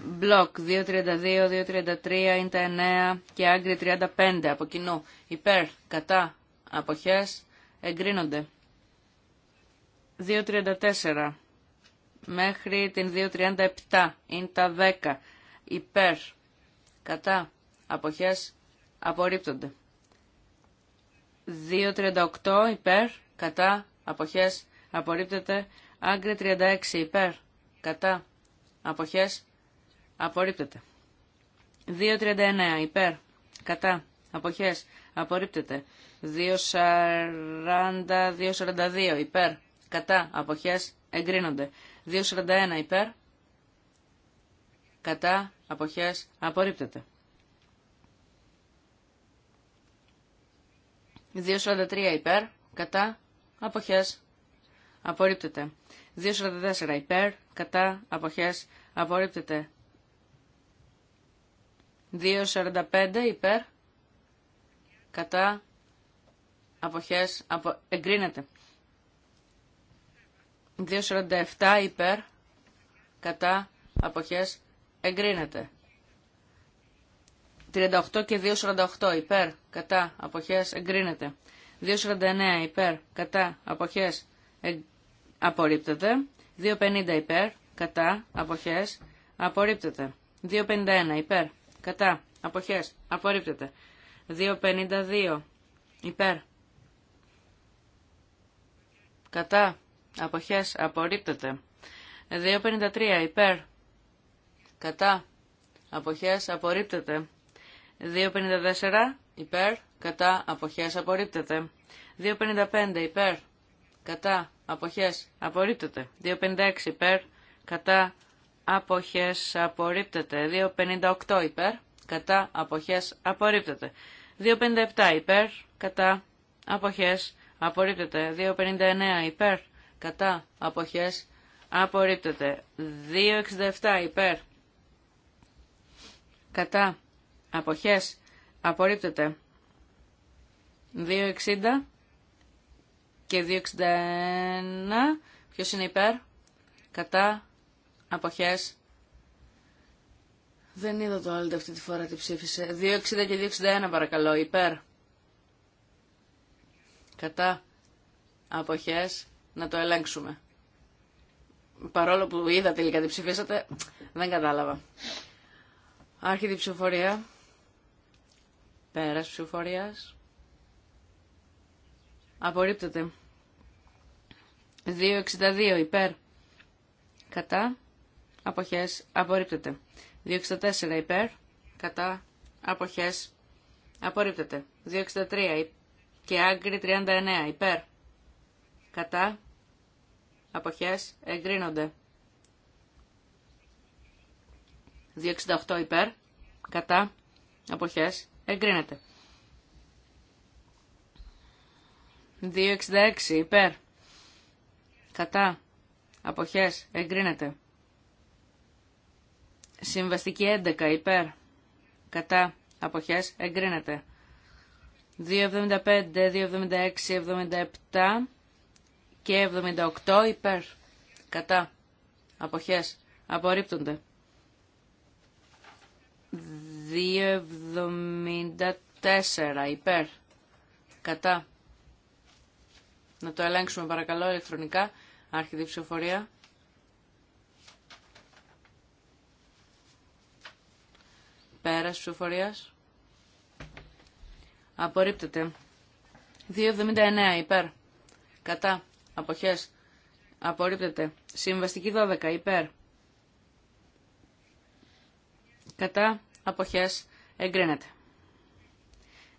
Μπλοκ 232, 233, τα 9 και Άγκρι 35 από κοινού. Υπέρ. Κατά. Αποχές. Εγκρίνονται. 234 μέχρι την 2.37 είναι τα 10 υπέρ κατά αποχές απορρίπτονται 2.38 υπέρ κατά αποχές απορρίπτεται άγκρι 36 υπέρ κατά αποχές απορρίπτεται 2.39 υπέρ κατά αποχές απορρίπτεται 2.42 υπέρ κατά αποχές εγκρίνονται 2.41 υπέρ. Κατά αποχές απορρίπτεται. 2.43 υπέρ. Κατά αποχές απορρίπτεται. 2.44 υπέρ. Κατά αποχές απορρίπτεται. 2.45 υπέρ. Κατά αποχές απο... εγκρίνεται. 2.47 υπέρ κατά αποχές εγκρίνεται. 38 και 2.48 υπέρ κατά αποχές εγκρίνεται. 2.49 υπέρ κατά αποχές εγ... απορρίπτεται. 2.50 υπέρ κατά αποχές απορρίπτεται. 2.51 υπέρ κατά αποχές απορρίπτεται. 2.52 υπέρ κατά Αποχές. Απορρίπτεται. 2.53. Υπέρ. Κατά. Αποχές. Απορρίπτεται. 2.54. Υπέρ. Κατά. Αποχές. Απορρίπτεται. 2.55. Υπέρ. Κατά. Αποχές. Απορρίπτεται. 2.56. Υπέρ. Κατά. Αποχές. Απορρίπτεται. 2.58. Υπέρ. Κατά. Αποχές. Απορρίπτεται. 2.57. Υπέρ. Κατά. Αποχές. Απορρίπτεται. 2.59. Υπέρ κατά αποχές απορρίπτεται. 2.67 υπέρ κατά αποχές απορρίπτεται. 2.60 και 2.61 ποιος είναι υπέρ κατά αποχές δεν είδα το άλλο αυτή τη φορά τι ψήφισε. 2.60 και 2.61 παρακαλώ, υπέρ. Κατά. Αποχές να το ελέγξουμε. Παρόλο που είδα τελικά τι ψηφίσατε, δεν κατάλαβα. Άρχιδη ψηφοφορία. Πέρας ψηφοφορίας. Απορρίπτεται. 2,62 υπέρ. Κατά. Αποχές. Απορρίπτεται. 2,64 υπέρ. Κατά. Αποχές. Απορρίπτεται. 2,63 και άγκρι 39 υπέρ. Κατά αποχές εγκρίνονται. 268 υπέρ, κατά, αποχές εγκρίνεται. 266 υπέρ, κατά, αποχές εγκρίνεται. Συμβαστική 11 υπέρ, κατά, αποχές εγκρίνεται. 275, 276, 77 και 78 υπέρ. Κατά. Αποχές. Απορρίπτονται. 2,74 υπέρ. Κατά. Να το ελέγξουμε παρακαλώ ηλεκτρονικά. Άρχιδη ψηφοφορία. Πέρας ψηφοφορίας. Απορρίπτεται. 2,79 υπέρ. Κατά. Αποχές. Απορρίπτεται. Συμβαστική 12. Υπέρ. Κατά. Αποχές. Εγκρίνεται.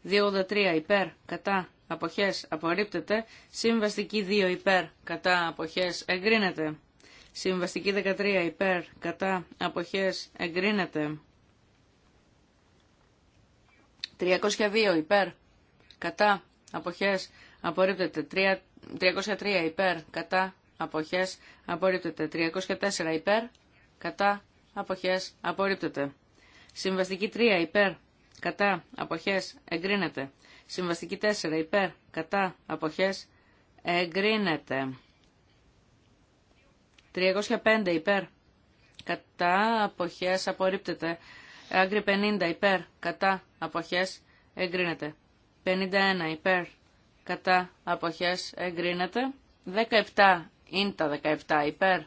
283. Υπέρ. Κατά. Αποχές. Απορρίπτεται. Συμβαστική 2. Υπέρ. Κατά. Αποχές. Εγκρίνεται. Συμβαστική 13. Υπέρ. Κατά. Αποχές. Εγκρίνεται. 302. Υπέρ. Κατά. Αποχές. Απορρίπτεται. 303 υπέρ κατά αποχές απορρίπτεται. 304 υπέρ κατά αποχές απορρίπτεται. Συμβαστική 3 υπέρ κατά αποχές εγκρίνεται. Συμβαστική 4 υπέρ κατά αποχές εγκρίνεται. 305 υπέρ κατά αποχές απορρίπτεται. Άγκρι 50 υπέρ κατά αποχές εγκρίνεται. 51 υπέρ κατά αποχές εγκρίνεται. 17 είναι τα 17 υπέρ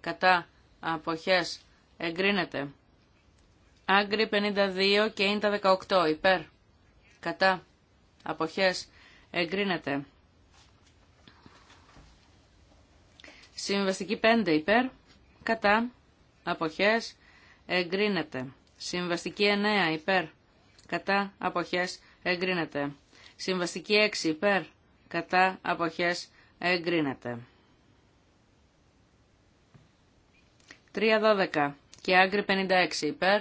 κατά αποχές εγκρίνεται. Άγκρι 52 και είναι τα 18 υπέρ κατά αποχές εγκρίνεται. Συμβαστική 5 υπέρ κατά αποχές εγκρίνεται. Συμβαστική 9 υπέρ κατά αποχές εγκρίνεται. Συμβαστική 6 υπέρ κατά αποχές εγκρίνεται. 3.12 και άγκρι 56 υπέρ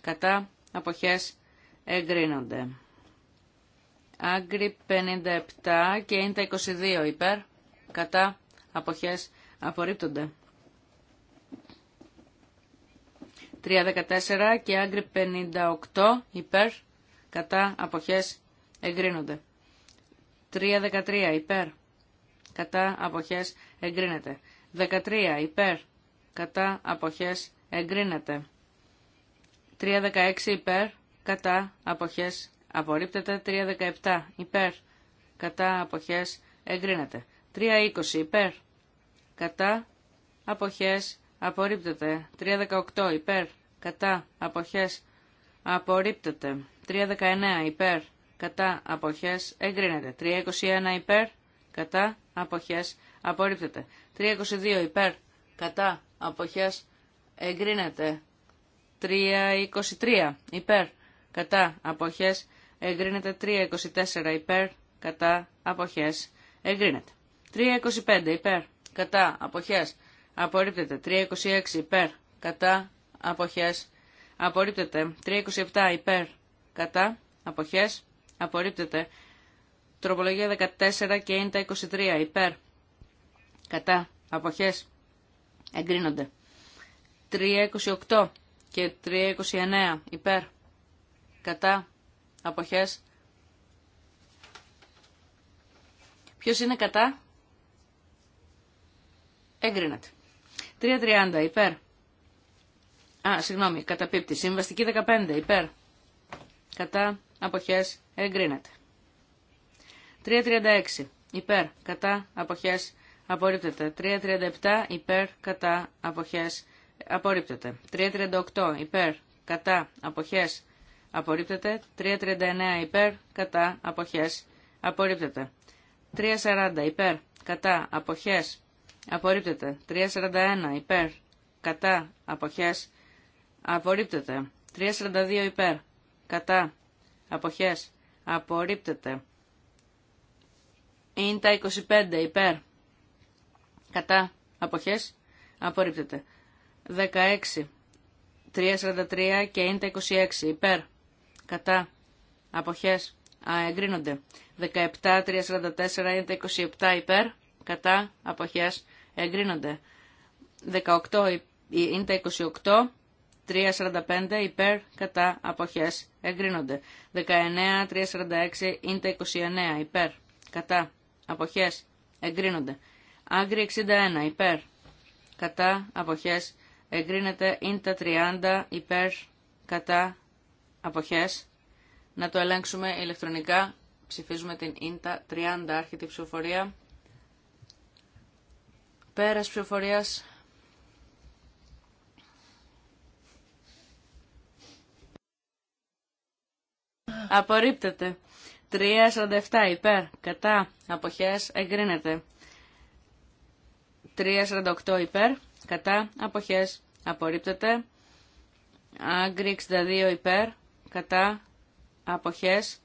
κατά αποχές εγκρίνονται. Άγκρι 57 και είναι τα 22 υπέρ κατά αποχές απορρίπτονται. 3.14 και άγκρι 58 υπέρ κατά αποχές εγκρίνονται. 13 υπέρ κατά αποχές εγκρίνεται. 13 υπέρ κατά αποχές εγκρίνεται. Κατά 16 υπέρ κατά αποχές απορρίπτεται. Κατά υπέρ κατά αποχές εγκρίνεται. είπέρ. υπέρ κατά αποχές απορρίπτεται. 18 υπέρ κατά αποχές απορρίπτεται. 3-19 υπέρ κατά αποχές εγκρίνεται. 321 υπέρ κατά αποχές απορρίπτεται. 322 υπέρ κατά αποχές εγκρίνεται. 323 υπέρ κατά αποχές εγκρίνεται. 324 υπέρ κατά αποχές εγκρίνεται. 325 υπέρ κατά αποχές απορρίπτεται. 326 υπέρ κατά αποχές απορρίπτεται. 327 υπέρ κατά αποχές Απορρίπτεται. Τροπολογία 14 και είναι 23. Υπέρ. Κατά. Αποχές. Εγκρίνονται. 328 και 329. Υπέρ. Κατά. Αποχές. Ποιος είναι κατά. Εγκρίνεται. 330. Υπέρ. Α, συγγνώμη. Καταπίπτει. Συμβαστική 15. Υπέρ. Κατά. Αποχές εγκρίνεται. 3.36 υπέρ κατά αποχές απορρίπτεται. 3.37 υπέρ κατά αποχές απορρίπτεται. 3.38 υπέρ κατά αποχές απορρίπτεται. 3.39 υπέρ κατά αποχές απορρίπτεται. 3.40 υπέρ κατά αποχές απορρίπτεται. 3.41 υπέρ κατά αποχές απορρίπτεται. 3.42 υπέρ κατά αποχές Απορρίπτεται. Είναι τα 25 υπέρ. Κατά αποχές. Απορρίπτεται. 16. 343 και είναι τα 26 υπέρ. Κατά αποχές. Α, εγκρίνονται. 17. 344 είναι τα 27 υπέρ. Κατά αποχές. Εγκρίνονται. 18 είναι τα 3.45 υπέρ κατά αποχές εγκρίνονται. 19.346 ίντα 29 υπέρ κατά αποχές εγκρίνονται. Άγκρι 61 υπέρ κατά αποχές εγκρίνεται ίντα 30 υπέρ κατά αποχές. Να το ελέγξουμε ηλεκτρονικά. Ψηφίζουμε την ίντα 30 άρχιτη ψηφοφορία. Πέρας ψηφοφορίας Απορρίπτεται. 3.47 υπέρ. Κατά. Αποχές. Εγκρίνεται. 3.48 υπέρ. Κατά. Αποχές. Απορρίπτεται. Άγκρι 62 υπέρ. Κατά. Αποχές.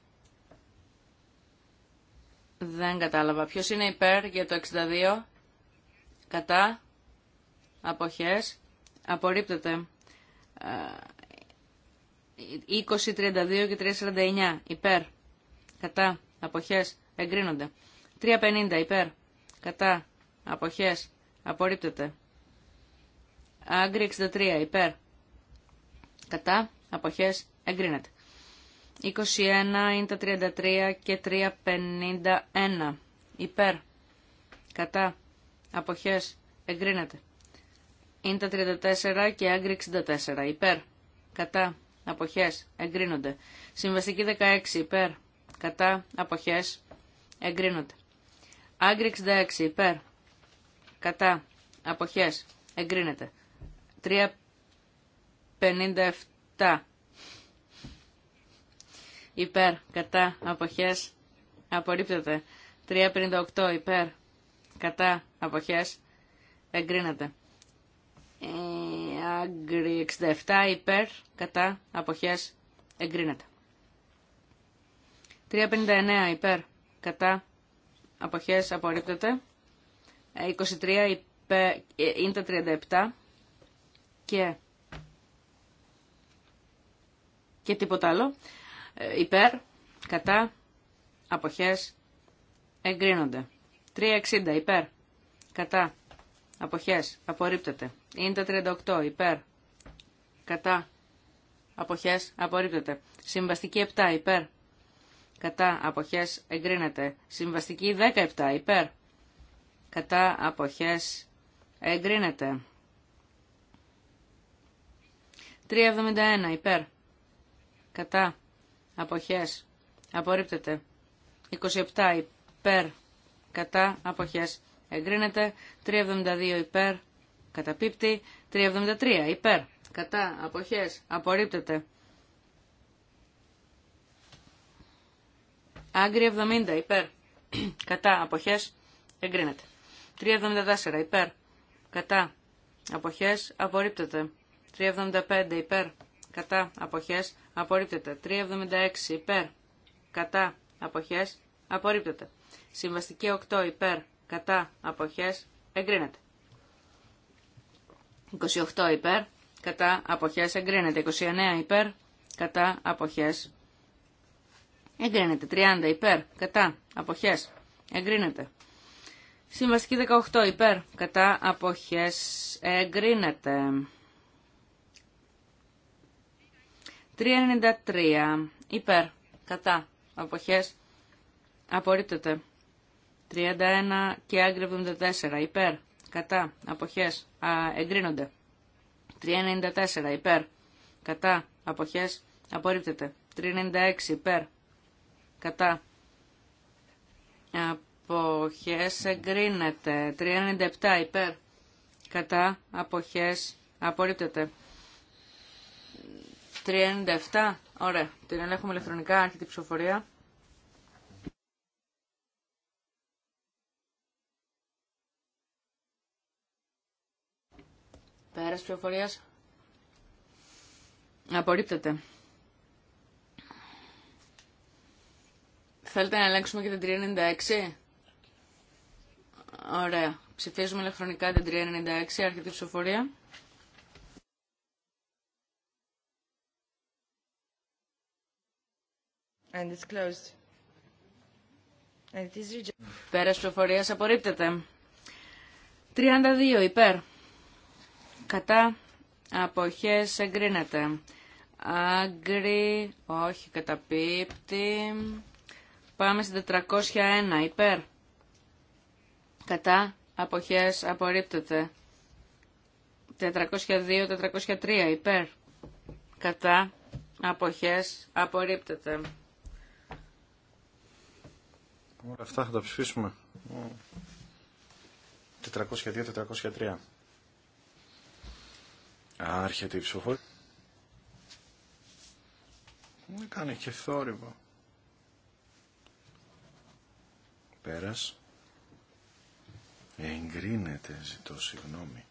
Δεν κατάλαβα. Ποιος είναι υπέρ για το 62. Κατά. Αποχές. Απορρίπτεται. 20, 32 και 349 υπέρ. Κατά. Αποχές. Εγκρίνονται. 350 υπέρ. Κατά. Αποχές. Απορρίπτεται. Άγκρι 63 υπέρ. Κατά. Αποχές. Εγκρίνεται. 21 είναι 33 και 351 υπέρ. Κατά. Αποχές. Εγκρίνεται. Είναι 34 και άγκρι 64 υπέρ. Κατά αποχές, εγκρίνονται. Συμβαστική 16 υπέρ, κατά, αποχές, εγκρίνονται. Άγκρι 66 υπέρ, κατά, αποχές, εγκρίνεται. 357 υπέρ, κατά, αποχές, απορρίπτεται. 358 υπέρ, κατά, αποχές, εγκρίνεται. Άγκρι 67 υπέρ κατά αποχές εγκρίνεται. 359 υπέρ κατά αποχές απορρίπτεται. 23 υπέρ, είναι τα 37 και, και τίποτα άλλο. Ε, υπέρ κατά αποχές εγκρίνονται. 360 υπέρ κατά Αποχές. Απορρίπτεται. τα 38. Υπέρ. Κατά. Αποχές. Απορρίπτεται. Συμβαστική 7. Υπέρ. Κατά. Αποχές. Εγκρίνεται. Συμβαστική 17. Υπέρ. Κατά. Αποχές. Εγκρίνεται. 371. Υπέρ. Κατά. Αποχές. Απορρίπτεται. 27. Υπέρ. Κατά. Αποχές εγκρίνεται. 372 υπέρ καταπίπτει. 373 υπέρ κατά αποχές απορρίπτεται. Άγκρι 70 υπέρ [CLEARS THROAT] κατά αποχές εγκρίνεται. 374 υπέρ κατά αποχές απορρίπτεται. 375 υπέρ κατά αποχές απορρίπτεται. 376 υπέρ κατά αποχές απορρίπτεται. Συμβαστική 8 υπέρ κατά αποχές εγκρίνεται. 28 υπέρ, κατά αποχές εγκρίνεται. 29 υπέρ, κατά αποχές εγκρίνεται. 30 υπέρ, κατά αποχές εγκρίνεται. Συμβαστική 18 υπέρ, κατά αποχές εγκρίνεται. 393 υπέρ, κατά αποχές απορρίπτεται. 31 και άγκρι 74 υπέρ. Κατά. Αποχές. εγκρίνονται. 394 υπέρ. Κατά. αποχέ, Απορρίπτεται. 396 υπέρ. Κατά. Αποχές εγκρίνεται. 397 υπέρ. Κατά. Αποχές. Απορρίπτεται. 397. Ωραία. Την ελέγχουμε ηλεκτρονικά. Άρχεται η ψηφοφορία. Πέρας πληροφορία. Απορρίπτεται. Θέλετε να ελέγξουμε και την 396. Ωραία. Ψηφίζουμε ηλεκτρονικά την 396, άρχεται η ψηφοφορία. And it's closed. And it is Πέρας ψηφοφορίας απορρίπτεται. 32 υπέρ κατά αποχές εγκρίνεται. Άγκρι, όχι καταπίπτει. Πάμε στην 401, υπέρ. Κατά αποχές απορρίπτεται. 402, 403, υπέρ. Κατά αποχές απορρίπτεται. Όλα αυτά θα τα ψηφίσουμε. 402-403. Άρχεται η ψηφοφορία. Μου κάνει και θόρυβο. Πέρας. Εγκρίνεται, ζητώ συγγνώμη.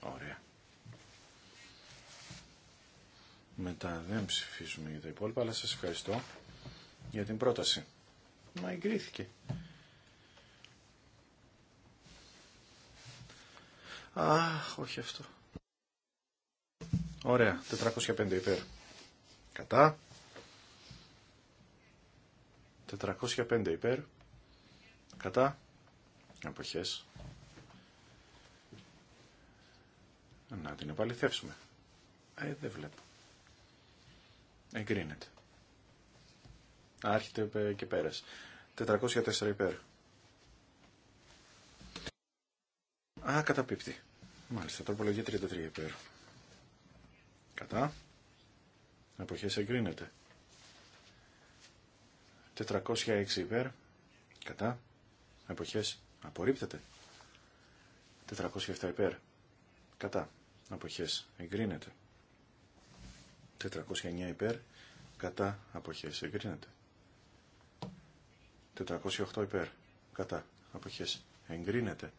Ωραία. Μετά δεν ψηφίζουμε για τα υπόλοιπα, αλλά σας ευχαριστώ για την πρόταση. Μα εγκρίθηκε. Αχ, όχι αυτό. Ωραία. 405 υπέρ. Κατά. 405 υπέρ. Κατά. Αποχές. Να την επαληθεύσουμε. Ε, δεν βλέπω. Εγκρίνεται. Άρχεται ε, και πέρας. 404 υπέρ. Α, καταπίπτει. Μάλιστα, τροπολογία 33 υπέρ. Κατά. Αποχές εγκρίνεται. 406 υπέρ. Κατά. Αποχές απορρίπτεται. 407 υπέρ. Κατά. Αποχές εγκρίνεται. 409 υπέρ. Κατά. Αποχές εγκρίνεται. 408 υπέρ. Κατά. Αποχές εγκρίνεται.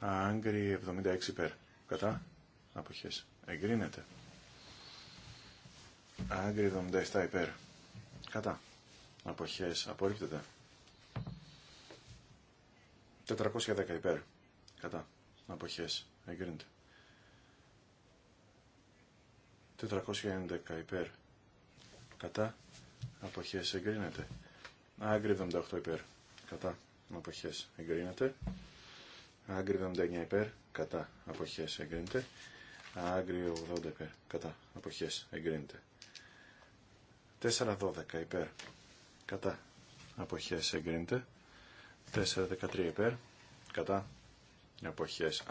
Άγκρι 76 υπέρ. Κατά. Αποχές εγκρίνεται. Άγκρι 77 υπέρ. Κατά. Αποχές. Απορρίπτεται. 410 υπέρ. Κατά. Αποχές. Εγκρίνεται. 411 υπέρ. Κατά. Αποχές. Εγκρίνεται. Άγκρι 78 υπέρ. Κατά. Αποχές. Εγκρίνεται. Άγκρι 79 υπέρ. Κατά. Αποχές. Εγκρίνεται. Άγριο 80 υπέρ. Κατά. Αποχές. 412 4-12 υπέρ. Κατά. Αποχές. 413 4-13 υπέρ. Κατά. Αποχές.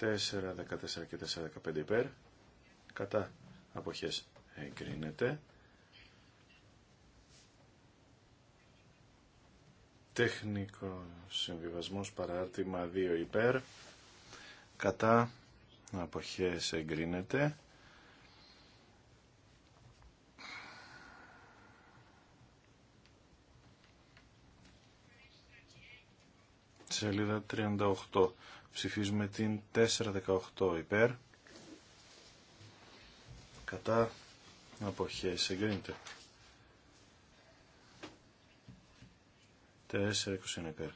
414 και 415 15 υπέρ. Κατά. Αποχές. Εγκρίνεται. Τεχνικό συμβιβασμός παράρτημα 2 υπέρ. Κατά αποχές εγκρίνεται. Σελίδα 38. Ψηφίζουμε την 418 υπέρ. Κατά αποχές εγκρίνεται. 421 υπέρ.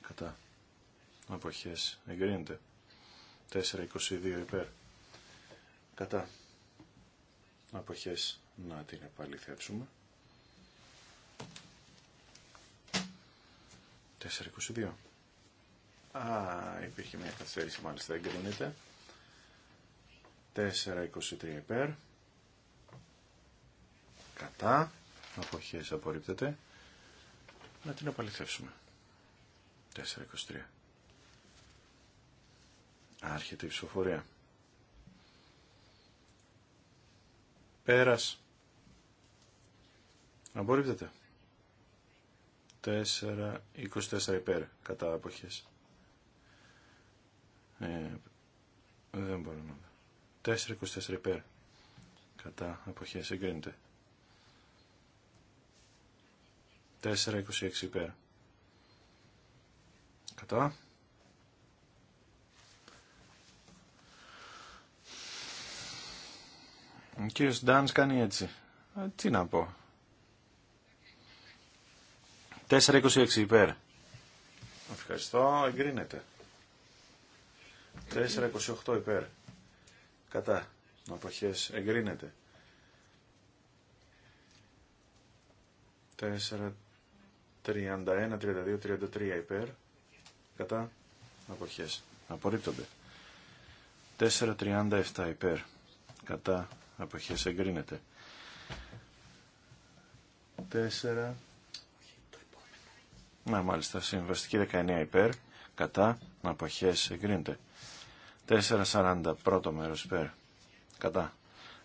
Κατά αποχές εγκρίνεται. 4.22 υπέρ. Κατά. Αποχές να την επαληθεύσουμε. 4.22. Α, υπήρχε μια καθυστέρηση μάλιστα, εγκρίνεται. 4.23 υπέρ. Κατά. Αποχές απορρίπτεται. Να την επαληθεύσουμε. 4.23. Άρχεται η ψηφοφορία. Πέρας. Απορρίπτεται. 4, 24 υπέρ κατά αποχές. Ε, δεν μπορώ να δω. 4, 24 υπέρ κατά αποχές. Εγκρίνεται. 4, 26 υπέρ. Κατά. Ο κύριος Ντάνς κάνει έτσι. Ε, τι να πω. 4.26 υπέρ. Ευχαριστώ. Εγκρίνεται. 4.28 υπέρ. Κατά. Αποχές. Εγκρίνεται. 4, 32, 33 υπέρ. Κατά. Αποχές. Απορρίπτονται. 4.37 υπέρ. Κατά. Αποχέ εγκρίνεται. 4. Να, μάλιστα, συμβαστική 19 υπέρ, κατά, αποχές εγκρίνεται. 4.40, πρώτο μέρος υπέρ, κατά,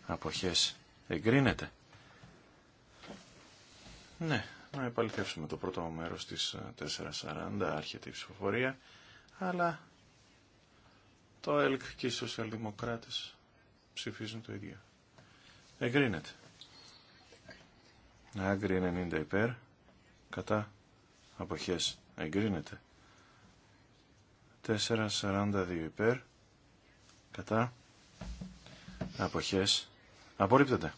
αποχές εγκρίνεται. Ναι, να επαληθεύσουμε το πρώτο μέρος της 4.40, ε, άρχεται η ψηφοφορία, αλλά το ΕΛΚ και οι σοσιαλδημοκράτες ψηφίζουν το ίδιο. Εγκρίνεται. Άγκρι 90 υπέρ. Κατά. Αποχές. Εγκρίνεται. 4.42 υπέρ. Κατά. Αποχές. Απορρίπτεται.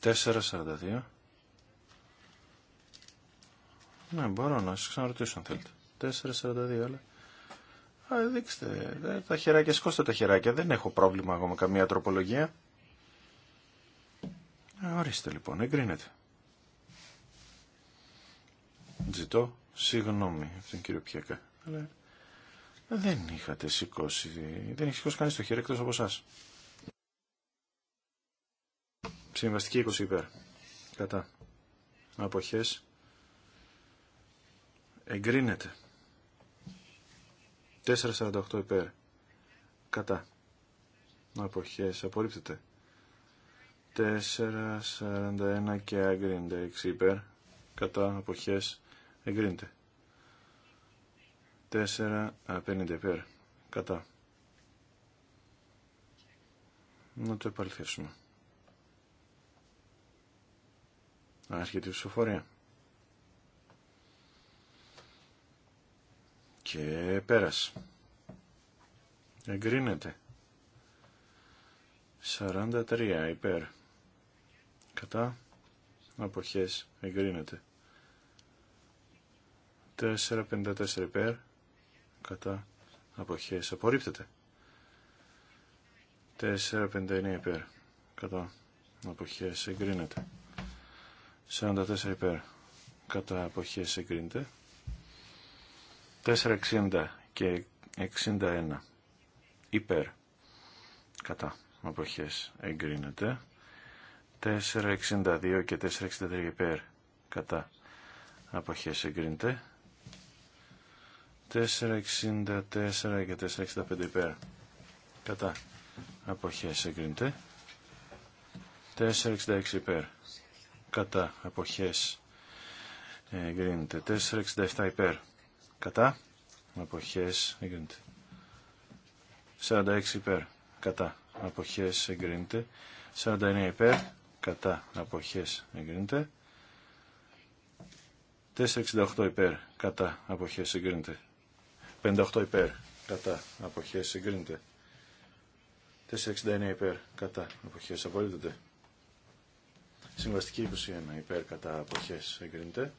4.42 ναι, μπορώ να σα ξαναρωτήσω αν θέλετε. 4.42 όλα. Α, δείξτε. Ε, τα χεράκια, σκόστε τα χεράκια. Δεν έχω πρόβλημα εγώ με καμία τροπολογία. ορίστε λοιπόν, εγκρίνεται. Ζητώ συγγνώμη από τον κύριο Πιέκα. Αλλά δεν είχατε σηκώσει, δεν έχει σηκώσει κάνει το χέρι εκτό από εσά. Συμβαστική 20 υπέρ. Κατά. Αποχές Εγκρίνεται. 4.48 υπέρ. Κατά. Αποχές. Απορρίπτεται. 4.41 και εγκρίνεται. 6 υπέρ. Κατά. Αποχές. Εγκρίνεται. 4.50 υπέρ. Κατά. Να το επαληθεύσουμε. Άρχεται η ψηφοφορία. και πέρας. Εγκρίνεται. 43 υπέρ. Κατά. Αποχές. Εγκρίνεται. 454 υπέρ. Κατά. Αποχές. Απορρίπτεται. 459 υπέρ. Κατά. Αποχές. Εγκρίνεται. 44 υπέρ. Κατά. Αποχές. Εγκρίνεται. 460 και 61 υπέρ κατά αποχές εγκρίνεται 462 και 463 υπέρ κατά αποχές εγκρίνεται 464 και 465 υπέρ κατά αποχές εγκρίνεται 466 υπέρ κατά αποχές εγκρίνεται 467 υπέρ κατά αποχές εγκρίνεται 46 υπέρ κατά αποχές εγκρίνεται 49 υπέρ κατά αποχές εγκρίνεται 468 υπέρ κατά αποχές εγκρίνεται 58 υπέρ κατά αποχές εγκρίνεται 469 υπέρ κατά αποχές απολύτεται. Συμβαστική 21 υπέρ κατά αποχές εγκρίνεται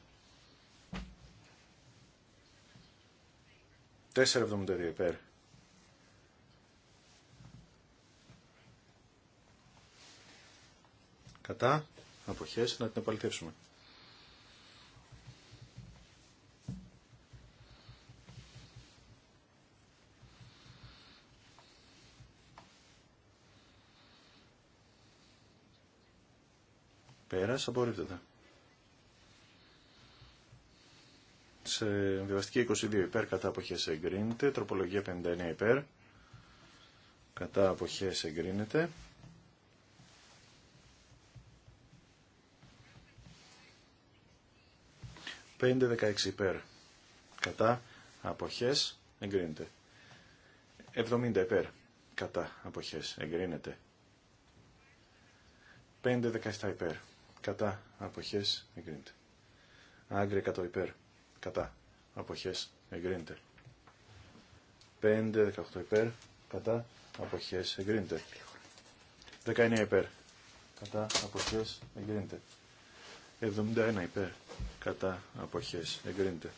4,72 υπέρ. Κατά αποχές να την επαληθεύσουμε. Πέρας απορρίπτεται. σε διαβαστική 22 υπέρ κατά αποχές εγκρίνεται, τροπολογία 59 υπέρ κατά αποχές εγκρίνεται. Πέντε 16 υπέρ κατά αποχές εγκρίνεται. 70 υπέρ κατά αποχές εγκρίνεται. 5-17 υπέρ κατά αποχές εγκρίνεται. Άγκρε 100 υπέρ κατά αποχές εγκρίνεται. 5, 18 υπέρ, κατά αποχές εγκρίνεται. 19 υπέρ, κατά αποχές εγκρίνεται. 71 υπέρ, κατά αποχές εγκρίνεται.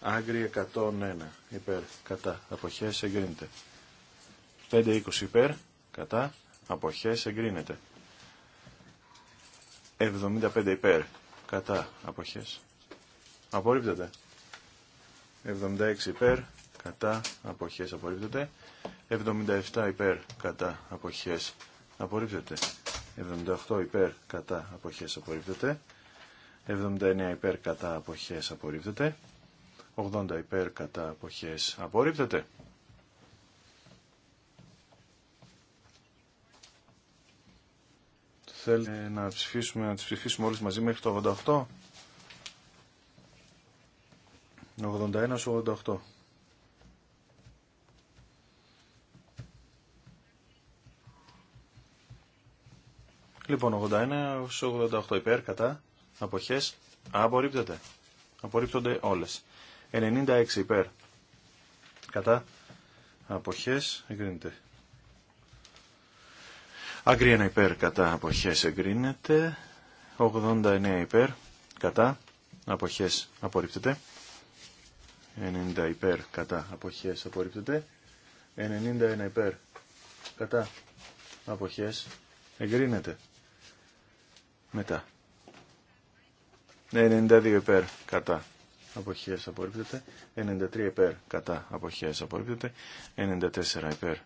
Άγκρι 101 υπέρ, κατά αποχές εγκρίνεται. 5-20 υπέρ, κατά αποχές εγκρίνεται. 75 υπέρ, κατά αποχές απορρίπτεται 76 υπέρ κατά αποχές απορρίπτεται 77 υπέρ κατά αποχές απορρίπτεται 78 υπέρ κατά αποχές απορρίπτεται 79 υπέρ κατά αποχές απορρίπτεται 80 υπέρ κατά αποχές απορρίπτεται Θέλετε να ψηφίσουμε, να τις ψηφίσουμε όλες μαζί μέχρι το 88. 81-88. Λοιπόν, 81-88 υπέρ, κατά, αποχές, απορρίπτεται. Απορρίπτονται όλες. 96 υπέρ, κατά, αποχές, εγκρίνεται. Αγκρία υπέρ κατά αποχές εγκρίνεται. 89 υπέρ κατά αποχές απορρίπτεται. 90 υπέρ κατά αποχές απορρίπτεται. 91 υπέρ κατά αποχές εγκρίνεται. Μετά. 92 υπέρ κατά αποχές απορρίπτεται. 93 υπέρ κατά αποχές απορρίπτεται. 94 υπέρ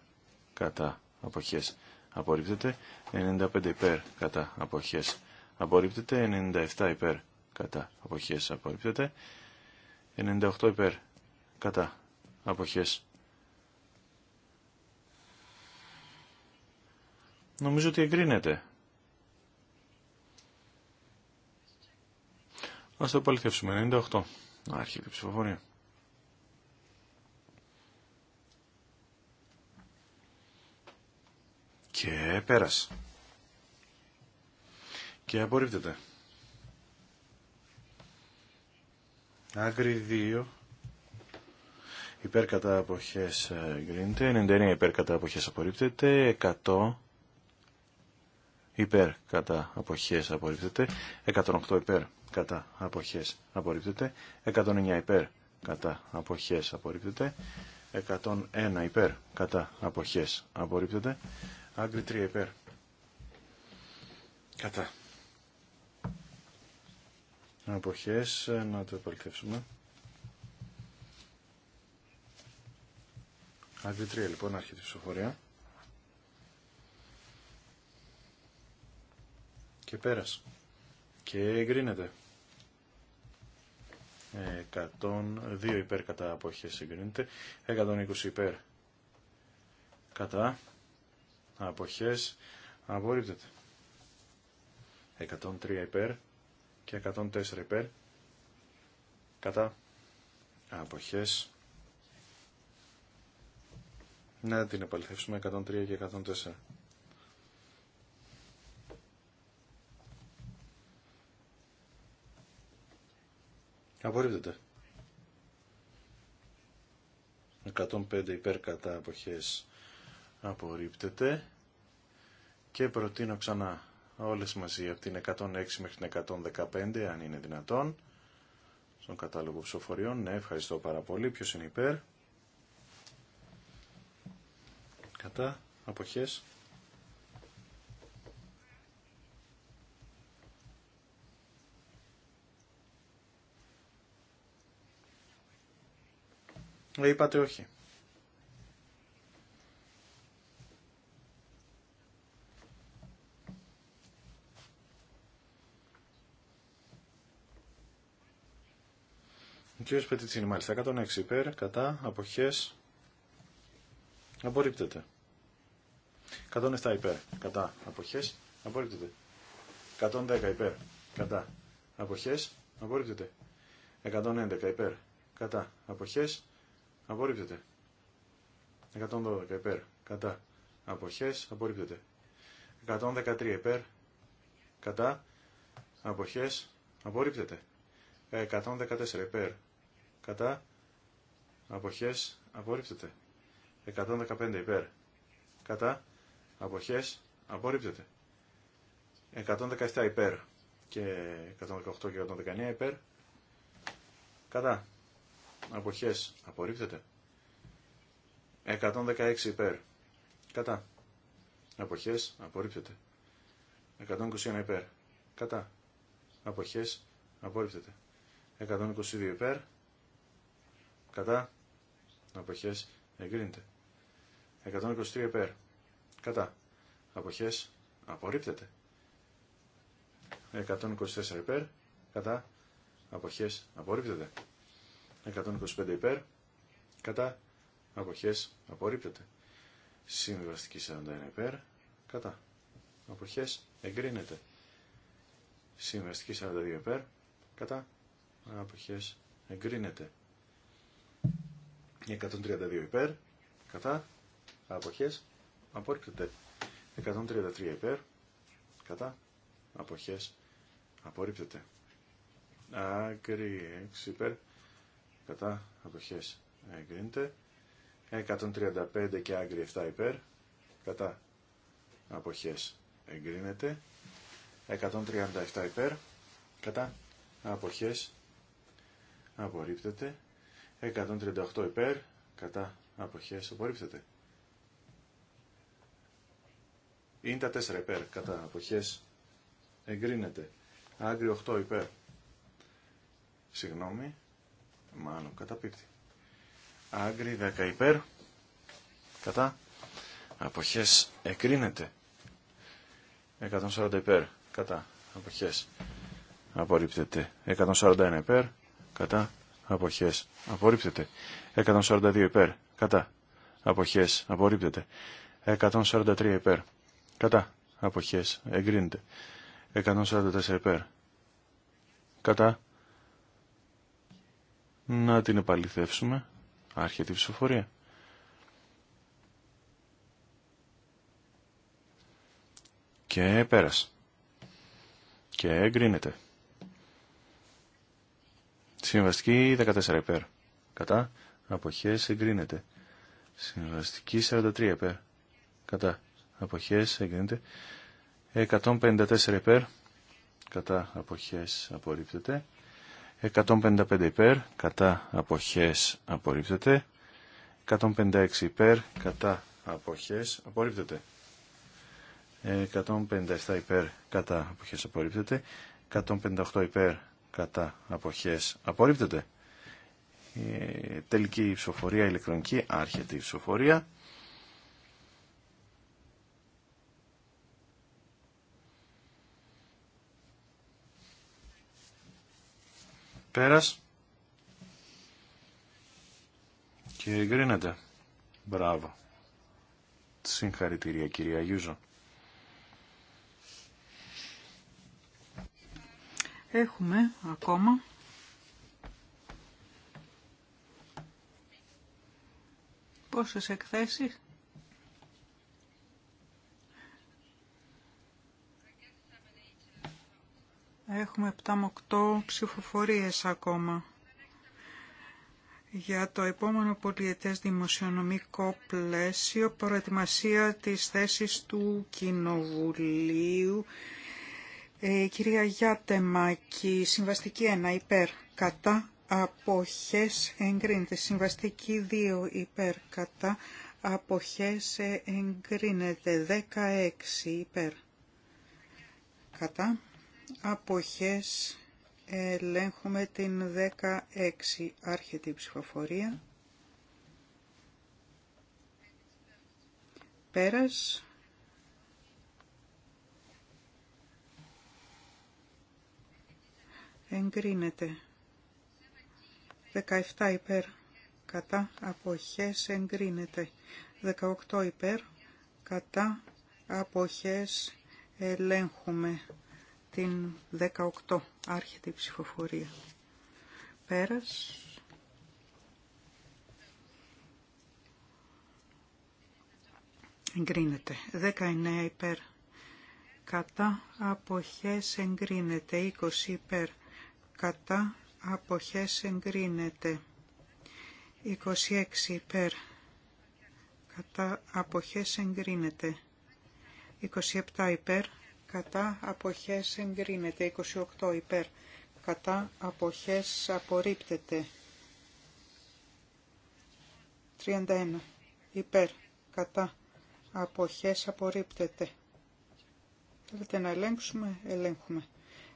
κατά αποχές απορρίπτεται 95 υπέρ κατά αποχές απορρίπτεται 97 υπέρ κατά αποχές απορρίπτεται 98 υπέρ κατά αποχές Νομίζω ότι εγκρίνεται. Ας το επαληθεύσουμε. 98. Άρχεται η ψηφοφορία. Και πέρασε. Και απορρίπτεται. Άγκρι 2. Υπέρ κατά αποχές ε, γκρίνεται. 99 υπέρ κατά αποχές απορρίπτεται. 100 υπέρ κατά αποχές απορρίπτεται. 108 υπέρ κατά αποχές απορρίπτεται. 109 υπέρ κατά αποχές απορρίπτεται. 101 υπέρ κατά αποχές απορρίπτεται. Άγκρι 3 υπέρ. Κατά. Αποχές, να το επαληθεύσουμε. Άγκρι 3 λοιπόν, άρχεται η ψηφοφορία. Και πέρας. Και εγκρίνεται. 102 υπέρ κατά αποχές εγκρίνεται. 120 υπέρ κατά αποχές απορρίπτεται 103 υπέρ και 104 υπέρ κατά αποχές να την επαληθεύσουμε 103 και 104 Απορρίπτεται. 105 υπέρ κατά αποχές απορρίπτεται και προτείνω ξανά όλες μαζί από την 106 μέχρι την 115 αν είναι δυνατόν στον κατάλογο ψηφοφοριών. Ναι, ευχαριστώ πάρα πολύ. Ποιος είναι υπέρ. Κατά. Αποχές. Ε, είπατε όχι. Ο κύριος Πετιτσίνη, μάλιστα, 106 υπέρ, κατά, αποχές, απορρίπτεται. 107 υπέρ, κατά, αποχές, απορρίπτεται. 110 υπέρ, κατά, αποχές, απορρίπτεται. 111 υπέρ, κατά, αποχές, απορρίπτεται. 112 υπέρ, κατά, αποχές, απορρίπτεται. 113 υπέρ, κατά, αποχές, απορρίπτεται. 114 υπέρ, κατά αποχές απορρίπτεται. 115 υπέρ κατά αποχές απορρίπτεται. 117 υπέρ και 118 και 119 υπέρ κατά αποχές απορρίπτεται. 116 υπέρ κατά αποχές απορρίπτεται. 121 υπέρ κατά αποχές απορρίπτεται. 122 υπέρ Κατά. Αποχές. Εγκρίνεται. 123 υπέρ. Κατά. Αποχές. Απορρίπτεται. 124 υπέρ. Κατά. Αποχές. Απορρίπτεται. 125 υπέρ. Κατά. Αποχές. Απορρίπτεται. Συμβιβαστική 41 υπέρ. Κατά. Αποχές. Εγκρίνεται. Συμβιβαστική 42 υπέρ. Κατά. Αποχές. Εγκρίνεται. 132 υπέρ, κατά, αποχές, απορρίπτεται. 133 υπέρ, κατά, αποχές, απορρίπτεται. Άκρη 6 υπέρ, κατά, αποχές, εγκρίνεται. 135 και άγκρι 7 υπέρ, κατά, αποχές, εγκρίνεται. 137 υπέρ, κατά, αποχές, απορρίπτεται. 138 υπέρ, κατά αποχές απορρίπτεται. Είναι τα 4 υπέρ, κατά αποχές εγκρίνεται. Άγκρι 8 υπέρ. Συγγνώμη, μάλλον καταπίπτει. Άγκρι 10 υπέρ, κατά αποχές εγκρίνεται. 140 υπέρ, κατά αποχές απορρίπτεται. 141 υπέρ, κατά αποχές απορρίπτεται 142 υπέρ κατά αποχές απορρίπτεται 143 υπέρ κατά αποχές εγκρίνεται 144 υπέρ κατά να την επαληθεύσουμε άρχεται η ψηφοφορία και πέρασε. και εγκρίνεται Συμβαστική 14 υπέρ. Κατά. Αποχές εγκρίνεται. Συμβαστική 43 υπέρ. Κατά. Αποχές εγκρίνεται. 154 υπέρ. Κατά. Αποχές απορρίπτεται. 155 υπέρ. Κατά. Αποχές απορρίπτεται. 156 υπέρ. Κατά. Αποχές απορρίπτεται. 157 υπέρ. Κατά. Αποχές απορρίπτεται. 158 υπέρ κατά αποχές απορρίπτεται. Ε, τελική ψηφοφορία ηλεκτρονική, άρχεται η ψηφοφορία. Πέρας. Και εγκρίνεται. Μπράβο. Συγχαρητήρια κυρία Γιούζο. Έχουμε ακόμα πόσες εκθέσεις. Έχουμε 7 8 ψηφοφορίες ακόμα. Για το επόμενο πολιετές δημοσιονομικό πλαίσιο, προετοιμασία της θέσης του Κοινοβουλίου ε, κυρία Γιάτεμακη, συμβαστική 1 υπέρ κατά αποχές εγκρίνεται. Συμβαστική 2 υπέρ κατά αποχές ε, εγκρίνεται. 16 υπέρ κατά αποχές ελέγχουμε την 16 άρχεται η ψηφοφορία. Πέρας εγκρίνεται. 17 υπέρ κατά αποχές εγκρίνεται. 18 υπέρ κατά αποχές ελέγχουμε την 18 άρχεται η ψηφοφορία. Πέρας. Εγκρίνεται. 19 υπέρ. Κατά αποχές εγκρίνεται. 20 υπέρ κατά αποχές εγκρίνεται. 26 υπέρ κατά αποχές εγκρίνεται. 27 υπέρ κατά αποχές εγκρίνεται. 28 υπέρ κατά αποχές απορρίπτεται. 31 υπέρ κατά αποχές απορρίπτεται. Θέλετε να ελέγξουμε, ελέγχουμε.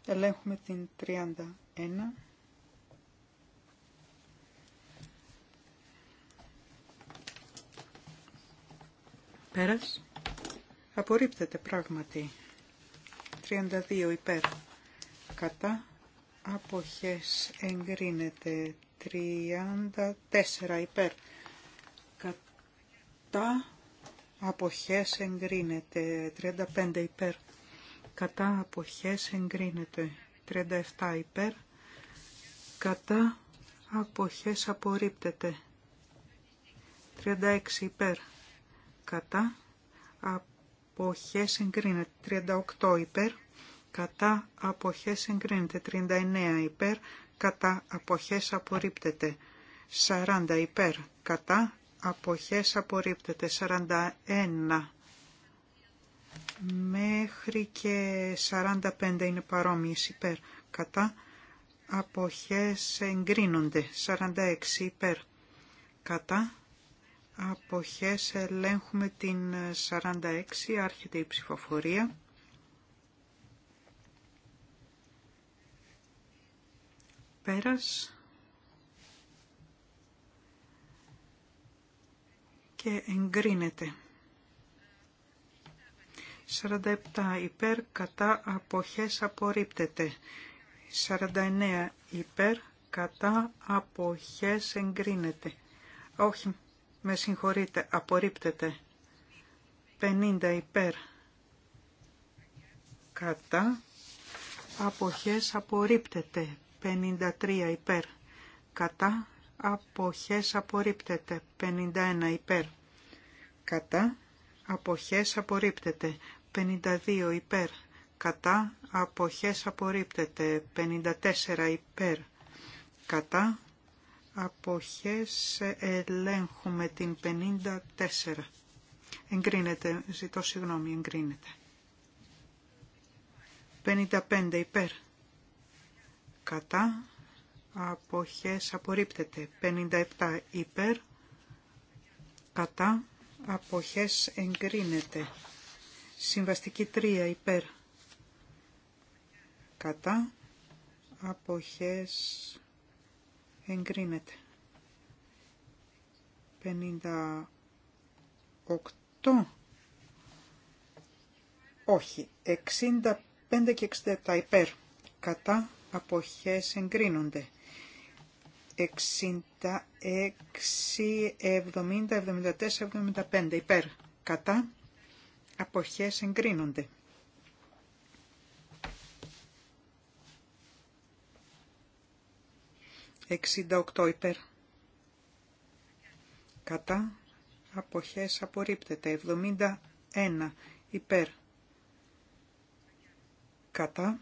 Ελέγχουμε την 30. 1. Πέρας. Απορρίπτεται πράγματι. 32 υπέρ. Κατά. Αποχές εγκρίνεται. 34 υπέρ. Κατά. Αποχές εγκρίνεται. 35 υπέρ. Κατά. Αποχές εγκρίνεται. 37 υπέρ κατά αποχές απορρίπτεται. 36 υπέρ κατά αποχές εγκρίνεται. 38 υπέρ κατά αποχές εγκρίνεται. 39 υπέρ κατά αποχές απορρίπτεται. 40 υπέρ κατά αποχές απορρίπτεται. 41 μέχρι και 45 είναι παρόμοιες υπέρ κατά αποχές εγκρίνονται 46 υπέρ κατά αποχές ελέγχουμε την 46 άρχεται η ψηφοφορία πέρας και εγκρίνεται 47 υπέρ κατά αποχές απορρίπτεται 49 υπέρ κατά αποχές εγκρίνεται. Όχι, με συγχωρείτε, απορρίπτεται. 50 υπέρ κατά αποχές απορρίπτεται. 53 υπέρ κατά αποχές απορρίπτεται. 51 υπέρ κατά αποχές απορρίπτεται. 52 υπέρ κατά αποχές απορρίπτεται 54 υπέρ κατά αποχές ε, ελέγχουμε την 54 εγκρίνεται ζητώ συγγνώμη εγκρίνεται 55 υπέρ κατά αποχές απορρίπτεται 57 υπέρ κατά αποχές εγκρίνεται συμβαστική 3 υπέρ κατά αποχές εγκρίνεται 58 όχι 65 και 67 υπέρ κατά αποχές εγκρίνονται 66 70 74 75 υπέρ κατά αποχές εγκρίνονται 68 υπέρ. Κατά αποχές απορρίπτεται. 71 υπέρ. Κατά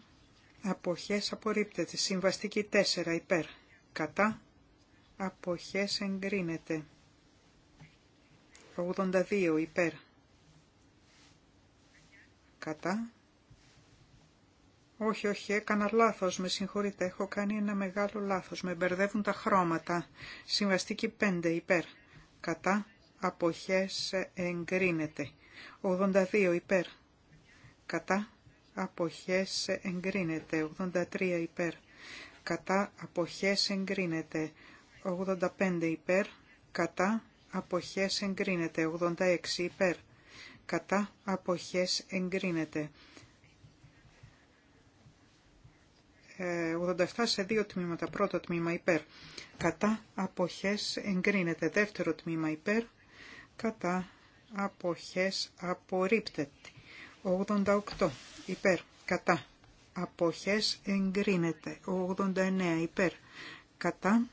αποχές απορρίπτεται. Συμβαστική 4 υπέρ. Κατά αποχές εγκρίνεται. 82 υπέρ. Κατά όχι, όχι, έκανα λάθος, με συγχωρείτε, έχω κάνει ένα μεγάλο λάθος, με μπερδεύουν τα χρώματα. Συμβαστική 5, υπέρ. Κατά, αποχές, εγκρίνεται. 82, υπέρ. Κατά, αποχές, εγκρίνεται. 83, υπέρ. Κατά, αποχές, εγκρίνεται. 85, υπέρ. Κατά, αποχές, εγκρίνεται. 86, υπέρ. Κατά, αποχές, εγκρίνεται. 87 σε δύο τμήματα. Πρώτο τμήμα υπέρ. Κατά αποχές εγκρίνεται. Δεύτερο τμήμα υπέρ. Κατά αποχές απορρίπτεται. 88 υπέρ. Κατά αποχές εγκρίνεται. 89 υπέρ. Κατά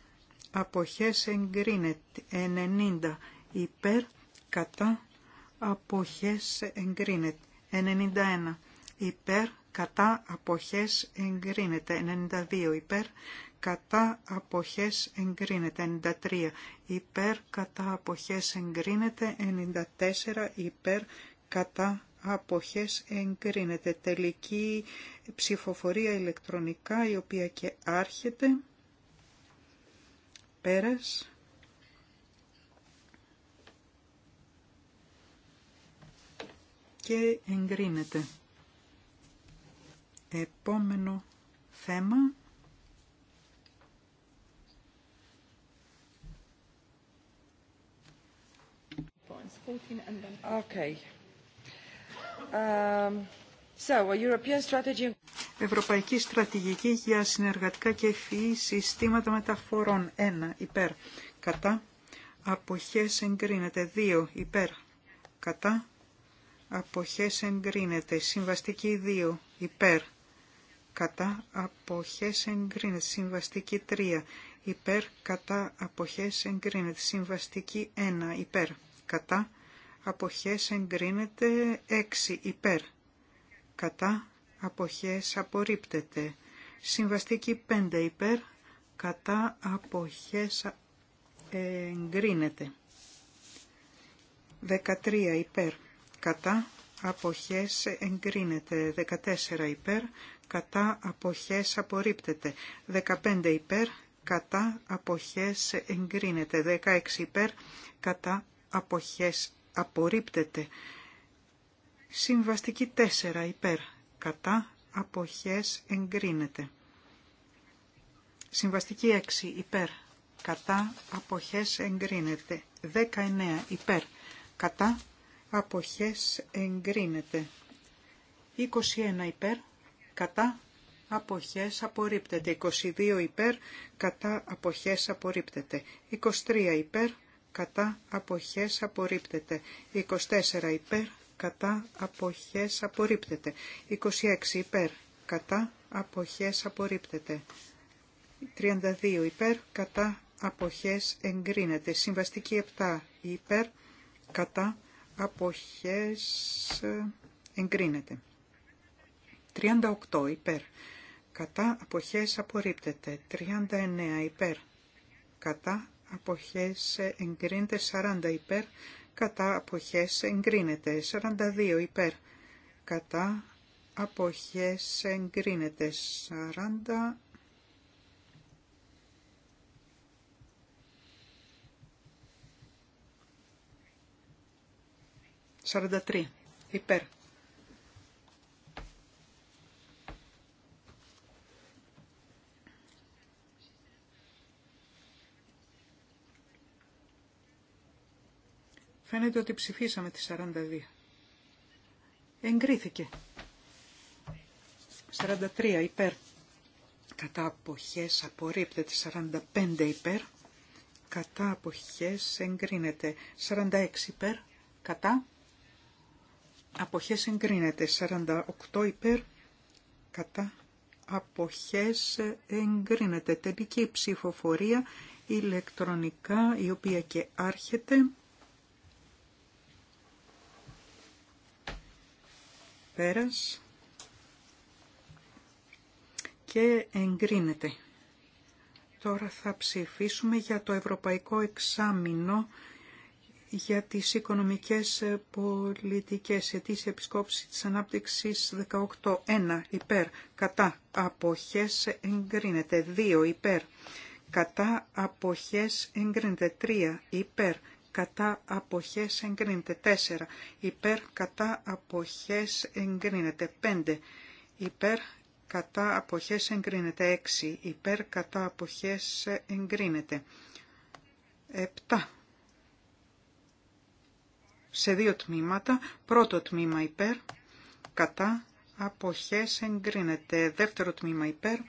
αποχές εγκρίνεται. 90 υπέρ. Κατά αποχές εγκρίνεται. 91 υπέρ κατά αποχές εγκρίνεται 92 υπέρ, κατά αποχές εγκρίνεται 93 υπέρ, κατά αποχές εγκρίνεται 94 υπέρ, κατά αποχές εγκρίνεται τελική ψηφοφορία ηλεκτρονικά η οποία και άρχεται πέρας και εγκρίνεται. Επόμενο θέμα. Okay. Um, so, a European strategy... Ευρωπαϊκή στρατηγική για συνεργατικά και ευφυή συστήματα μεταφορών. 1. Υπέρ. Κατά. Αποχές εγκρίνεται. 2. Υπέρ. Κατά. Αποχές εγκρίνεται. Συμβαστική 2. Υπέρ κατά αποχές εγκρίνεται. Συμβαστική 3 υπέρ κατά αποχές εγκρίνεται. Συμβαστική 1 υπέρ κατά αποχές εγκρίνεται. 6 υπέρ κατά αποχές απορρίπτεται. Συμβαστική 5 υπέρ κατά αποχές εγκρίνεται. 13 υπέρ κατά αποχές εγκρίνεται. 14 υπέρ κατά αποχές απορρίπτεται. 15 υπέρ, κατά αποχές εγκρίνεται. 16 υπέρ, κατά αποχές απορρίπτεται. Συμβαστική 4 υπέρ, κατά αποχές εγκρίνεται. Συμβαστική 6 υπέρ, κατά αποχές εγκρίνεται. 19 υπέρ, κατά αποχές εγκρίνεται. 21 υπέρ, κατά αποχές απορρίπτεται. 22 υπέρ κατά αποχές απορρίπτεται. 23 υπέρ κατά αποχές απορρίπτεται. 24 υπέρ κατά αποχές απορρίπτεται. 26 υπέρ κατά αποχές απορρίπτεται. 32 υπέρ κατά αποχές εγκρίνεται. Συμβαστική 7 υπέρ κατά αποχές εγκρίνεται. 38 υπέρ. Κατά αποχές απορρίπτεται. 39 υπέρ. Κατά αποχές εγκρίνεται. 40 υπέρ. Κατά αποχές εγκρίνεται. 42 υπέρ. Κατά αποχές εγκρίνεται. 40 43. Υπέρ. Φαίνεται ότι ψηφίσαμε τη 42. Εγκρίθηκε. 43 υπέρ. Κατά αποχές απορρίπτεται 45 υπέρ. Κατά αποχές εγκρίνεται 46 υπέρ. Κατά αποχές εγκρίνεται 48 υπέρ. Κατά αποχές εγκρίνεται τελική ψηφοφορία ηλεκτρονικά η οποία και άρχεται. πέρας και εγκρίνεται. Τώρα θα ψηφίσουμε για το Ευρωπαϊκό Εξάμεινο για τις οικονομικές ε, πολιτικές αιτήσεις επισκόψη της ανάπτυξης 18-1 υπέρ κατά αποχές εγκρίνεται 2 υπέρ κατά αποχές εγκρίνεται 3 υπέρ κατά αποχές εγκρίνεται. 4. Υπέρ κατά αποχές εγκρίνεται. 5. Υπέρ κατά αποχές εγκρίνεται. 6. Υπέρ κατά αποχές εγκρίνεται. 7. Σε δύο τμήματα. Πρώτο τμήμα υπέρ κατά αποχές εγκρίνεται. Δεύτερο τμήμα υπέρ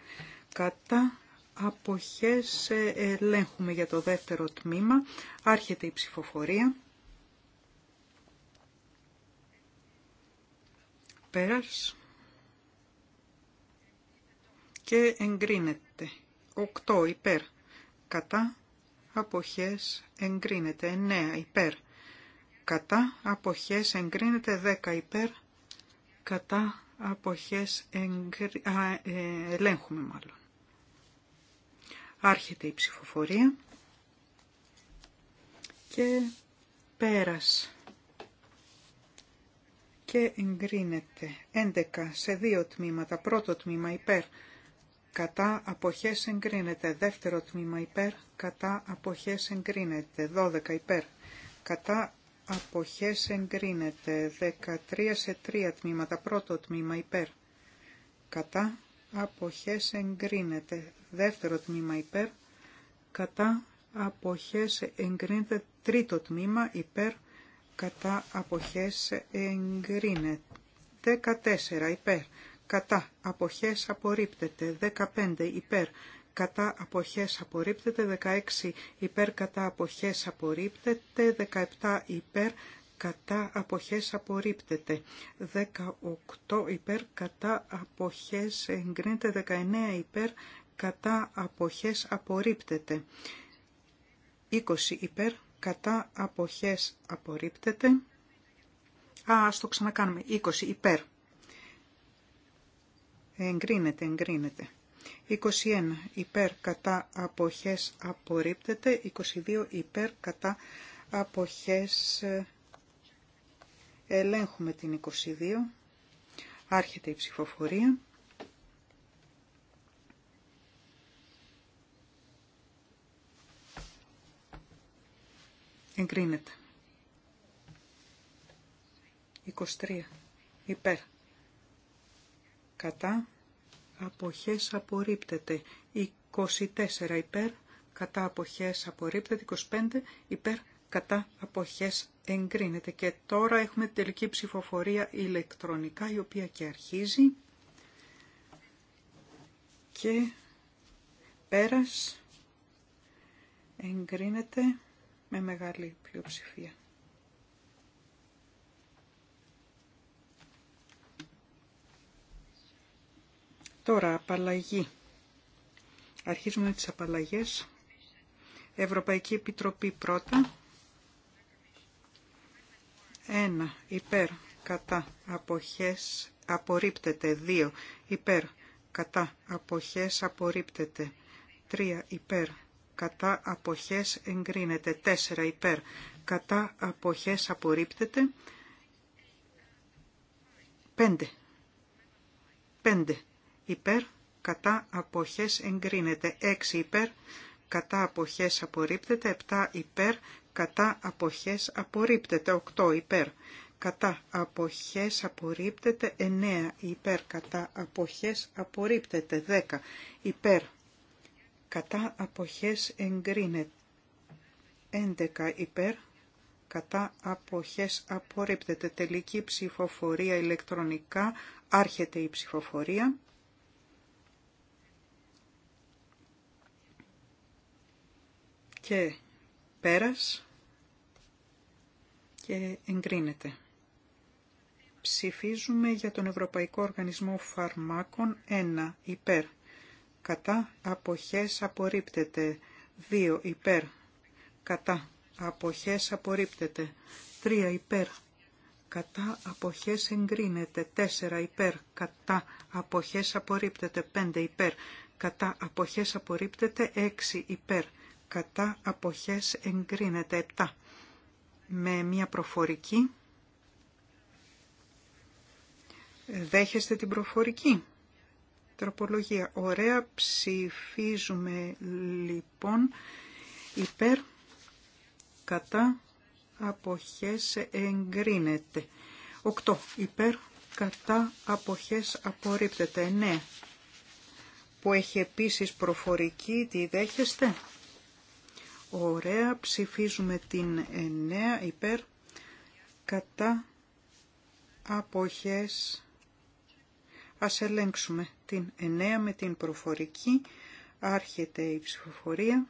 κατά αποχές ε, ελέγχουμε για το δεύτερο τμήμα. Άρχεται η ψηφοφορία. Πέρας. Και εγκρίνεται. 8 υπέρ. Κατά αποχές εγκρίνεται. 9 υπέρ. Κατά αποχές εγκρίνεται. 10 υπέρ. Κατά αποχές εγκρι... Α, ε, ελέγχουμε μάλλον. Άρχεται η ψηφοφορία και πέρας και εγκρίνεται 11 σε δύο τμήματα. Πρώτο τμήμα υπέρ κατά αποχές εγκρίνεται. Δεύτερο τμήμα υπέρ κατά αποχές εγκρίνεται. 12 υπέρ κατά αποχές εγκρίνεται. 13 σε τρία τμήματα. Πρώτο τμήμα υπέρ κατά αποχές εγκρίνεται. Δεύτερο τμήμα υπέρ, κατά αποχές εγκρίνεται. Τρίτο τμήμα υπέρ, κατά αποχές εγκρίνεται. 14 υπέρ, κατά αποχές απορρίπτεται. 15 υπέρ, κατά αποχές απορρίπτεται. 16 υπέρ, κατά αποχές απορρίπτεται. 17 υπέρ, κατά αποχές απορρίπτεται. 18 υπέρ κατά αποχές εγκρίνεται. 19 υπέρ κατά αποχές απορρίπτεται. 20 υπέρ κατά αποχές απορρίπτεται. Α, ας το ξανακάνουμε. 20 υπέρ. Εγκρίνεται, εγκρίνεται. 21 υπέρ κατά αποχές απορρίπτεται. 22 υπέρ κατά αποχές Ελέγχουμε την 22. Άρχεται η ψηφοφορία. Εγκρίνεται. 23. Υπέρ. Κατά. Αποχές απορρίπτεται. 24 υπέρ. Κατά αποχές απορρίπτεται. 25 υπέρ κατά αποχές εγκρίνεται. Και τώρα έχουμε τελική ψηφοφορία ηλεκτρονικά, η οποία και αρχίζει. Και πέρας εγκρίνεται με μεγάλη πλειοψηφία. Τώρα, απαλλαγή. Αρχίζουμε τις απαλλαγές. Ευρωπαϊκή Επιτροπή πρώτα. 1 υπέρ κατά αποχές απορρίπτεται. 2 υπέρ κατά αποχές απορρίπτεται. 3 υπέρ κατά αποχές εγκρίνεται. 4 υπέρ κατά αποχές απορρίπτεται. 5 5 υπέρ κατά αποχές εγκρίνεται. 6 υπέρ κατά αποχές απορρίπτεται, 7 υπέρ κατά αποχές απορρίπτεται 8 υπέρ κατά αποχές απορρίπτεται 9 υπέρ κατά αποχές απορρίπτεται 10 υπέρ κατά αποχές εγκρίνεται 11 υπέρ κατά αποχές απορρίπτεται τελική ψηφοφορία ηλεκτρονικά άρχεται η ψηφοφορία και Πέρας και εγκρίνεται. Ψηφίζουμε για τον Ευρωπαϊκό Οργανισμό Φαρμάκων 1 υπέρ. Κατά αποχές απορρίπτεται. 2 υπέρ. Κατά αποχές απορρίπτεται. 3 υπέρ. Κατά αποχές εγκρίνεται. 4 υπέρ. Κατά αποχές απορρίπτεται. 5 υπέρ. Κατά αποχές απορρίπτεται. 6 υπέρ κατά αποχές εγκρίνεται 7 με μια προφορική. Δέχεστε την προφορική. Τροπολογία. Ωραία. Ψηφίζουμε λοιπόν υπέρ κατά αποχές εγκρίνεται. 8. Υπέρ κατά αποχές απορρίπτεται. 9. Που έχει επίσης προφορική. τη δέχεστε. Ωραία, ψηφίζουμε την 9 υπέρ κατά αποχές. Ας ελέγξουμε την 9 με την προφορική. Άρχεται η ψηφοφορία.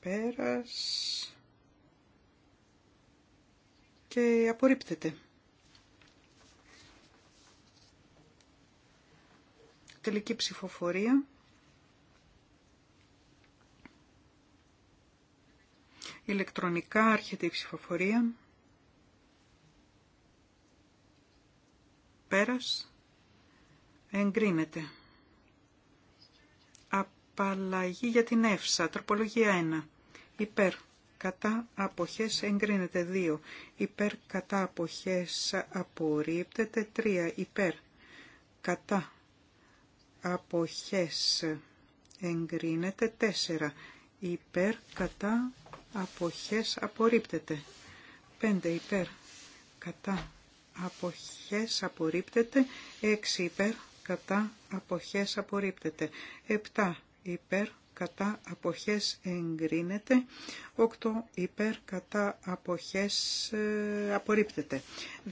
Πέρας και απορρίπτεται. Τελική ψηφοφορία. Ηλεκτρονικά έρχεται η ψηφοφορία. Πέρας. Εγκρίνεται. Απαλλαγή για την ΕΦΣΑ. Τροπολογία 1. Υπέρ. Κατά αποχές εγκρίνεται 2. Υπέρ κατά αποχές απορρίπτεται 3. Υπέρ. Κατά αποχές εγκρίνεται 4 υπέρ κατά αποχές απορρίπτεται 5 υπέρ κατά αποχές απορρίπτεται 6 υπέρ κατά αποχές απορρίπτεται 7 υπέρ κατά αποχές εγκρίνεται 8 υπέρ κατά αποχές ε, απορρίπτεται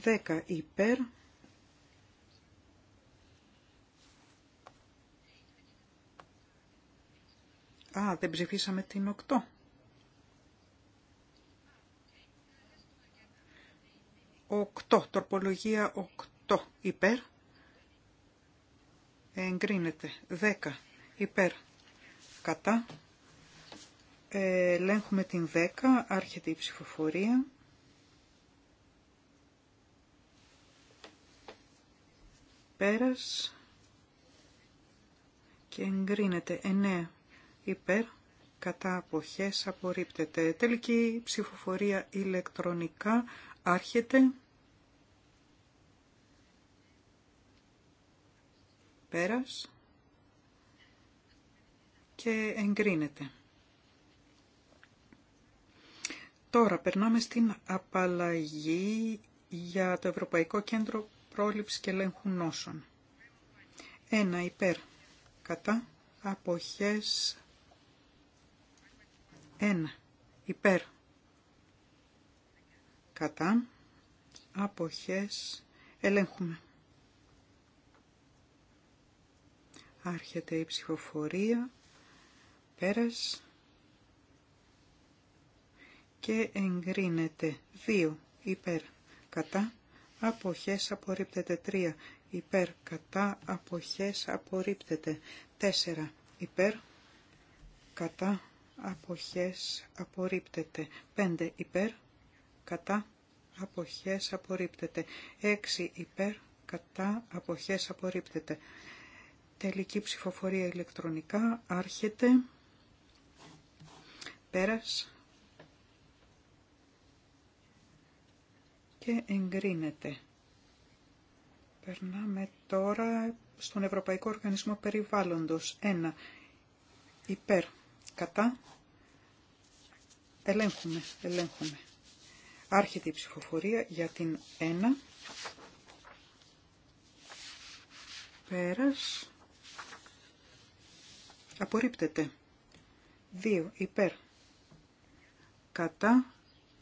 10 υπέρ Α, δεν ψηφίσαμε την 8. 8, τροπολογία 8 υπέρ, εγκρίνεται, 10 υπέρ, κατά, ελέγχουμε την 10, άρχεται η ψηφοφορία. Πέρας και εγκρίνεται 9 υπέρ, κατά αποχές απορρίπτεται. Τελική ψηφοφορία ηλεκτρονικά άρχεται. Πέρας και εγκρίνεται. Τώρα περνάμε στην απαλλαγή για το Ευρωπαϊκό Κέντρο Πρόληψης και Ελέγχου Νόσων. Ένα υπέρ κατά αποχές 1 υπέρ κατά αποχές ελέγχουμε. Άρχεται η ψηφοφορία, πέρας και εγκρίνεται 2 υπέρ κατά αποχές απορρίπτεται 3 υπέρ κατά αποχές απορρίπτεται 4 υπέρ κατά αποχές απορρίπτεται. 5 υπέρ, κατά, αποχές απορρίπτεται. 6 υπέρ, κατά, αποχές απορρίπτεται. Τελική ψηφοφορία ηλεκτρονικά άρχεται. Πέρας. Και εγκρίνεται. Περνάμε τώρα στον Ευρωπαϊκό Οργανισμό Περιβάλλοντος. 1. Υπέρ Κατά. Ελέγχουμε, ελέγχουμε. Άρχεται η ψηφοφορία για την 1. Πέρας. Απορρίπτεται. 2. Υπέρ. Κατά.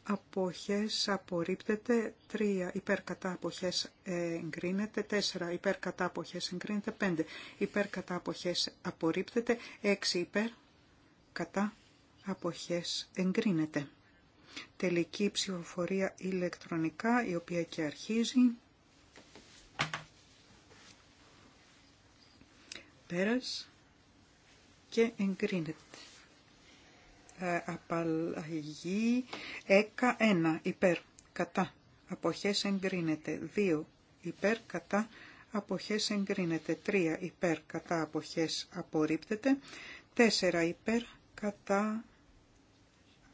Αποχές απορρίπτεται 3. Ε, υπέρ κατά αποχές εγκρίνεται 4. Υπέρ κατά αποχές εγκρίνεται 5. Υπέρ κατά αποχές απορρίπτεται 6. Υπέρ κατά αποχές εγκρίνεται. Τελική ψηφοφορία ηλεκτρονικά η οποία και αρχίζει. Πέρας και εγκρίνεται. Ε, απαλλαγή έκα 1 υπέρ κατά αποχές εγκρίνεται. 2 υπέρ κατά αποχές εγκρίνεται. Τρία υπέρ κατά αποχές απορρίπτεται. Τέσσερα υπέρ κατά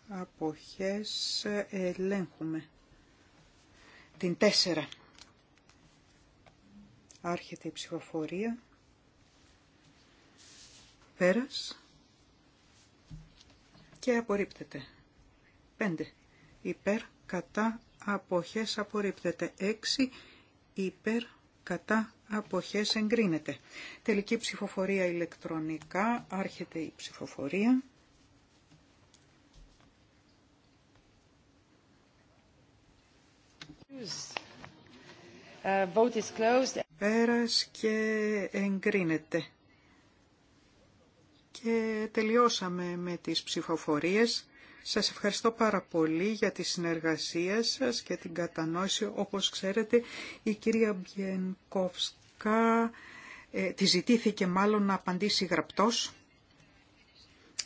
αποχές ε, ελέγχουμε την 4 άρχεται η ψηφοφορία πέρας και απορρίπτεται 5 υπέρ κατά αποχές απορρίπτεται 6 υπέρ κατά αποχές εγκρίνεται τελική ψηφοφορία ηλεκτρονικά άρχεται η ψηφοφορία Πέρας και εγκρίνεται. Και τελειώσαμε με τις ψηφοφορίες. Σας ευχαριστώ πάρα πολύ για τη συνεργασία σας και την κατανόηση. Όπως ξέρετε, η κυρία Μπιενκόφσκα ε, τη ζητήθηκε μάλλον να απαντήσει γραπτός.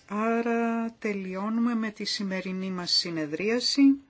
Άρα τελειώνουμε με τη σημερινή μας συνεδρίαση.